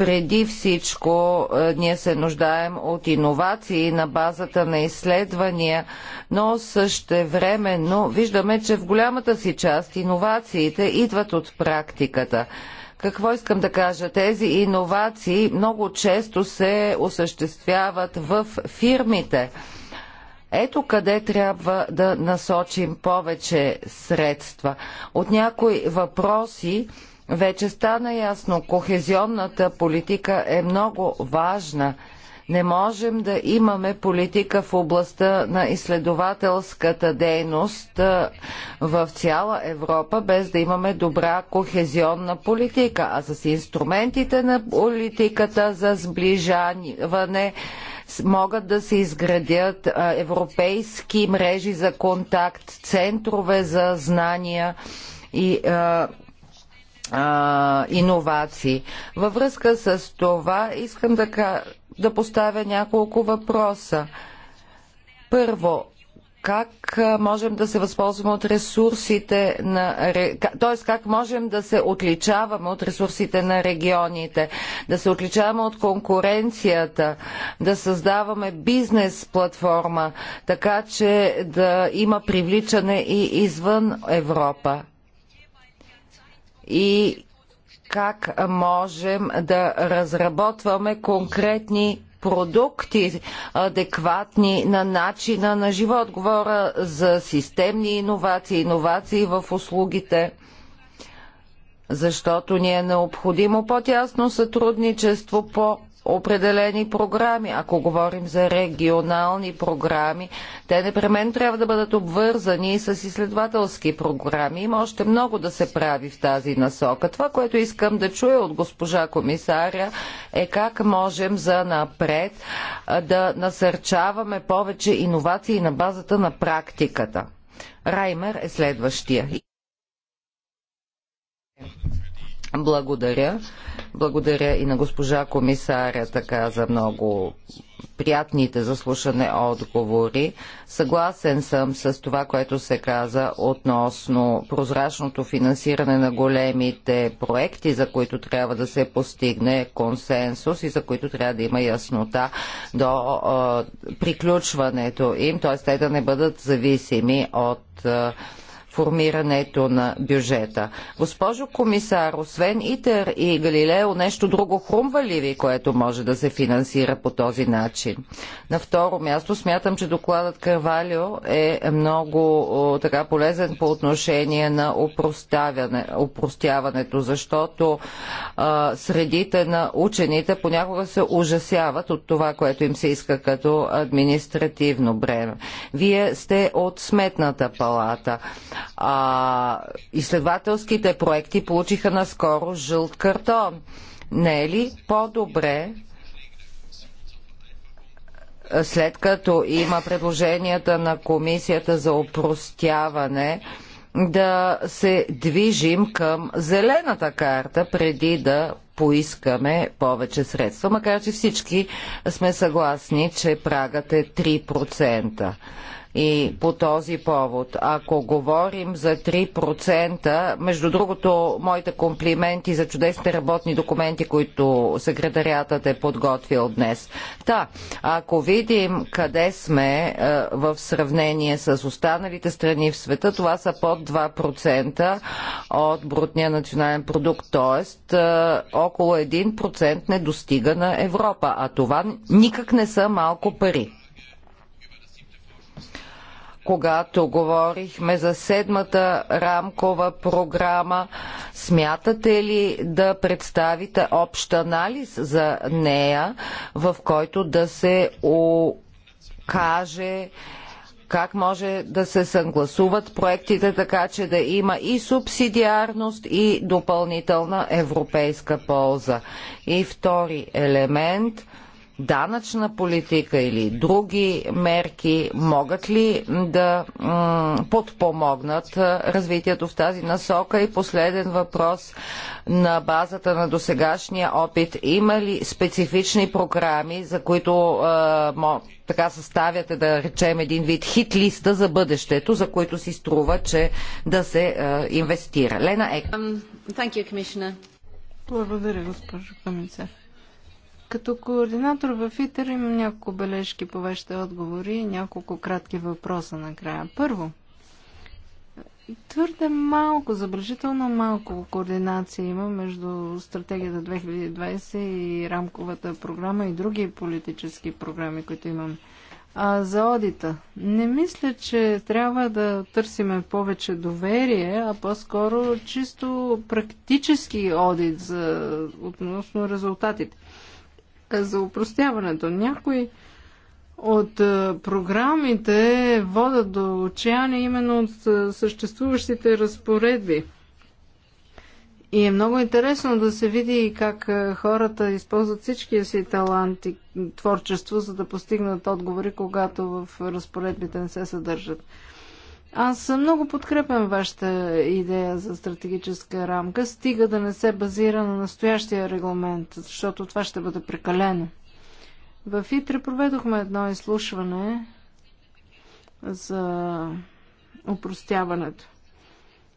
Преди всичко е, ние се нуждаем от иновации на базата на изследвания, но същевременно виждаме, че в голямата си част иновациите идват от практиката. Какво искам да кажа? Тези иновации много често се осъществяват в фирмите. Ето къде трябва да насочим повече средства. От някои въпроси вече стана ясно, кохезионната политика е много важна. Не можем да имаме политика в областта на изследователската дейност в цяла Европа, без да имаме добра кохезионна политика. А с инструментите на политиката за сближаване могат да се изградят европейски мрежи за контакт, центрове за знания и а, иновации. Във връзка с това искам да, да поставя няколко въпроса. Първо, как можем да се възползваме от ресурсите на... Т.е. как можем да се отличаваме от ресурсите на регионите, да се отличаваме от конкуренцията, да създаваме бизнес платформа, така че да има привличане и извън Европа и как можем да разработваме конкретни продукти, адекватни на начина на живот. Говоря за системни иновации, иновации в услугите, защото ни е необходимо по-тясно сътрудничество по определени програми. Ако говорим за регионални програми, те непременно трябва да бъдат обвързани с изследователски програми. Има още много да се прави в тази насока. Това, което искам да чуя от госпожа комисаря е как можем за напред да насърчаваме повече иновации на базата на практиката. Раймер е следващия. Благодаря. Благодаря и на госпожа комисаря така за много приятните за слушане отговори. Съгласен съм с това, което се каза относно прозрачното финансиране на големите проекти, за които трябва да се постигне консенсус и за които трябва да има яснота до приключването им, т.е. те да не бъдат зависими от формирането на бюджета. Госпожо комисар, освен ИТЕР и Галилео, нещо друго хрумва ли ви, което може да се финансира по този начин? На второ място смятам, че докладът Карвалио е много така полезен по отношение на упростяването, защото а, средите на учените понякога се ужасяват от това, което им се иска като административно бреме. Вие сте от сметната палата. А, изследователските проекти получиха наскоро жълт картон. Не е ли по-добре след като има предложенията на комисията за опростяване, да се движим към зелената карта преди да поискаме повече средства, макар че всички сме съгласни, че прагът е 3% и по този повод. Ако говорим за 3%, между другото, моите комплименти за чудесните работни документи, които секретариатът е подготвил днес. Та, ако видим къде сме е, в сравнение с останалите страни в света, това са под 2% от брутния национален продукт, т.е. Е, около 1% не достига на Европа, а това никак не са малко пари когато говорихме за седмата рамкова програма. Смятате ли да представите общ анализ за нея, в който да се окаже как може да се съгласуват проектите така, че да има и субсидиарност и допълнителна европейска полза. И втори елемент данъчна политика или други мерки могат ли да подпомогнат развитието в тази насока? И последен въпрос на базата на досегашния опит. Има ли специфични програми, за които така съставяте, да речем, един вид хит листа за бъдещето, за които си струва, че да се инвестира? Лена Ек. Um, Благодаря, госпожо комисар. Като координатор в ИТЕР имам няколко бележки по вашите отговори и няколко кратки въпроса накрая. Първо, твърде малко, забележително малко координация има между стратегията 2020 и рамковата програма и други политически програми, които имаме. А за одита, не мисля, че трябва да търсиме повече доверие, а по-скоро чисто практически одит за, относно резултатите за упростяването. Някои от е, програмите водат до отчаяние именно от е, съществуващите разпоредби. И е много интересно да се види как е, хората използват всичкия си талант и творчество, за да постигнат отговори, когато в разпоредбите не се съдържат. Аз много подкрепям вашата идея за стратегическа рамка, стига да не се базира на настоящия регламент, защото това ще бъде прекалено. В ИТРЕ проведохме едно изслушване за упростяването.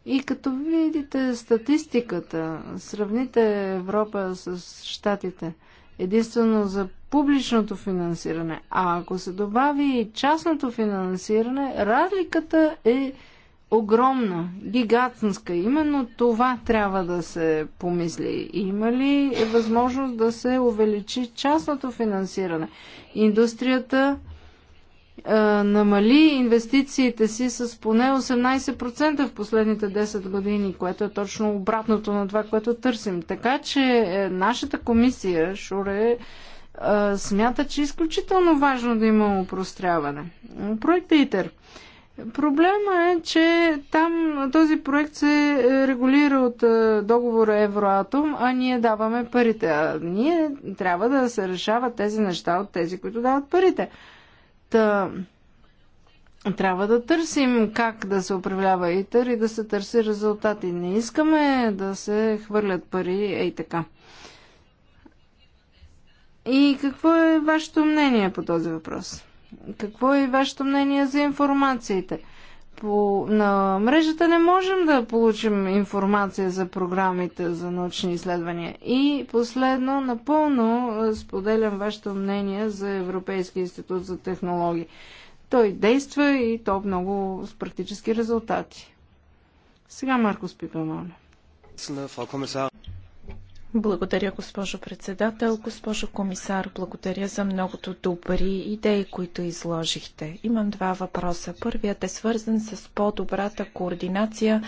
И като видите статистиката, сравните Европа с Штатите – единствено за публичното финансиране, а ако се добави и частното финансиране, разликата е огромна, гигантска. Именно това трябва да се помисли. Има ли е възможност да се увеличи частното финансиране? Индустрията намали инвестициите си с поне 18% в последните 10 години, което е точно обратното на това, което търсим. Така че е, нашата комисия, Шуре, смята, че е изключително важно да има упростряване. Проект ИТЕР. Проблема е, че там този проект се е, регулира от е, договора Евроатом, а ние даваме парите. А ние трябва да се решават тези неща от тези, които дават парите. Та, трябва да търсим как да се управлява ИТЕР и да се търси резултати. Не искаме да се хвърлят пари, ей така. И какво е вашето мнение по този въпрос? Какво е вашето мнение за информациите? по, на мрежата не можем да получим информация за програмите за научни изследвания. И последно, напълно споделям вашето мнение за Европейския институт за технологии. Той действа и то много с практически резултати. Сега Марко Спипа, моля. Благодаря, госпожо председател. Госпожо комисар, благодаря за многото добри идеи, които изложихте. Имам два въпроса. Първият е свързан с по-добрата координация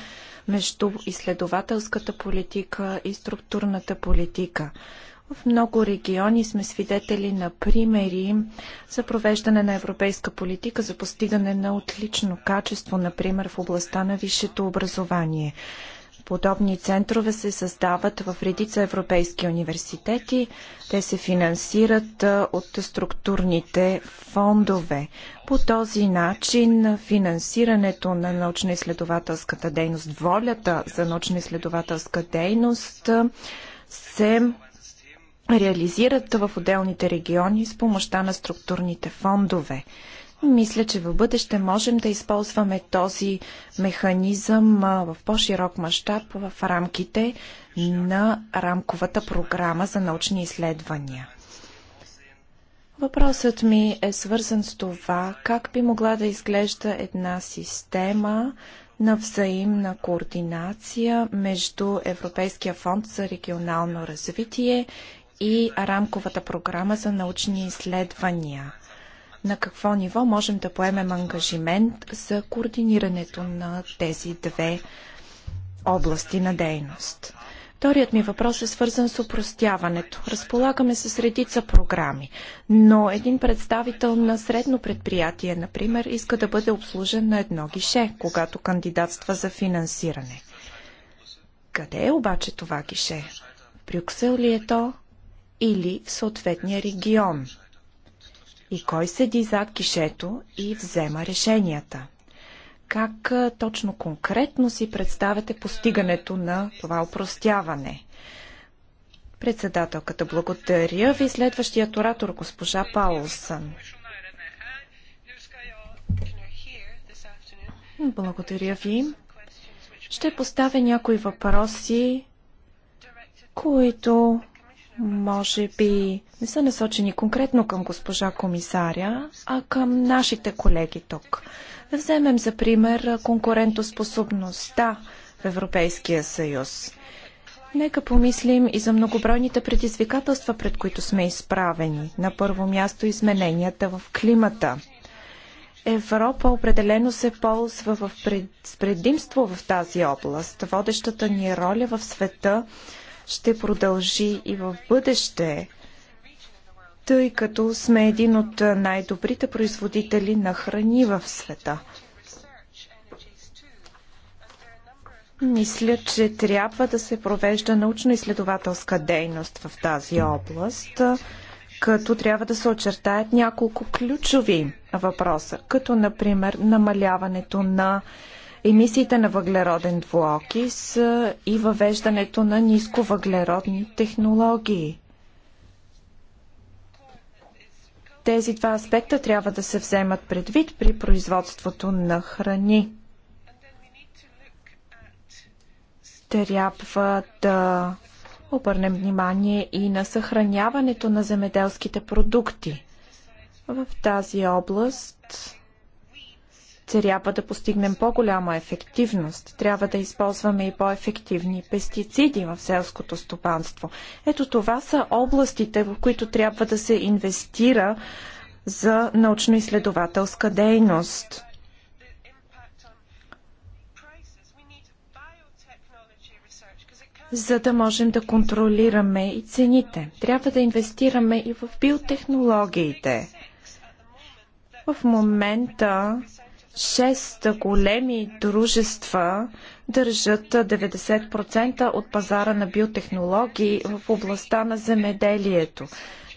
между изследователската политика и структурната политика. В много региони сме свидетели на примери за провеждане на европейска политика за постигане на отлично качество, например в областта на висшето образование. Подобни центрове се създават в редица европейски университети. Те се финансират от структурните фондове. По този начин финансирането на научно-изследователската дейност, волята за научно-изследователска дейност се реализират в отделните региони с помощта на структурните фондове. Мисля, че в бъдеще можем да използваме този механизъм в по-широк мащаб в рамките на рамковата програма за научни изследвания. Въпросът ми е свързан с това как би могла да изглежда една система на взаимна координация между Европейския фонд за регионално развитие и рамковата програма за научни изследвания – на какво ниво можем да поемем ангажимент за координирането на тези две области на дейност. Вторият ми въпрос е свързан с упростяването. Разполагаме с редица програми, но един представител на средно предприятие, например, иска да бъде обслужен на едно гише, когато кандидатства за финансиране. Къде е обаче това гише? В Брюксел ли е то или в съответния регион? и кой седи зад кишето и взема решенията. Как точно конкретно си представяте постигането на това упростяване? Председателката, благодаря ви. Следващият оратор, госпожа Паулсън. Благодаря ви. Ще поставя някои въпроси, които може би не са насочени конкретно към госпожа комисаря, а към нашите колеги тук. Да вземем за пример конкурентоспособността в Европейския съюз. Нека помислим и за многобройните предизвикателства, пред които сме изправени. На първо място измененията в климата. Европа определено се ползва в пред... с предимство в тази област. Водещата ни роля в света ще продължи и в бъдеще, тъй като сме един от най-добрите производители на храни в света. Мисля, че трябва да се провежда научно-изследователска дейност в тази област, като трябва да се очертаят няколко ключови въпроса, като например намаляването на емисиите на въглероден двуокис и въвеждането на нисковъглеродни технологии. Тези два аспекта трябва да се вземат предвид при производството на храни. Трябва да обърнем внимание и на съхраняването на земеделските продукти. В тази област трябва да постигнем по-голяма ефективност. Трябва да използваме и по-ефективни пестициди в селското стопанство. Ето това са областите, в които трябва да се инвестира за научно-изследователска дейност. за да можем да контролираме и цените. Трябва да инвестираме и в биотехнологиите. В момента шест големи дружества държат 90% от пазара на биотехнологии в областта на земеделието.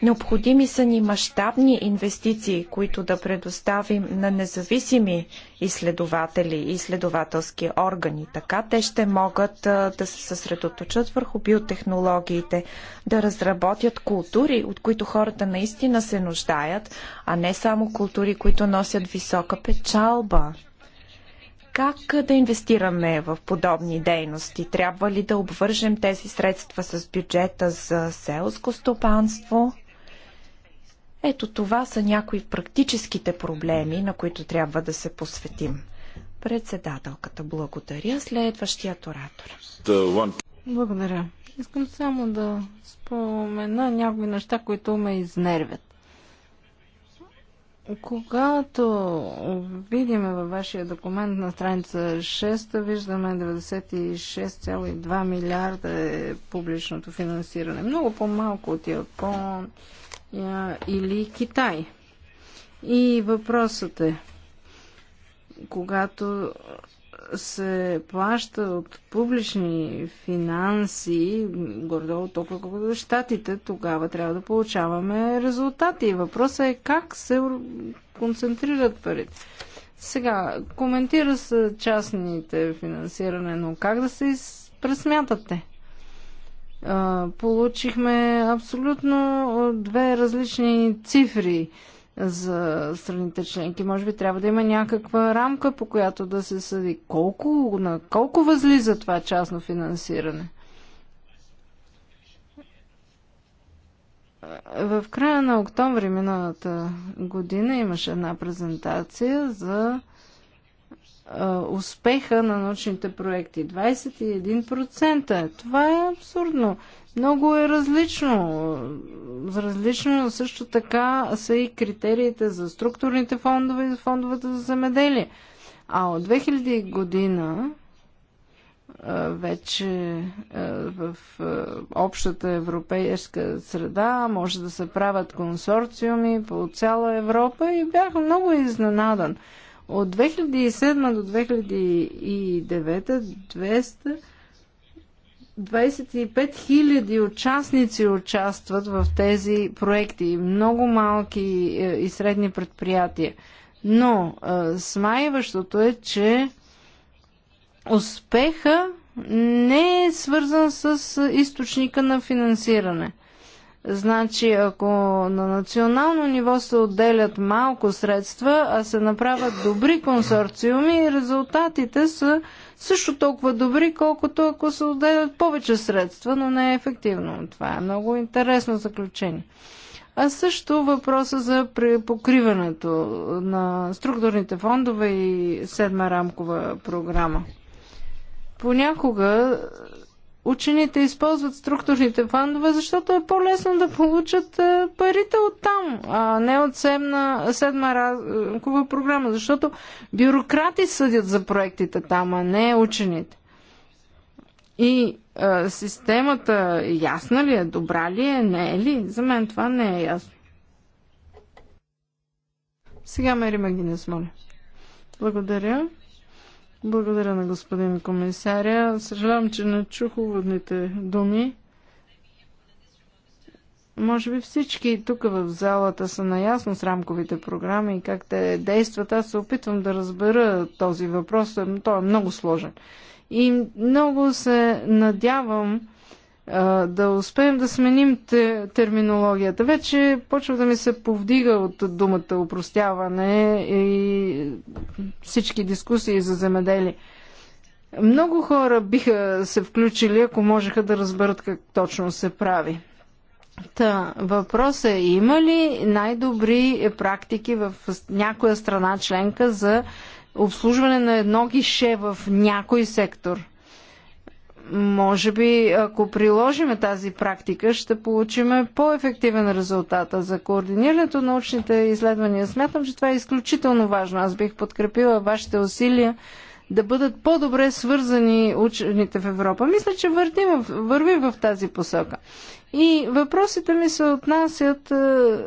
Необходими са ни мащабни инвестиции, които да предоставим на независими изследователи и изследователски органи. Така те ще могат да се съсредоточат върху биотехнологиите, да разработят култури, от които хората наистина се нуждаят, а не само култури, които носят висока печалба. Как да инвестираме в подобни дейности? Трябва ли да обвържем тези средства с бюджета за селско стопанство? Ето това са някои практическите проблеми, на които трябва да се посветим. Председателката благодаря. Следващият оратор. Благодаря. Искам само да спомена някои неща, които ме изнервят. Когато видим във вашия документ на страница 6, виждаме 96,2 милиарда е публичното финансиране. Много по-малко от Япон или Китай. И въпросът е, когато се плаща от публични финанси, гордо толкова колкото щатите, тогава трябва да получаваме резултати. Въпросът е как се концентрират парите. Сега, коментира се частните финансиране, но как да се пресмятате? Получихме абсолютно две различни цифри за страните членки. Може би трябва да има някаква рамка, по която да се съди колко, на колко възлиза това частно финансиране. В края на октомври миналата година имаше една презентация за успеха на научните проекти. 21%. Това е абсурдно много е различно. Различно е, също така са и критериите за структурните фондове и за фондовете за земеделие. А от 2000 година вече в общата европейска среда може да се правят консорциуми по цяла Европа и бях много изненадан. От 2007 до 2009 200 25 000 участници участват в тези проекти, много малки е, и средни предприятия. Но е, смайващото е, че успеха не е свързан с източника на финансиране. Значи, ако на национално ниво се отделят малко средства, а се направят добри консорциуми, резултатите са също толкова добри, колкото ако се отделят повече средства, но не е ефективно. Това е много интересно заключение. А също въпроса за покриването на структурните фондове и седма рамкова програма. Понякога учените използват структурните фондове, защото е по-лесно да получат е, парите от там, а не от седма, седма рамкова програма, защото бюрократи съдят за проектите там, а не учените. И а, е, системата ясна ли е, добра ли е, не е ли? За мен това не е ясно. Сега Мери Магинес, моля. Благодаря. Благодаря на господин комисаря. Съжалявам, че не чух уводните думи. Може би всички тук в залата са наясно с рамковите програми и как те действат. Аз се опитвам да разбера този въпрос. Той е много сложен. И много се надявам, да успеем да сменим те, терминологията. Вече почва да ми се повдига от думата упростяване и всички дискусии за земеделие. Много хора биха се включили, ако можеха да разберат как точно се прави. Та, въпрос е, има ли най-добри практики в някоя страна членка за обслужване на едно гише в някой сектор? Може би, ако приложиме тази практика, ще получим по-ефективен резултат. А за координирането на научните изследвания смятам, че това е изключително важно. Аз бих подкрепила вашите усилия да бъдат по-добре свързани учените в Европа. Мисля, че върви в, върви в тази посока. И въпросите ми се отнасят е,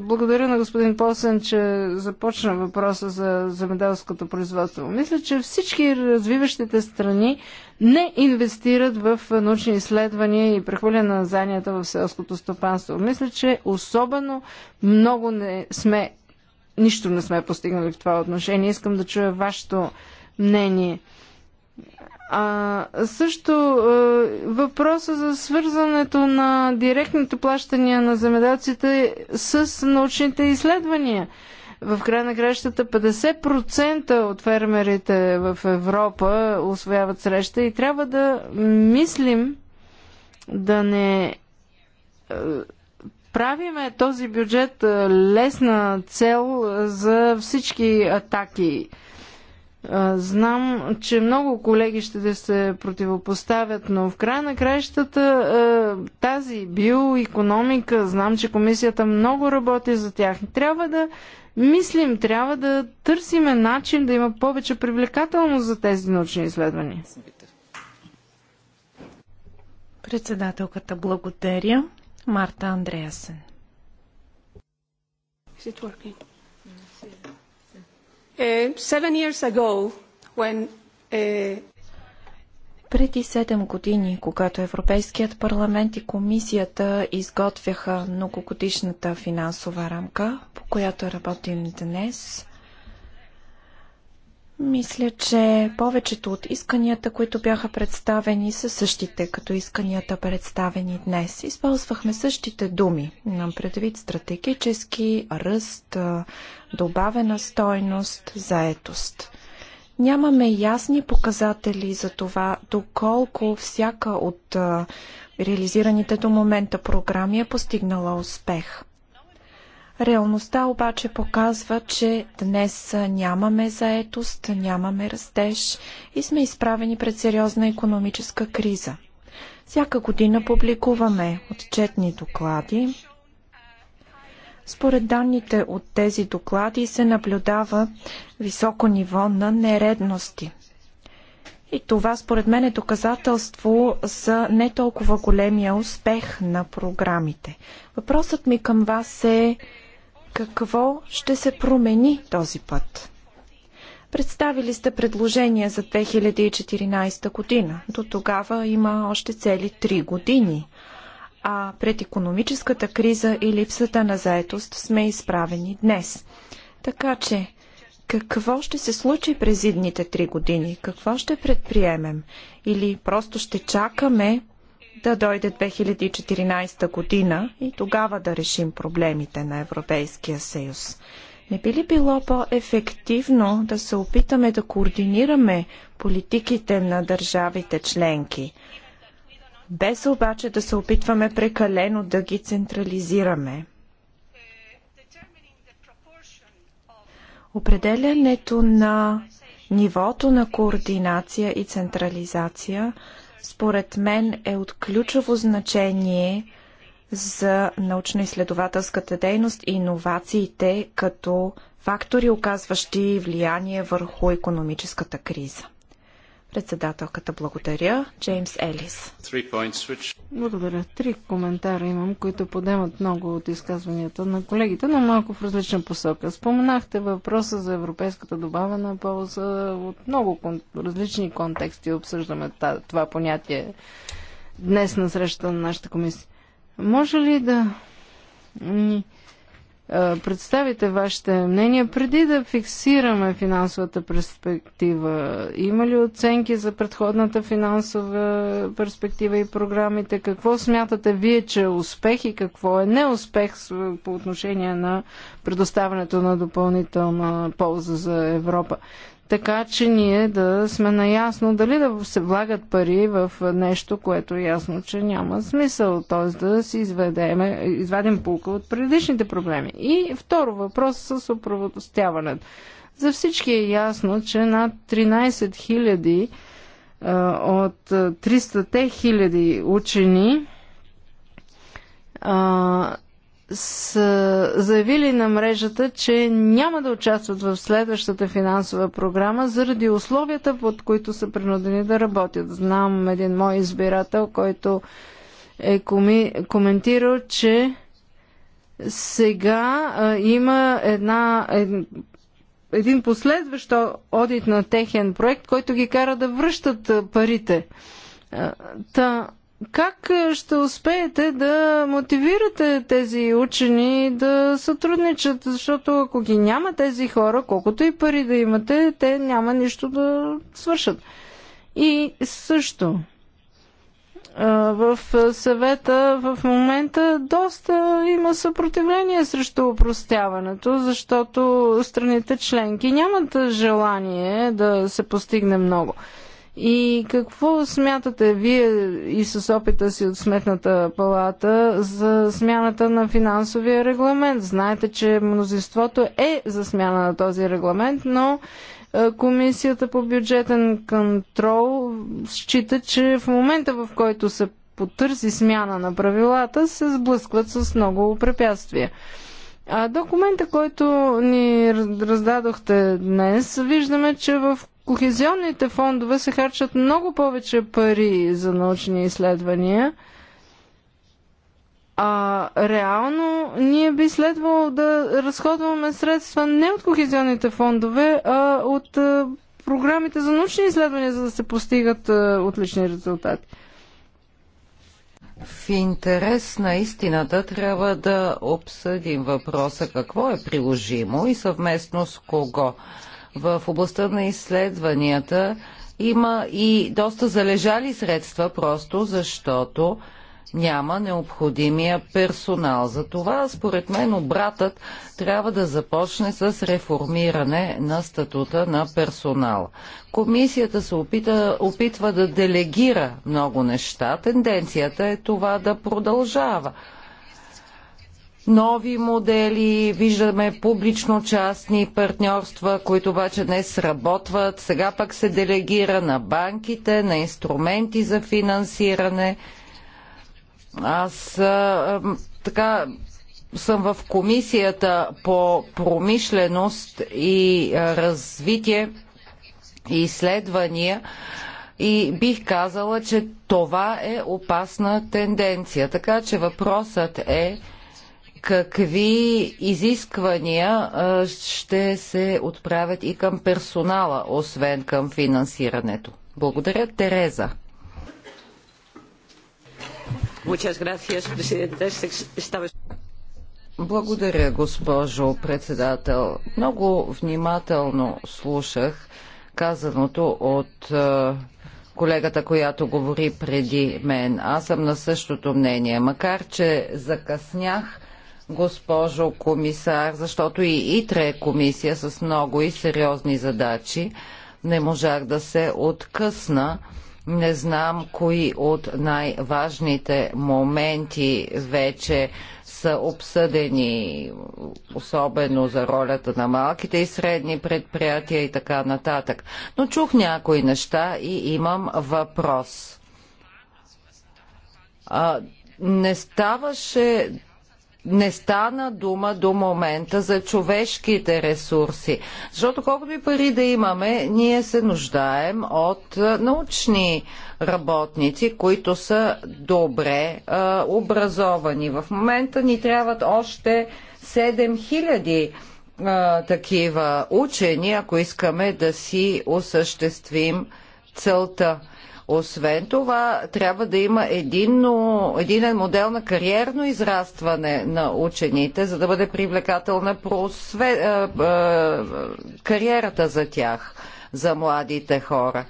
благодаря на господин Посен, че започна въпроса за земеделското производство. Мисля, че всички развиващите страни не инвестират в научни изследвания и прехвърляне на знанията в селското стопанство. Мисля, че особено много не сме, нищо не сме постигнали в това отношение. Искам да чуя вашето мнение. А, също въпроса за свързването на директните плащания на земеделците с научните изследвания. В края на кращата 50% от фермерите в Европа освояват среща и трябва да мислим да не правиме този бюджет лесна цел за всички атаки Знам, че много колеги ще се противопоставят, но в края на краищата тази биоекономика, знам, че комисията много работи за тях. Трябва да мислим, трябва да търсиме начин да има повече привлекателност за тези научни изследвания. Председателката благодаря. Марта Андреасен. Is it working? Uh, seven years ago, when uh, преди седем години, когато Европейският парламент и комисията изготвяха многогодишната финансова рамка, по която работим днес, мисля, че повечето от исканията, които бяха представени, са същите, като исканията представени днес. Използвахме същите думи на предвид стратегически, ръст, добавена стойност, заетост. Нямаме ясни показатели за това, доколко всяка от реализираните до момента програми е постигнала успех. Реалността обаче показва, че днес нямаме заетост, нямаме растеж и сме изправени пред сериозна економическа криза. Всяка година публикуваме отчетни доклади. Според данните от тези доклади се наблюдава високо ниво на нередности. И това според мен е доказателство за не толкова големия успех на програмите. Въпросът ми към вас е какво ще се промени този път? Представили сте предложения за 2014 година. До тогава има още цели 3 години. А пред економическата криза и липсата на заетост сме изправени днес. Така че, какво ще се случи през идните 3 години? Какво ще предприемем? Или просто ще чакаме да дойде 2014 година и тогава да решим проблемите на Европейския съюз. Не би ли било по-ефективно да се опитаме да координираме политиките на държавите членки, без обаче да се опитваме прекалено да ги централизираме? Определянето на нивото на координация и централизация – според мен е от ключово значение за научно-изследователската дейност и иновациите като фактори, оказващи влияние върху економическата криза. Председателката благодаря. Джеймс Елис. Благодаря. Три коментара имам, които подемат много от изказванията на колегите, но малко в различна посока. Споменахте въпроса за европейската добавена полза. От много кон... различни контексти обсъждаме това понятие днес на срещата на нашата комисия. Може ли да ни представите вашите мнения преди да фиксираме финансовата перспектива? Има ли оценки за предходната финансова перспектива и програмите? Какво смятате вие, че е успех и какво е неуспех по отношение на предоставянето на допълнителна полза за Европа? така че ние да сме наясно дали да се влагат пари в нещо, което е ясно, че няма смисъл, т.е. да си изведеме, извадим пулка от предишните проблеми. И второ въпрос с оправотостяването. За всички е ясно, че над 13 хиляди от 300-те хиляди учени а, са заявили на мрежата, че няма да участват в следващата финансова програма заради условията, под които са принудени да работят. Знам един мой избирател, който е коми... коментирал, че сега а, има една, ед... един последващ одит на техен проект, който ги кара да връщат парите. Та, как е, ще успеете да мотивирате тези учени да сътрудничат? Защото ако ги няма тези хора, колкото и пари да имате, те няма нищо да свършат. И също, е, в съвета в момента доста има съпротивление срещу упростяването, защото страните членки нямат желание да се постигне много. И какво смятате вие и с опита си от Сметната палата за смяната на финансовия регламент? Знаете, че мнозинството е за смяна на този регламент, но е, Комисията по бюджетен контрол счита, че в момента в който се потърси смяна на правилата, се сблъскват с много препятствия. А документа, който ни раздадохте днес, виждаме, че в кохезионните фондове се харчат много повече пари за научни изследвания, а реално ние би следвало да разходваме средства не от кохезионните фондове, а от програмите за научни изследвания, за да се постигат отлични резултати. В интерес на истината трябва да обсъдим въпроса какво е приложимо и съвместно с кого в областта на изследванията има и доста залежали средства, просто защото няма необходимия персонал. За това, според мен, обратът трябва да започне с реформиране на статута на персонал. Комисията се опита, опитва да делегира много неща. Тенденцията е това да продължава нови модели, виждаме публично-частни партньорства, които обаче днес сработват. Сега пък се делегира на банките, на инструменти за финансиране. Аз а, така съм в комисията по промишленост и развитие и изследвания и бих казала, че това е опасна тенденция. Така че въпросът е какви изисквания ще се отправят и към персонала, освен към финансирането. Благодаря, Тереза. Благодаря, госпожо председател. Много внимателно слушах казаното от колегата, която говори преди мен. Аз съм на същото мнение. Макар, че закъснях, госпожо комисар, защото и ИТРЕ е комисия с много и сериозни задачи. Не можах да се откъсна. Не знам кои от най-важните моменти вече са обсъдени, особено за ролята на малките и средни предприятия и така нататък. Но чух някои неща и имам въпрос. А, не ставаше не стана дума до момента за човешките ресурси. Защото колкото и пари да имаме, ние се нуждаем от научни работници, които са добре а, образовани. В момента ни трябват още 7000 такива учени, ако искаме да си осъществим целта. Освен това, трябва да има единно, единен модел на кариерно израстване на учените, за да бъде привлекателна просве, а, е, а, е, кариерата за тях, за младите хора.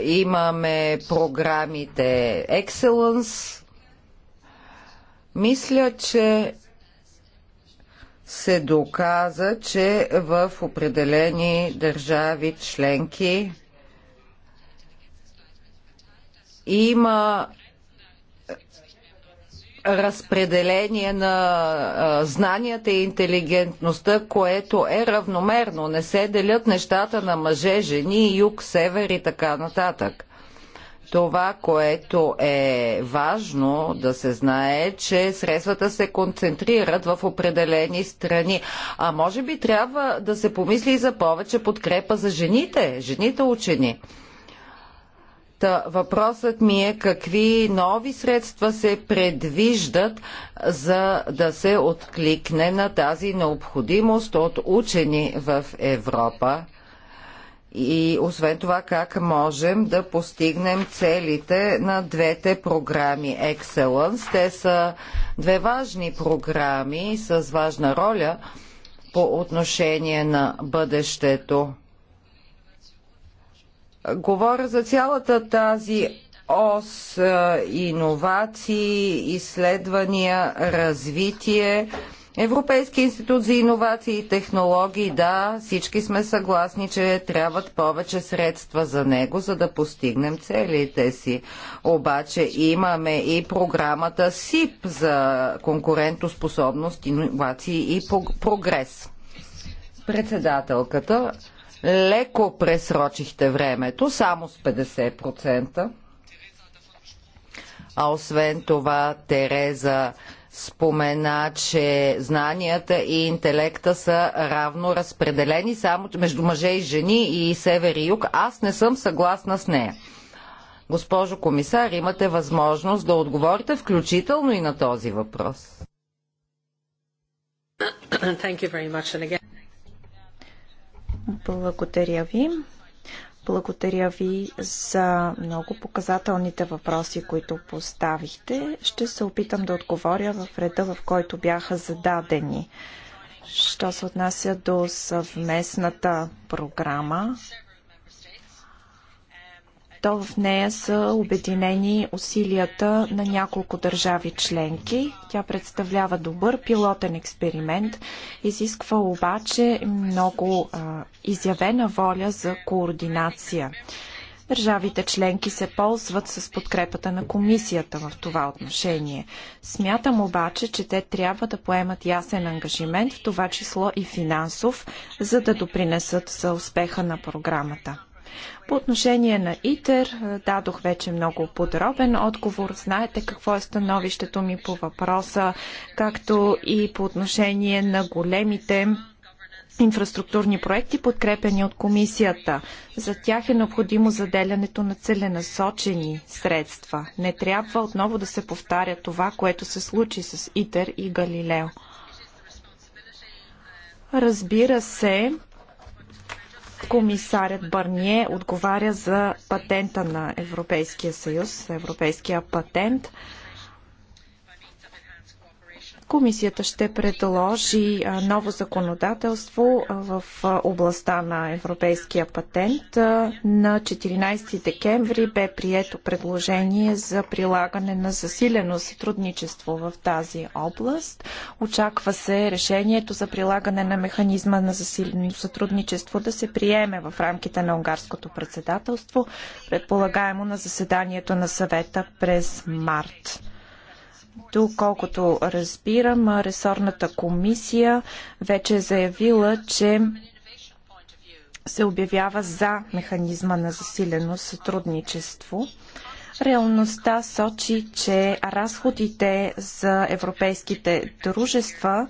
Имаме програмите Excellence. Мисля, че се доказа, че в определени държави членки има разпределение на знанията и интелигентността, което е равномерно. Не се делят нещата на мъже, жени, юг, север и така нататък. Това, което е важно да се знае, е, че средствата се концентрират в определени страни. А може би трябва да се помисли и за повече подкрепа за жените, жените учени. Та, въпросът ми е какви нови средства се предвиждат за да се откликне на тази необходимост от учени в Европа и освен това как можем да постигнем целите на двете програми Excellence. Те са две важни програми с важна роля по отношение на бъдещето. Говоря за цялата тази ос е, иновации, изследвания, развитие. Европейски институт за иновации и технологии, да, всички сме съгласни, че трябват повече средства за него, за да постигнем целите си. Обаче имаме и програмата СИП за конкурентоспособност, иновации и прогрес. Председателката, леко пресрочихте времето, само с 50%. А освен това, Тереза спомена, че знанията и интелекта са равно разпределени само между мъже и жени и север и юг. Аз не съм съгласна с нея. Госпожо комисар, имате възможност да отговорите включително и на този въпрос. Благодаря ви. Благодаря ви за много показателните въпроси, които поставихте. Ще се опитам да отговоря в реда, в който бяха зададени. Що се отнася до съвместната програма, то в нея са обединени усилията на няколко държави членки. Тя представлява добър пилотен експеримент, изисква обаче много а, изявена воля за координация. Държавите членки се ползват с подкрепата на комисията в това отношение. Смятам обаче, че те трябва да поемат ясен ангажимент, в това число и финансов, за да допринесат за успеха на програмата. По отношение на ИТЕР е, дадох вече много подробен отговор. Знаете какво е становището ми по въпроса, както и по отношение на големите инфраструктурни проекти, подкрепени от комисията. За тях е необходимо заделянето на целенасочени средства. Не трябва отново да се повтаря това, което се случи с ИТЕР и Галилео. Разбира се, комисарят Барние отговаря за патента на Европейския съюз, европейския патент. Комисията ще предложи ново законодателство в областта на европейския патент. На 14 декември бе прието предложение за прилагане на засилено сътрудничество в тази област. Очаква се решението за прилагане на механизма на засилено сътрудничество да се приеме в рамките на унгарското председателство, предполагаемо на заседанието на съвета през март. Доколкото разбирам, ресорната комисия вече е заявила, че се обявява за механизма на засилено сътрудничество. Реалността сочи, че разходите за европейските дружества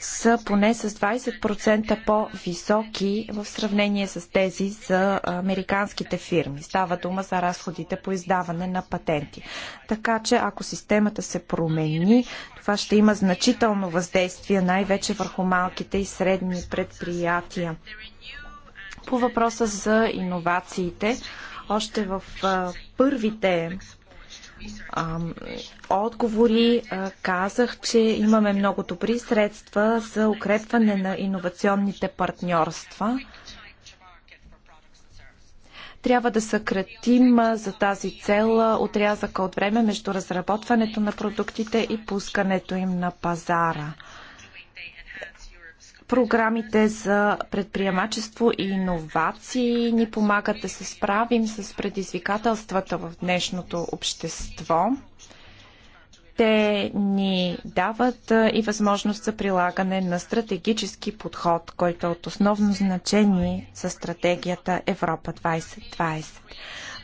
са поне с 20% по-високи в сравнение с тези за американските фирми. Става дума за разходите по издаване на патенти. Така че ако системата се промени, това ще има значително въздействие най-вече върху малките и средни предприятия. По въпроса за иновациите, още в първите отговори казах, че имаме много добри средства за укрепване на иновационните партньорства. Трябва да съкратим за тази цел отрязъка от време между разработването на продуктите и пускането им на пазара. Програмите за предприемачество и иновации ни помагат да се справим с предизвикателствата в днешното общество. Те ни дават и възможност за прилагане на стратегически подход, който е от основно значение за стратегията Европа 2020.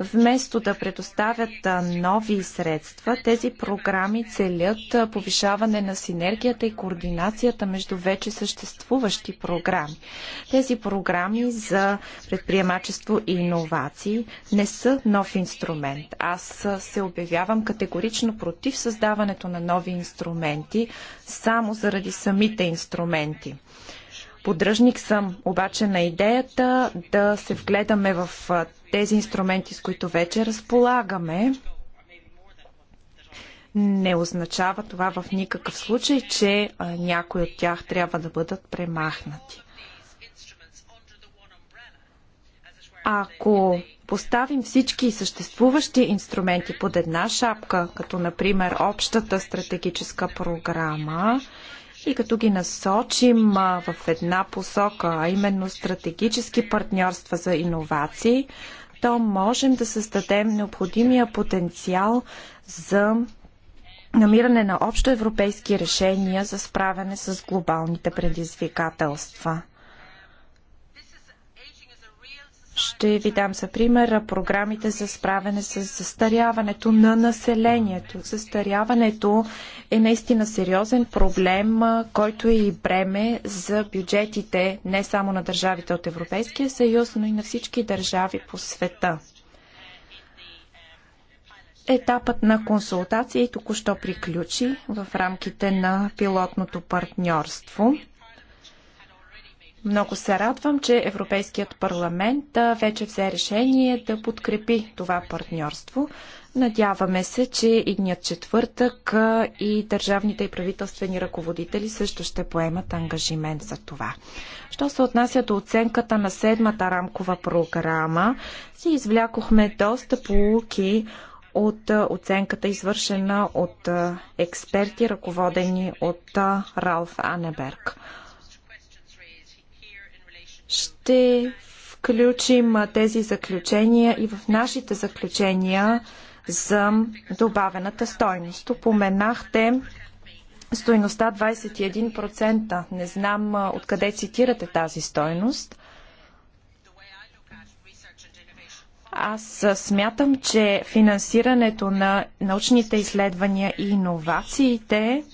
Вместо да предоставят нови средства, тези програми целят повишаване на синергията и координацията между вече съществуващи програми. Тези програми за предприемачество и иновации не са нов инструмент. Аз се обявявам категорично против създаването на нови инструменти само заради самите инструменти. Поддръжник съм обаче на идеята да се вгледаме в тези инструменти, с които вече разполагаме. Не означава това в никакъв случай, че някои от тях трябва да бъдат премахнати. Ако поставим всички съществуващи инструменти под една шапка, като например общата стратегическа програма, и като ги насочим в една посока, а именно стратегически партньорства за иновации, то можем да създадем необходимия потенциал за намиране на общо европейски решения за справяне с глобалните предизвикателства. Ще ви дам за пример програмите за справяне с застаряването на населението. Застаряването е наистина сериозен проблем, който е и бреме за бюджетите не само на държавите от Европейския съюз, но и на всички държави по света. Етапът на консултации току-що приключи в рамките на пилотното партньорство. Много се радвам, че Европейският парламент вече взе решение да подкрепи това партньорство. Надяваме се, че и днят четвъртък и държавните и правителствени ръководители също ще поемат ангажимент за това. Що се отнася до оценката на седмата рамкова програма, си извлякохме доста полуки от оценката, извършена от експерти, ръководени от Ралф Анеберг. Ще включим тези заключения и в нашите заключения за добавената стойност. Упоменахте стойността 21%. Не знам откъде цитирате тази стойност. Аз смятам, че финансирането на научните изследвания и иновациите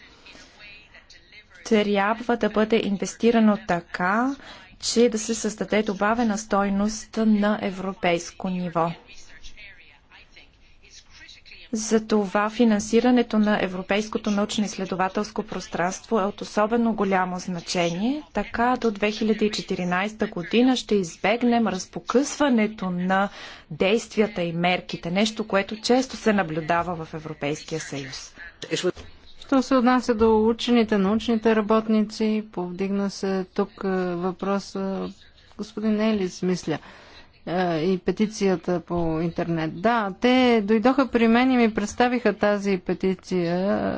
трябва да бъде инвестирано така, че да се създаде добавена стойност на европейско ниво. Затова финансирането на Европейското научно-изследователско пространство е от особено голямо значение. Така до 2014 година ще избегнем разпокъсването на действията и мерките, нещо, което често се наблюдава в Европейския съюз. Що се отнася до учените, научните работници, повдигна се тук е, въпрос е, господин Елис, мисля, е, и петицията по интернет. Да, те дойдоха при мен и ми представиха тази петиция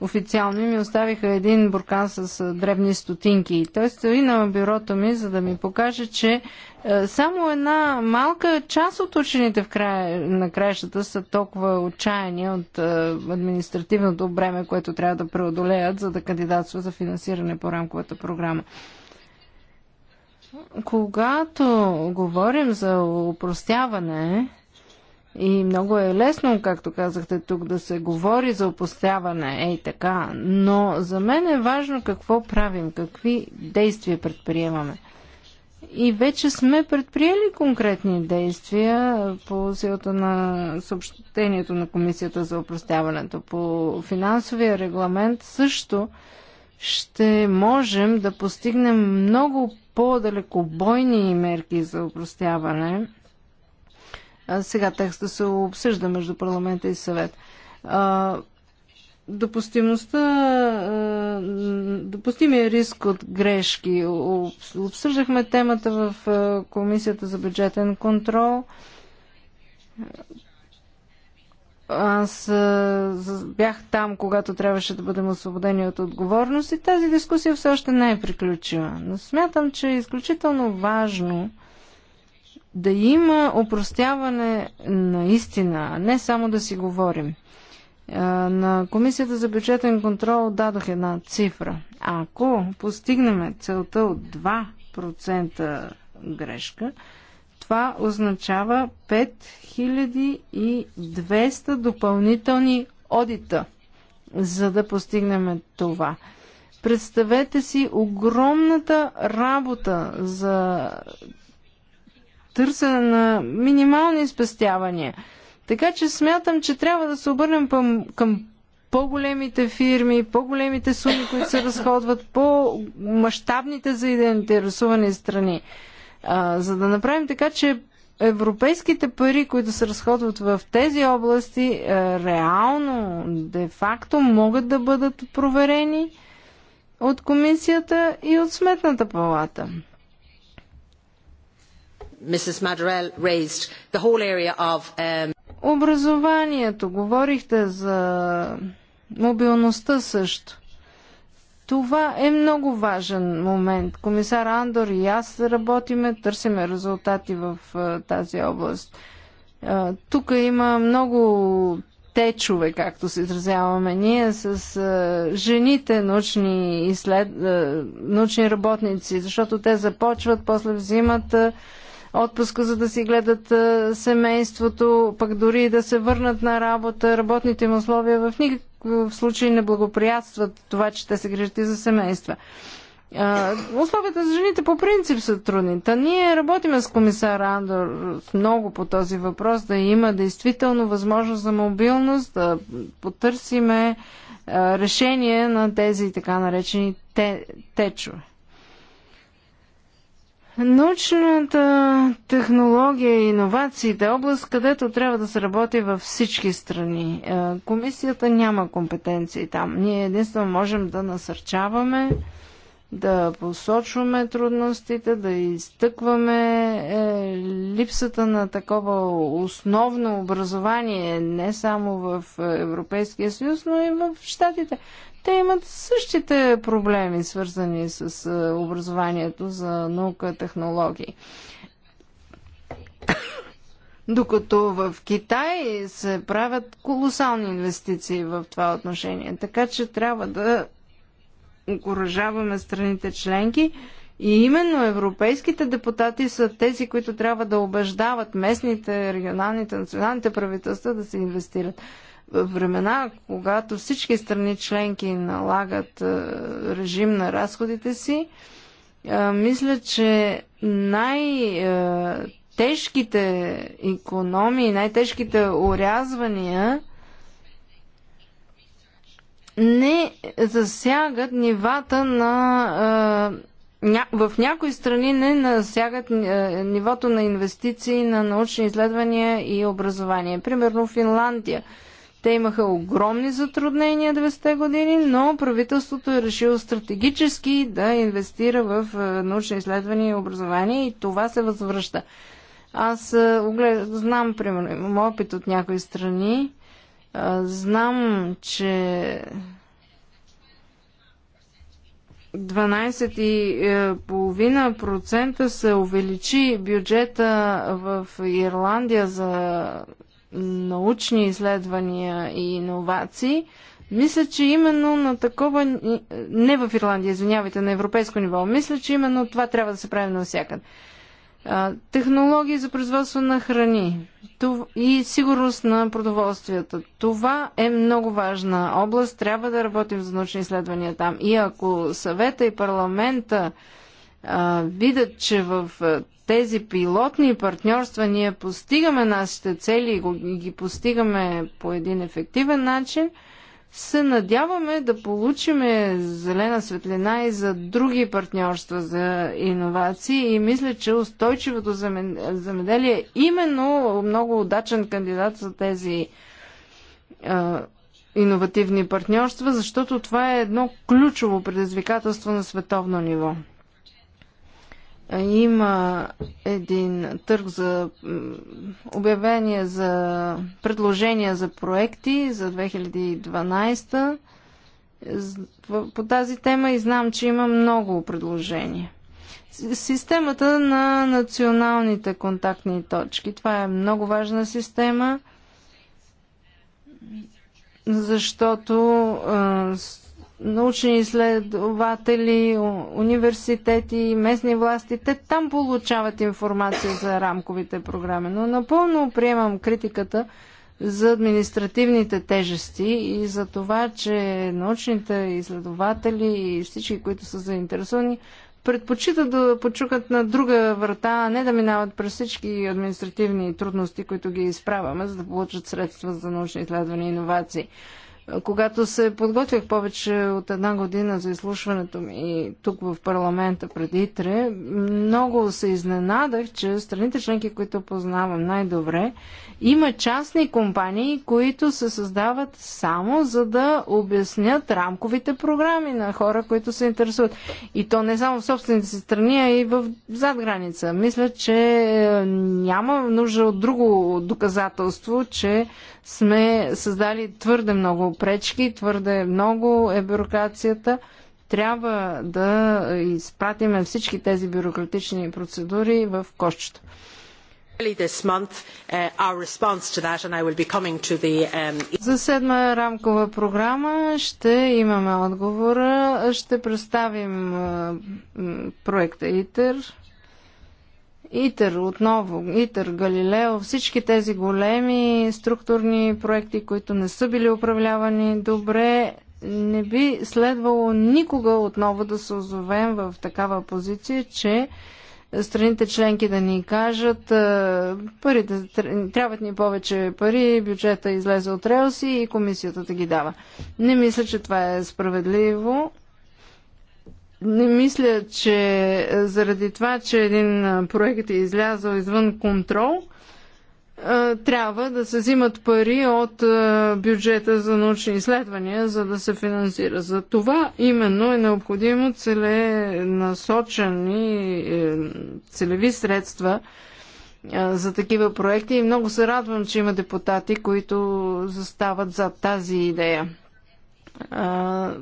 официално и ми оставиха един буркан с дребни стотинки. Той стои на бюрото ми, за да ми покаже, че само една малка част от учените в края на краищата са толкова отчаяни от административното бреме, което трябва да преодолеят, за да кандидатства за финансиране по рамковата програма. Когато говорим за упростяване, и много е лесно, както казахте тук, да се говори за опустяване, ей така, но за мен е важно какво правим, какви действия предприемаме. И вече сме предприели конкретни действия по силата на съобщението на Комисията за опростяването. По финансовия регламент също ще можем да постигнем много по-далекобойни мерки за опростяване – сега текста се обсъжда между парламента и съвет. Допустимостта, допустимия риск от грешки. Обсъждахме темата в Комисията за бюджетен контрол. Аз бях там, когато трябваше да бъдем освободени от отговорност и тази дискусия все още не е приключила. Но смятам, че е изключително важно да има опростяване наистина, а не само да си говорим. На Комисията за бюджетен контрол дадох една цифра. Ако постигнем целта от 2% грешка, това означава 5200 допълнителни одита, за да постигнем това. Представете си огромната работа за търсене на минимални спестявания. Така че смятам, че трябва да се обърнем към, към по-големите фирми, по-големите суми, които се разходват, по-масштабните заинтересувани страни. А, за да направим така, че европейските пари, които се разходват в тези области, е, реално, де-факто могат да бъдат проверени от комисията и от сметната палата. Mrs. Madurell raised, the whole area of... Um... Образованието. Говорихте за мобилността също. Това е много важен момент. Комисар Андор и аз работиме, търсиме резултати в тази област. Тук има много течове, както се изразяваме ние, с жените научни, изслед... научни работници, защото те започват, после взимат отпуска, за да си гледат семейството, пък дори да се върнат на работа, работните им условия в никакъв случай не благоприятстват това, че те се грижат и за семейства. Условията за жените по принцип са трудни. Та ние работиме с комисар Андор много по този въпрос, да има действително възможност за мобилност, да потърсиме решение на тези така наречени те, течове. Научната технология и иновациите е област, където трябва да се работи във всички страни. Е, комисията няма компетенции там. Ние единствено можем да насърчаваме, да посочваме трудностите, да изтъкваме е, липсата на такова основно образование не само в Европейския съюз, но и в Штатите. Те имат същите проблеми, свързани с образованието за наука, технологии. Докато в Китай се правят колосални инвестиции в това отношение. Така че трябва да окоръжаваме страните членки и именно европейските депутати са тези, които трябва да убеждават местните, регионалните, националните правителства да се инвестират времена, когато всички страни членки налагат режим на разходите си, мисля, че най-тежките економии, най-тежките урязвания не засягат нивата на. В някои страни не насягат нивото на инвестиции на научни изследвания и образование. Примерно Финландия те имаха огромни затруднения 90-те години, но правителството е решило стратегически да инвестира в е, научни изследвания и образование и това се възвръща. Аз е, оглед, знам, примерно, имам опит от някои страни. Е, знам, че 12,5% се увеличи бюджета в Ирландия за научни изследвания и иновации, мисля, че именно на такова, не в Ирландия, извинявайте, на европейско ниво, мисля, че именно това трябва да се прави навсякъде. Технологии за производство на храни и сигурност на продоволствията. Това е много важна област. Трябва да работим за научни изследвания там. И ако съвета и парламента видят, че в тези пилотни партньорства ние постигаме нашите цели и ги постигаме по един ефективен начин, се надяваме да получим зелена светлина и за други партньорства за иновации и мисля, че устойчивото замеделие е именно много удачен кандидат за тези иновативни партньорства, защото това е едно ключово предизвикателство на световно ниво има един търг за обявение за предложения за проекти за 2012 по тази тема и знам, че има много предложения. Системата на националните контактни точки. Това е много важна система, защото научни изследователи, университети, местни власти, те там получават информация за рамковите програми. Но напълно приемам критиката за административните тежести и за това, че научните изследователи и всички, които са заинтересовани, предпочитат да почукат на друга врата, а не да минават през всички административни трудности, които ги изправяме, за да получат средства за научни изследвания и иновации. Когато се подготвях повече от една година за изслушването ми тук в парламента преди Итре, много се изненадах, че страните членки, които познавам най-добре, има частни компании, които се създават само за да обяснят рамковите програми на хора, които се интересуват. И то не само в собствените си страни, а и в зад граница. Мисля, че е, няма нужда от друго доказателство, че сме създали твърде много пречки, твърде много е бюрокрацията. Трябва да изпратиме всички тези бюрократични процедури в кошчето за седма рамкова програма ще имаме отговора. Ще представим проекта ИТЕР ИТЕР отново, ИТЕР, Галилео, всички тези големи структурни проекти, които не са били управлявани добре, не би следвало никога отново да се озовем в такава позиция, че страните членки да ни кажат е, парите, трябват ни повече пари, бюджета излезе от релси и комисията да ги дава. Не мисля, че това е справедливо не мисля, че е, заради това, че един е, проект е излязъл извън контрол, е, трябва да се взимат пари от бюджета за научни изследвания, за да се финансира. За това именно е необходимо целенасочени целеви средства за такива проекти и много се радвам, че има депутати, които застават за тази идея.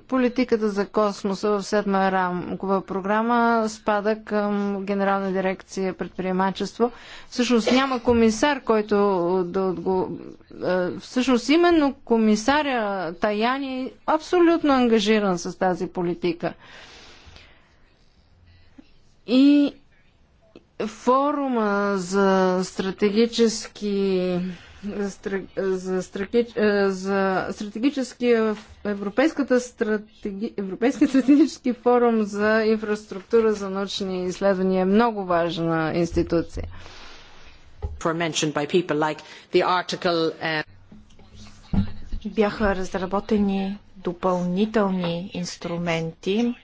Политиката за космоса в седма рамкова програма спада към Генерална дирекция предприемачество. Всъщност няма комисар, който да отго... Всъщност именно комисаря Таяни е абсолютно ангажиран с тази политика. И форума за стратегически за, страги, за е, стратегическия е, Европейската стратеги, Европейския стратегически форум за инфраструктура за научни изследвания е много важна институция. Uh, Бяха разработени допълнителни инструменти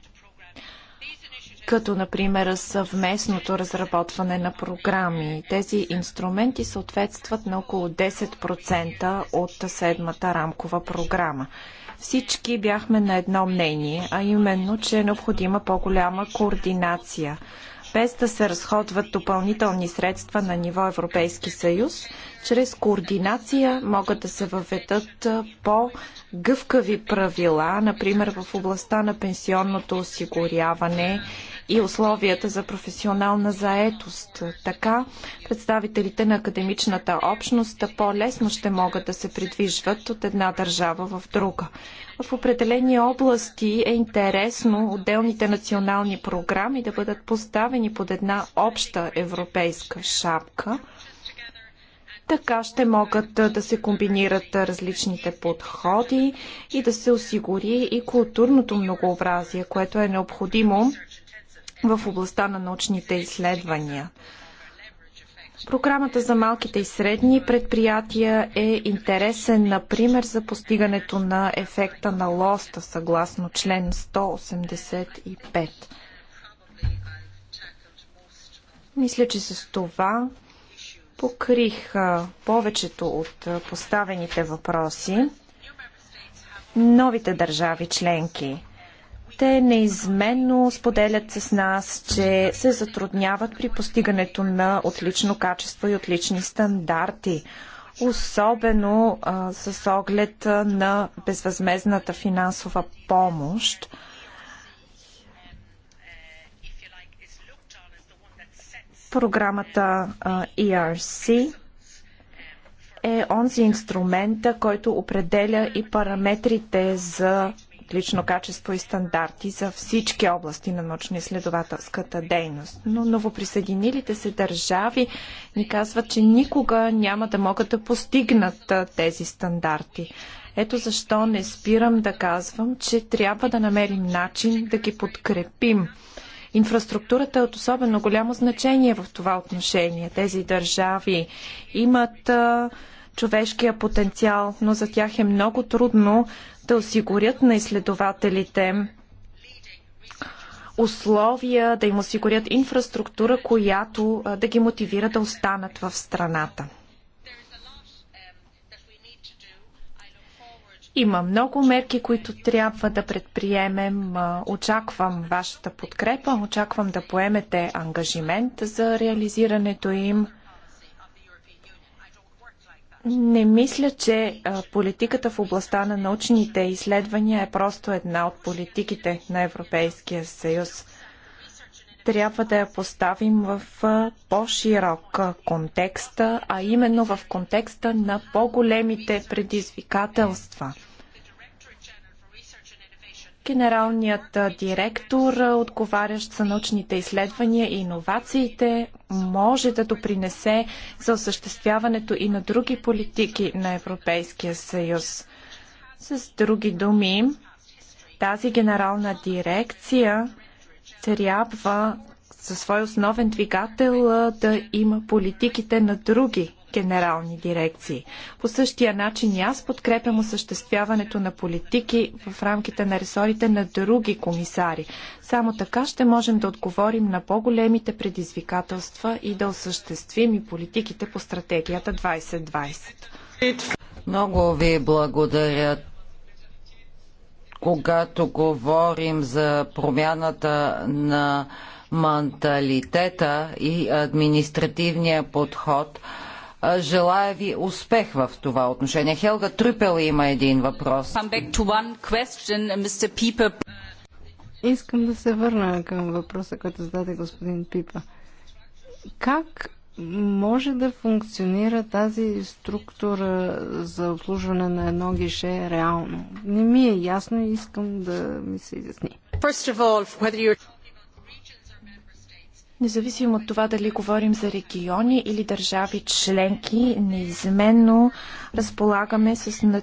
като например съвместното разработване на програми. Тези инструменти съответстват на около 10% от седмата рамкова програма. Всички бяхме на едно мнение, а именно, че е необходима по-голяма координация. Без да се разходват допълнителни средства на ниво Европейски съюз, чрез координация могат да се въведат по-гъвкави правила, например в областта на пенсионното осигуряване и условията за професионална заетост. Така представителите на академичната общност по-лесно ще могат да се придвижват от една държава в друга. В определени области е интересно отделните национални програми да бъдат поставени под една обща европейска шапка – така ще могат да се комбинират различните подходи и да се осигури и културното многообразие, което е необходимо в областта на научните изследвания. Програмата за малките и средни предприятия е интересен, например, за постигането на ефекта на лоста, съгласно член 185. Мисля, че с това покрих повечето от поставените въпроси. Новите държави членки те неизменно споделят с нас, че се затрудняват при постигането на отлично качество и отлични стандарти, особено а, с оглед на безвъзмезната финансова помощ. Програмата ERC е онзи инструмента, който определя и параметрите за лично качество и стандарти за всички области на научно-изследователската дейност. Но новоприсъединилите се държави ни казват, че никога няма да могат да постигнат тези стандарти. Ето защо не спирам да казвам, че трябва да намерим начин да ги подкрепим Инфраструктурата е от особено голямо значение в това отношение. Тези държави имат човешкия потенциал, но за тях е много трудно да осигурят на изследователите условия, да им осигурят инфраструктура, която да ги мотивира да останат в страната. Има много мерки, които трябва да предприемем. Очаквам вашата подкрепа, очаквам да поемете ангажимент за реализирането им. Не мисля, че политиката в областта на научните изследвания е просто една от политиките на Европейския съюз трябва да я поставим в по-широк контекст, а именно в контекста на по-големите предизвикателства. Генералният директор, отговарящ за научните изследвания и иновациите, може да допринесе за осъществяването и на други политики на Европейския съюз. С други думи, тази генерална дирекция трябва със свой основен двигател да има политиките на други генерални дирекции. По същия начин и аз подкрепям осъществяването на политики в рамките на ресорите на други комисари. Само така ще можем да отговорим на по-големите предизвикателства и да осъществим и политиките по стратегията 2020. Много ви благодаря когато говорим за промяната на менталитета и административния подход, Желая ви успех в това отношение. Хелга Трюпел има един въпрос. Искам да се върна към въпроса, който зададе господин Пипа. Как може да функционира тази структура за обслужване на едно гише реално? Не ми е ясно и искам да ми се изясни. Независимо от това дали говорим за региони или държави членки, неизменно разполагаме с,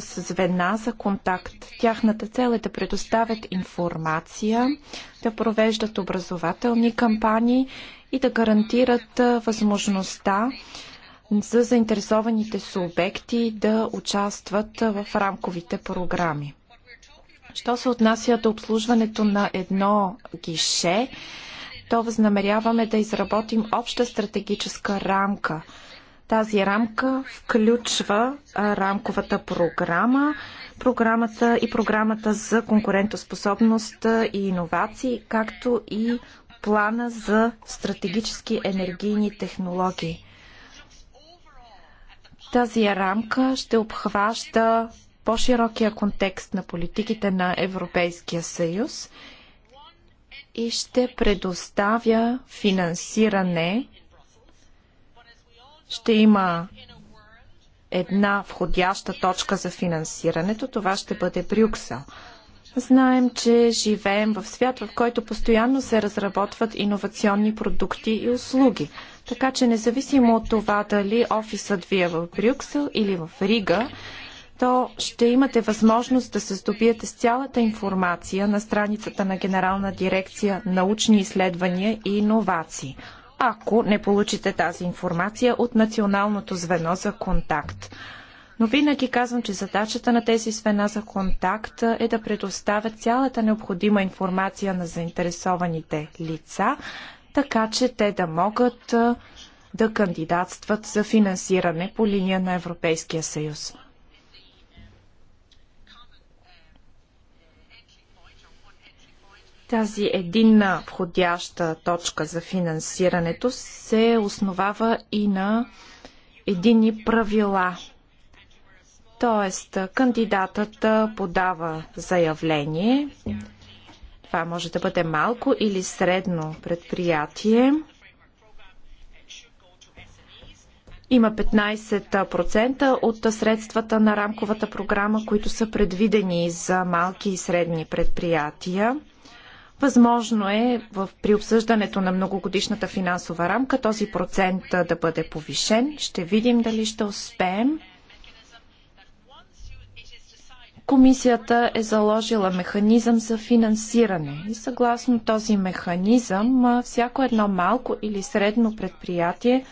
с звена за контакт. Тяхната цел е да предоставят информация, да провеждат образователни кампании и да гарантират възможността за заинтересованите субекти да участват в рамковите програми. Що се отнася до обслужването на едно гише, то възнамеряваме да изработим обща стратегическа рамка. Тази рамка включва рамковата програма, програмата и програмата за конкурентоспособност и иновации, както и плана за стратегически енергийни технологии. Тази рамка ще обхваща по-широкия контекст на политиките на Европейския съюз и ще предоставя финансиране. Ще има една входяща точка за финансирането. Това ще бъде Брюксел. Знаем, че живеем в свят, в който постоянно се разработват иновационни продукти и услуги. Така че независимо от това дали офисът ви е в Брюксел или в Рига, то ще имате възможност да се здобиете с цялата информация на страницата на Генерална дирекция научни изследвания и иновации, ако не получите тази информация от Националното звено за контакт. Но винаги казвам, че задачата на тези свена за контакт е да предоставят цялата необходима информация на заинтересованите лица, така че те да могат да кандидатстват за финансиране по линия на Европейския съюз. Тази единна входяща точка за финансирането се основава и на едини правила Тоест, кандидатът подава заявление. Това може да бъде малко или средно предприятие. Има 15% от средствата на рамковата програма, които са предвидени за малки и средни предприятия. Възможно е в, при обсъждането на многогодишната финансова рамка този процент да бъде повишен. Ще видим дали ще успеем. Комисията е заложила механизъм за финансиране и съгласно този механизъм всяко едно малко или средно предприятие,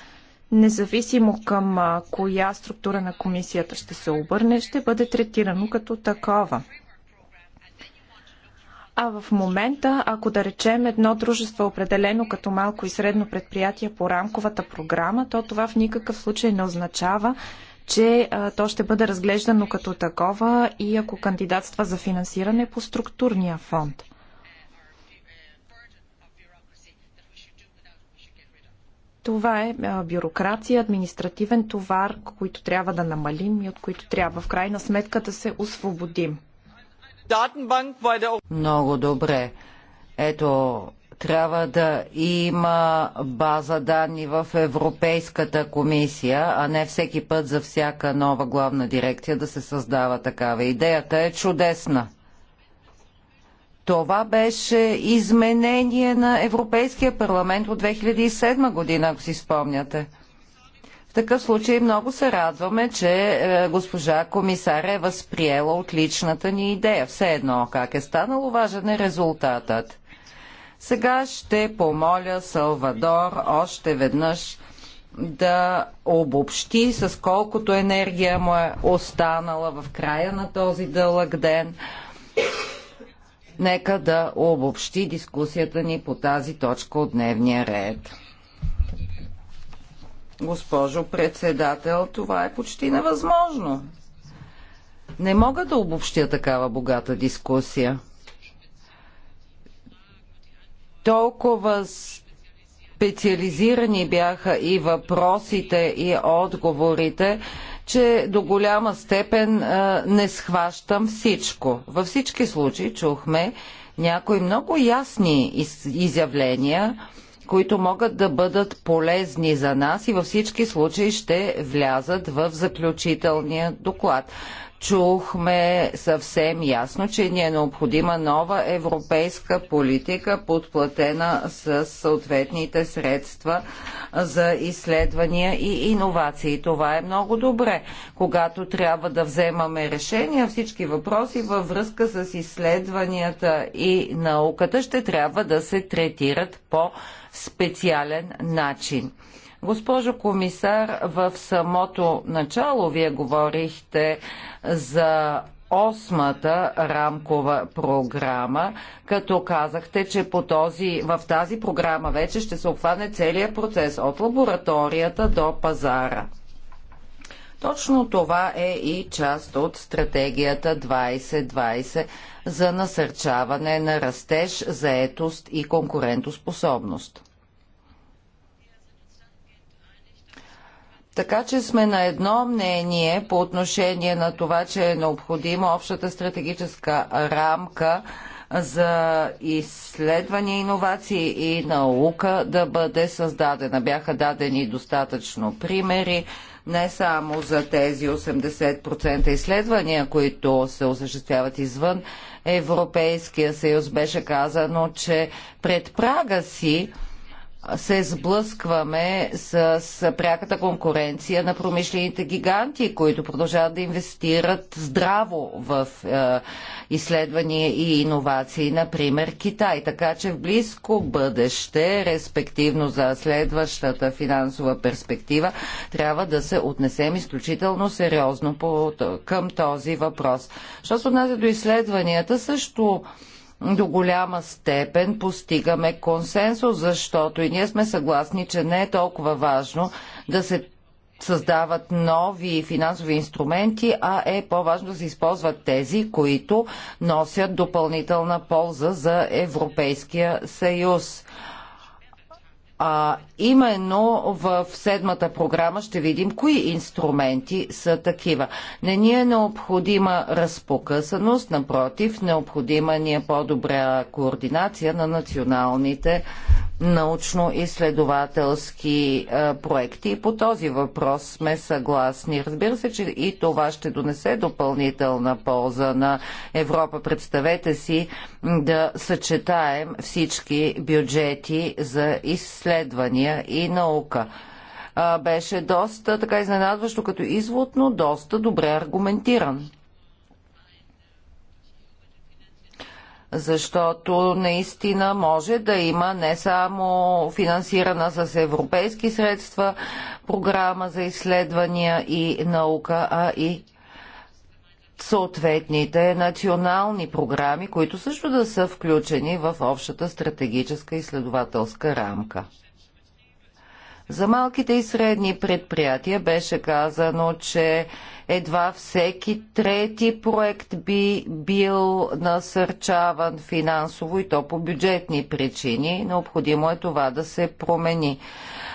независимо към коя структура на комисията ще се обърне, ще бъде третирано като такова. А в момента, ако да речем едно дружество определено като малко и средно предприятие по рамковата програма, то това в никакъв случай не означава, че а, то ще бъде разглеждано като такова и ако кандидатства за финансиране по структурния фонд. Това е бюрокрация, административен товар, които трябва да намалим и от които трябва в крайна сметка да се освободим. Много добре. Ето, трябва да има база данни в Европейската комисия, а не всеки път за всяка нова главна дирекция да се създава такава. Идеята е чудесна. Това беше изменение на Европейския парламент от 2007 година, ако си спомняте. В такъв случай много се радваме, че е, госпожа комисар е възприела отличната ни идея. Все едно как е станало важен е резултатът. Сега ще помоля Салвадор още веднъж да обобщи с колкото енергия му е останала в края на този дълъг ден. Нека да обобщи дискусията ни по тази точка от дневния ред. Госпожо председател, това е почти невъзможно. Не мога да обобщя такава богата дискусия. Толкова специализирани бяха и въпросите и отговорите, че до голяма степен а, не схващам всичко. Във всички случаи чухме някои много ясни из, изявления, които могат да бъдат полезни за нас и във всички случаи ще влязат в заключителния доклад чухме съвсем ясно, че ни е необходима нова европейска политика, подплатена с съответните средства за изследвания и иновации. Това е много добре. Когато трябва да вземаме решения, всички въпроси във връзка с изследванията и науката ще трябва да се третират по специален начин. Госпожо комисар, в самото начало вие говорихте за осмата рамкова програма, като казахте, че по този, в тази програма вече ще се обхване целият процес от лабораторията до пазара. Точно това е и част от стратегията 2020 за насърчаване на растеж, заетост и конкурентоспособност. Така че сме на едно мнение по отношение на това, че е необходима общата стратегическа рамка за изследвания, иновации и наука да бъде създадена. Бяха дадени достатъчно примери не само за тези 80% изследвания, които се осъществяват извън Европейския съюз. Беше казано, че пред прага си се сблъскваме с пряката конкуренция на промишлените гиганти, които продължават да инвестират здраво в е, изследвания и иновации, например Китай. Така че в близко бъдеще, респективно за следващата финансова перспектива, трябва да се отнесем изключително сериозно към този въпрос. Що се отнася до изследванията, също до голяма степен постигаме консенсус, защото и ние сме съгласни, че не е толкова важно да се създават нови финансови инструменти, а е по-важно да се използват тези, които носят допълнителна полза за Европейския съюз. А именно в седмата програма ще видим кои инструменти са такива. Не ни е необходима разпокъсаност, напротив, необходима ни е по-добра координация на националните научно-изследователски е, проекти. по този въпрос сме съгласни. Разбира се, че и това ще донесе допълнителна полза на Европа. Представете си да съчетаем всички бюджети за изследвания и наука. Беше доста така изненадващо като извод, но доста добре аргументиран. защото наистина може да има не само финансирана с европейски средства програма за изследвания и наука, а и съответните национални програми, които също да са включени в общата стратегическа изследователска рамка. За малките и средни предприятия беше казано, че едва всеки трети проект би бил насърчаван финансово и то по бюджетни причини. Необходимо е това да се промени.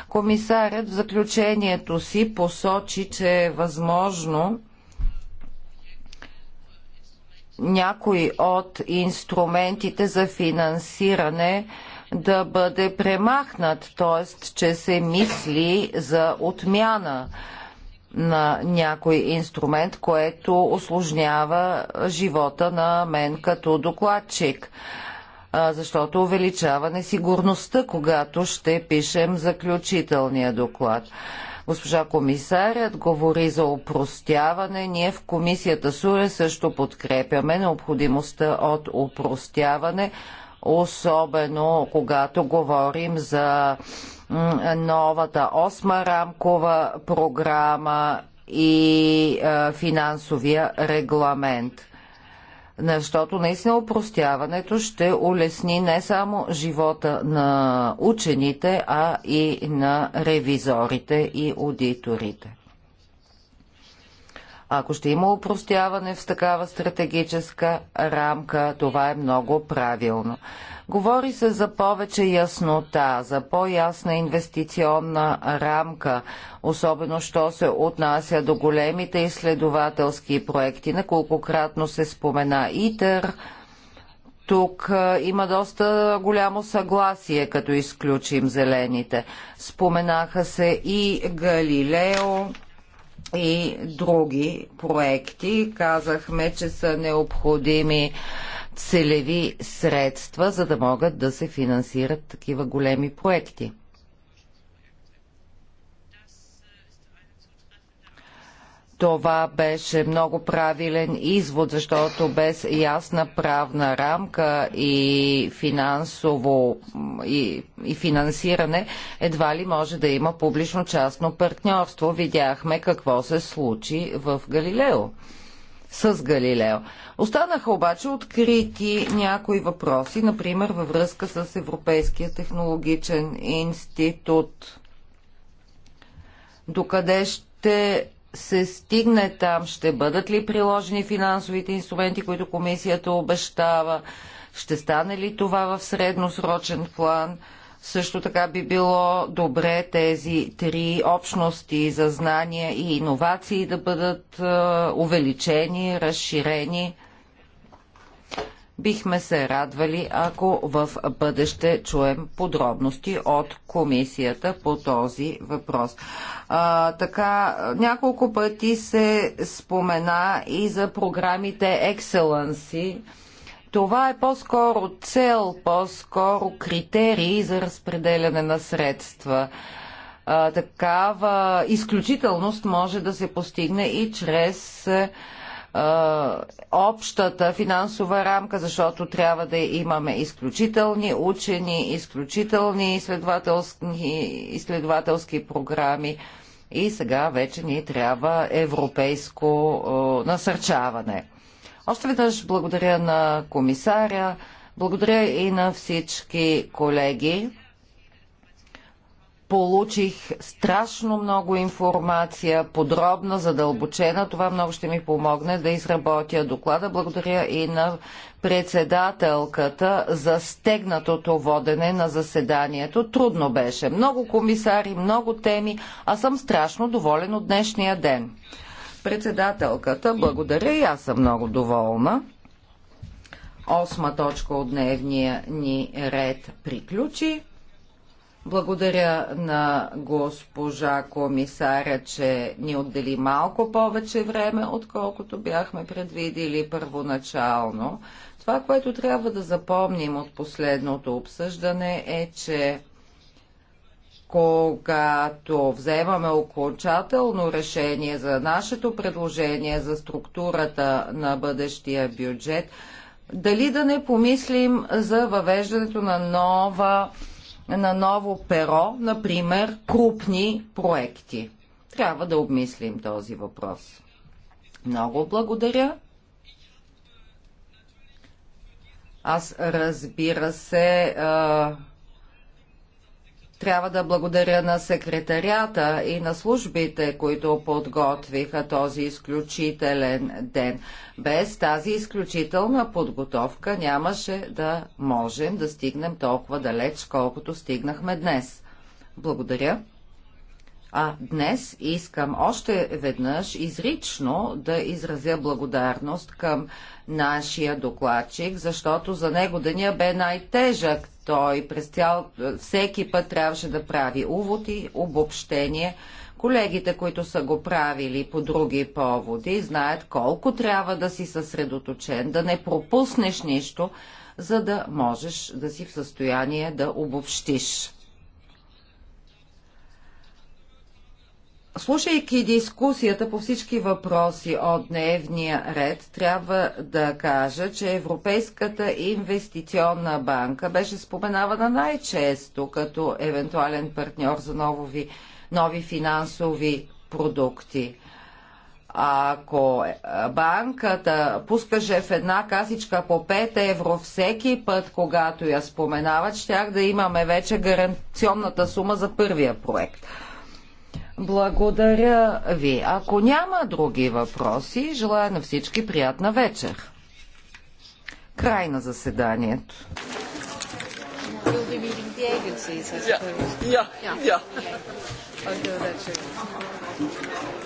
Комисарят в заключението си посочи, че е възможно някои от инструментите за финансиране да бъде премахнат, т.е. че се мисли за отмяна на някой инструмент, което осложнява живота на мен като докладчик защото увеличава несигурността, когато ще пишем заключителния доклад. Госпожа комисарят говори за упростяване. Ние в комисията СУРЕ също подкрепяме необходимостта от упростяване, особено когато говорим за новата осма рамкова програма и е, финансовия регламент защото наистина упростяването ще улесни не само живота на учените, а и на ревизорите и аудиторите. Ако ще има упростяване в такава стратегическа рамка, това е много правилно. Говори се за повече яснота, за по-ясна инвестиционна рамка, особено що се отнася до големите изследователски проекти. колкократно се спомена ИТЕР. Тук е, има доста голямо съгласие, като изключим зелените. Споменаха се и Галилео и други проекти. Казахме, че са необходими целеви средства, за да могат да се финансират такива големи проекти. Това беше много правилен извод, защото без ясна правна рамка и финансово и, и финансиране едва ли може да има публично-частно партньорство. Видяхме какво се случи в Галилео с Галилео. Останаха обаче открити някои въпроси, например във връзка с Европейския технологичен институт. Докъде ще се стигне там? Ще бъдат ли приложени финансовите инструменти, които комисията обещава? Ще стане ли това в средносрочен план? Също така би било добре тези три общности за знания и иновации да бъдат е, увеличени, разширени. Бихме се радвали, ако в бъдеще чуем подробности от комисията по този въпрос. А, така, няколко пъти се спомена и за програмите Excellency. Това е по-скоро цел, по-скоро критерии за разпределяне на средства. А, такава изключителност може да се постигне и чрез а, общата финансова рамка, защото трябва да имаме изключителни учени, изключителни изследователски, изследователски програми и сега вече ни трябва европейско насърчаване. Още веднъж благодаря на комисаря, благодаря и на всички колеги получих страшно много информация, подробна, задълбочена. Това много ще ми помогне да изработя доклада. Благодаря и на председателката за стегнатото водене на заседанието. Трудно беше. Много комисари, много теми, а съм страшно доволен от днешния ден. Председателката, благодаря и аз съм много доволна. Осма точка от дневния ни ред приключи. Благодаря на госпожа комисаря, че ни отдели малко повече време, отколкото бяхме предвидили първоначално. Това, което трябва да запомним от последното обсъждане е, че когато вземаме окончателно решение за нашето предложение за структурата на бъдещия бюджет, дали да не помислим за въвеждането на нова на ново перо, например, крупни проекти. Трябва да обмислим този въпрос. Много благодаря. Аз разбира се. А трябва да благодаря на секретарята и на службите, които подготвиха този изключителен ден. Без тази изключителна подготовка нямаше да можем да стигнем толкова далеч, колкото стигнахме днес. Благодаря. А днес искам още веднъж изрично да изразя благодарност към нашия докладчик, защото за него деня бе най-тежък. Той през цял, всеки път трябваше да прави уводи, обобщение. Колегите, които са го правили по други поводи, знаят колко трябва да си съсредоточен, да не пропуснеш нищо, за да можеш да си в състояние да обобщиш. Слушайки дискусията по всички въпроси от дневния ред, трябва да кажа, че Европейската инвестиционна банка беше споменавана най-често като евентуален партньор за нови, нови финансови продукти. Ако банката пускаше в една касичка по 5 евро всеки път, когато я споменават, щях да имаме вече гаранционната сума за първия проект. Благодаря ви. Ако няма други въпроси, желая на всички приятна вечер. Край на заседанието. Yeah, yeah, yeah. I'll do that too.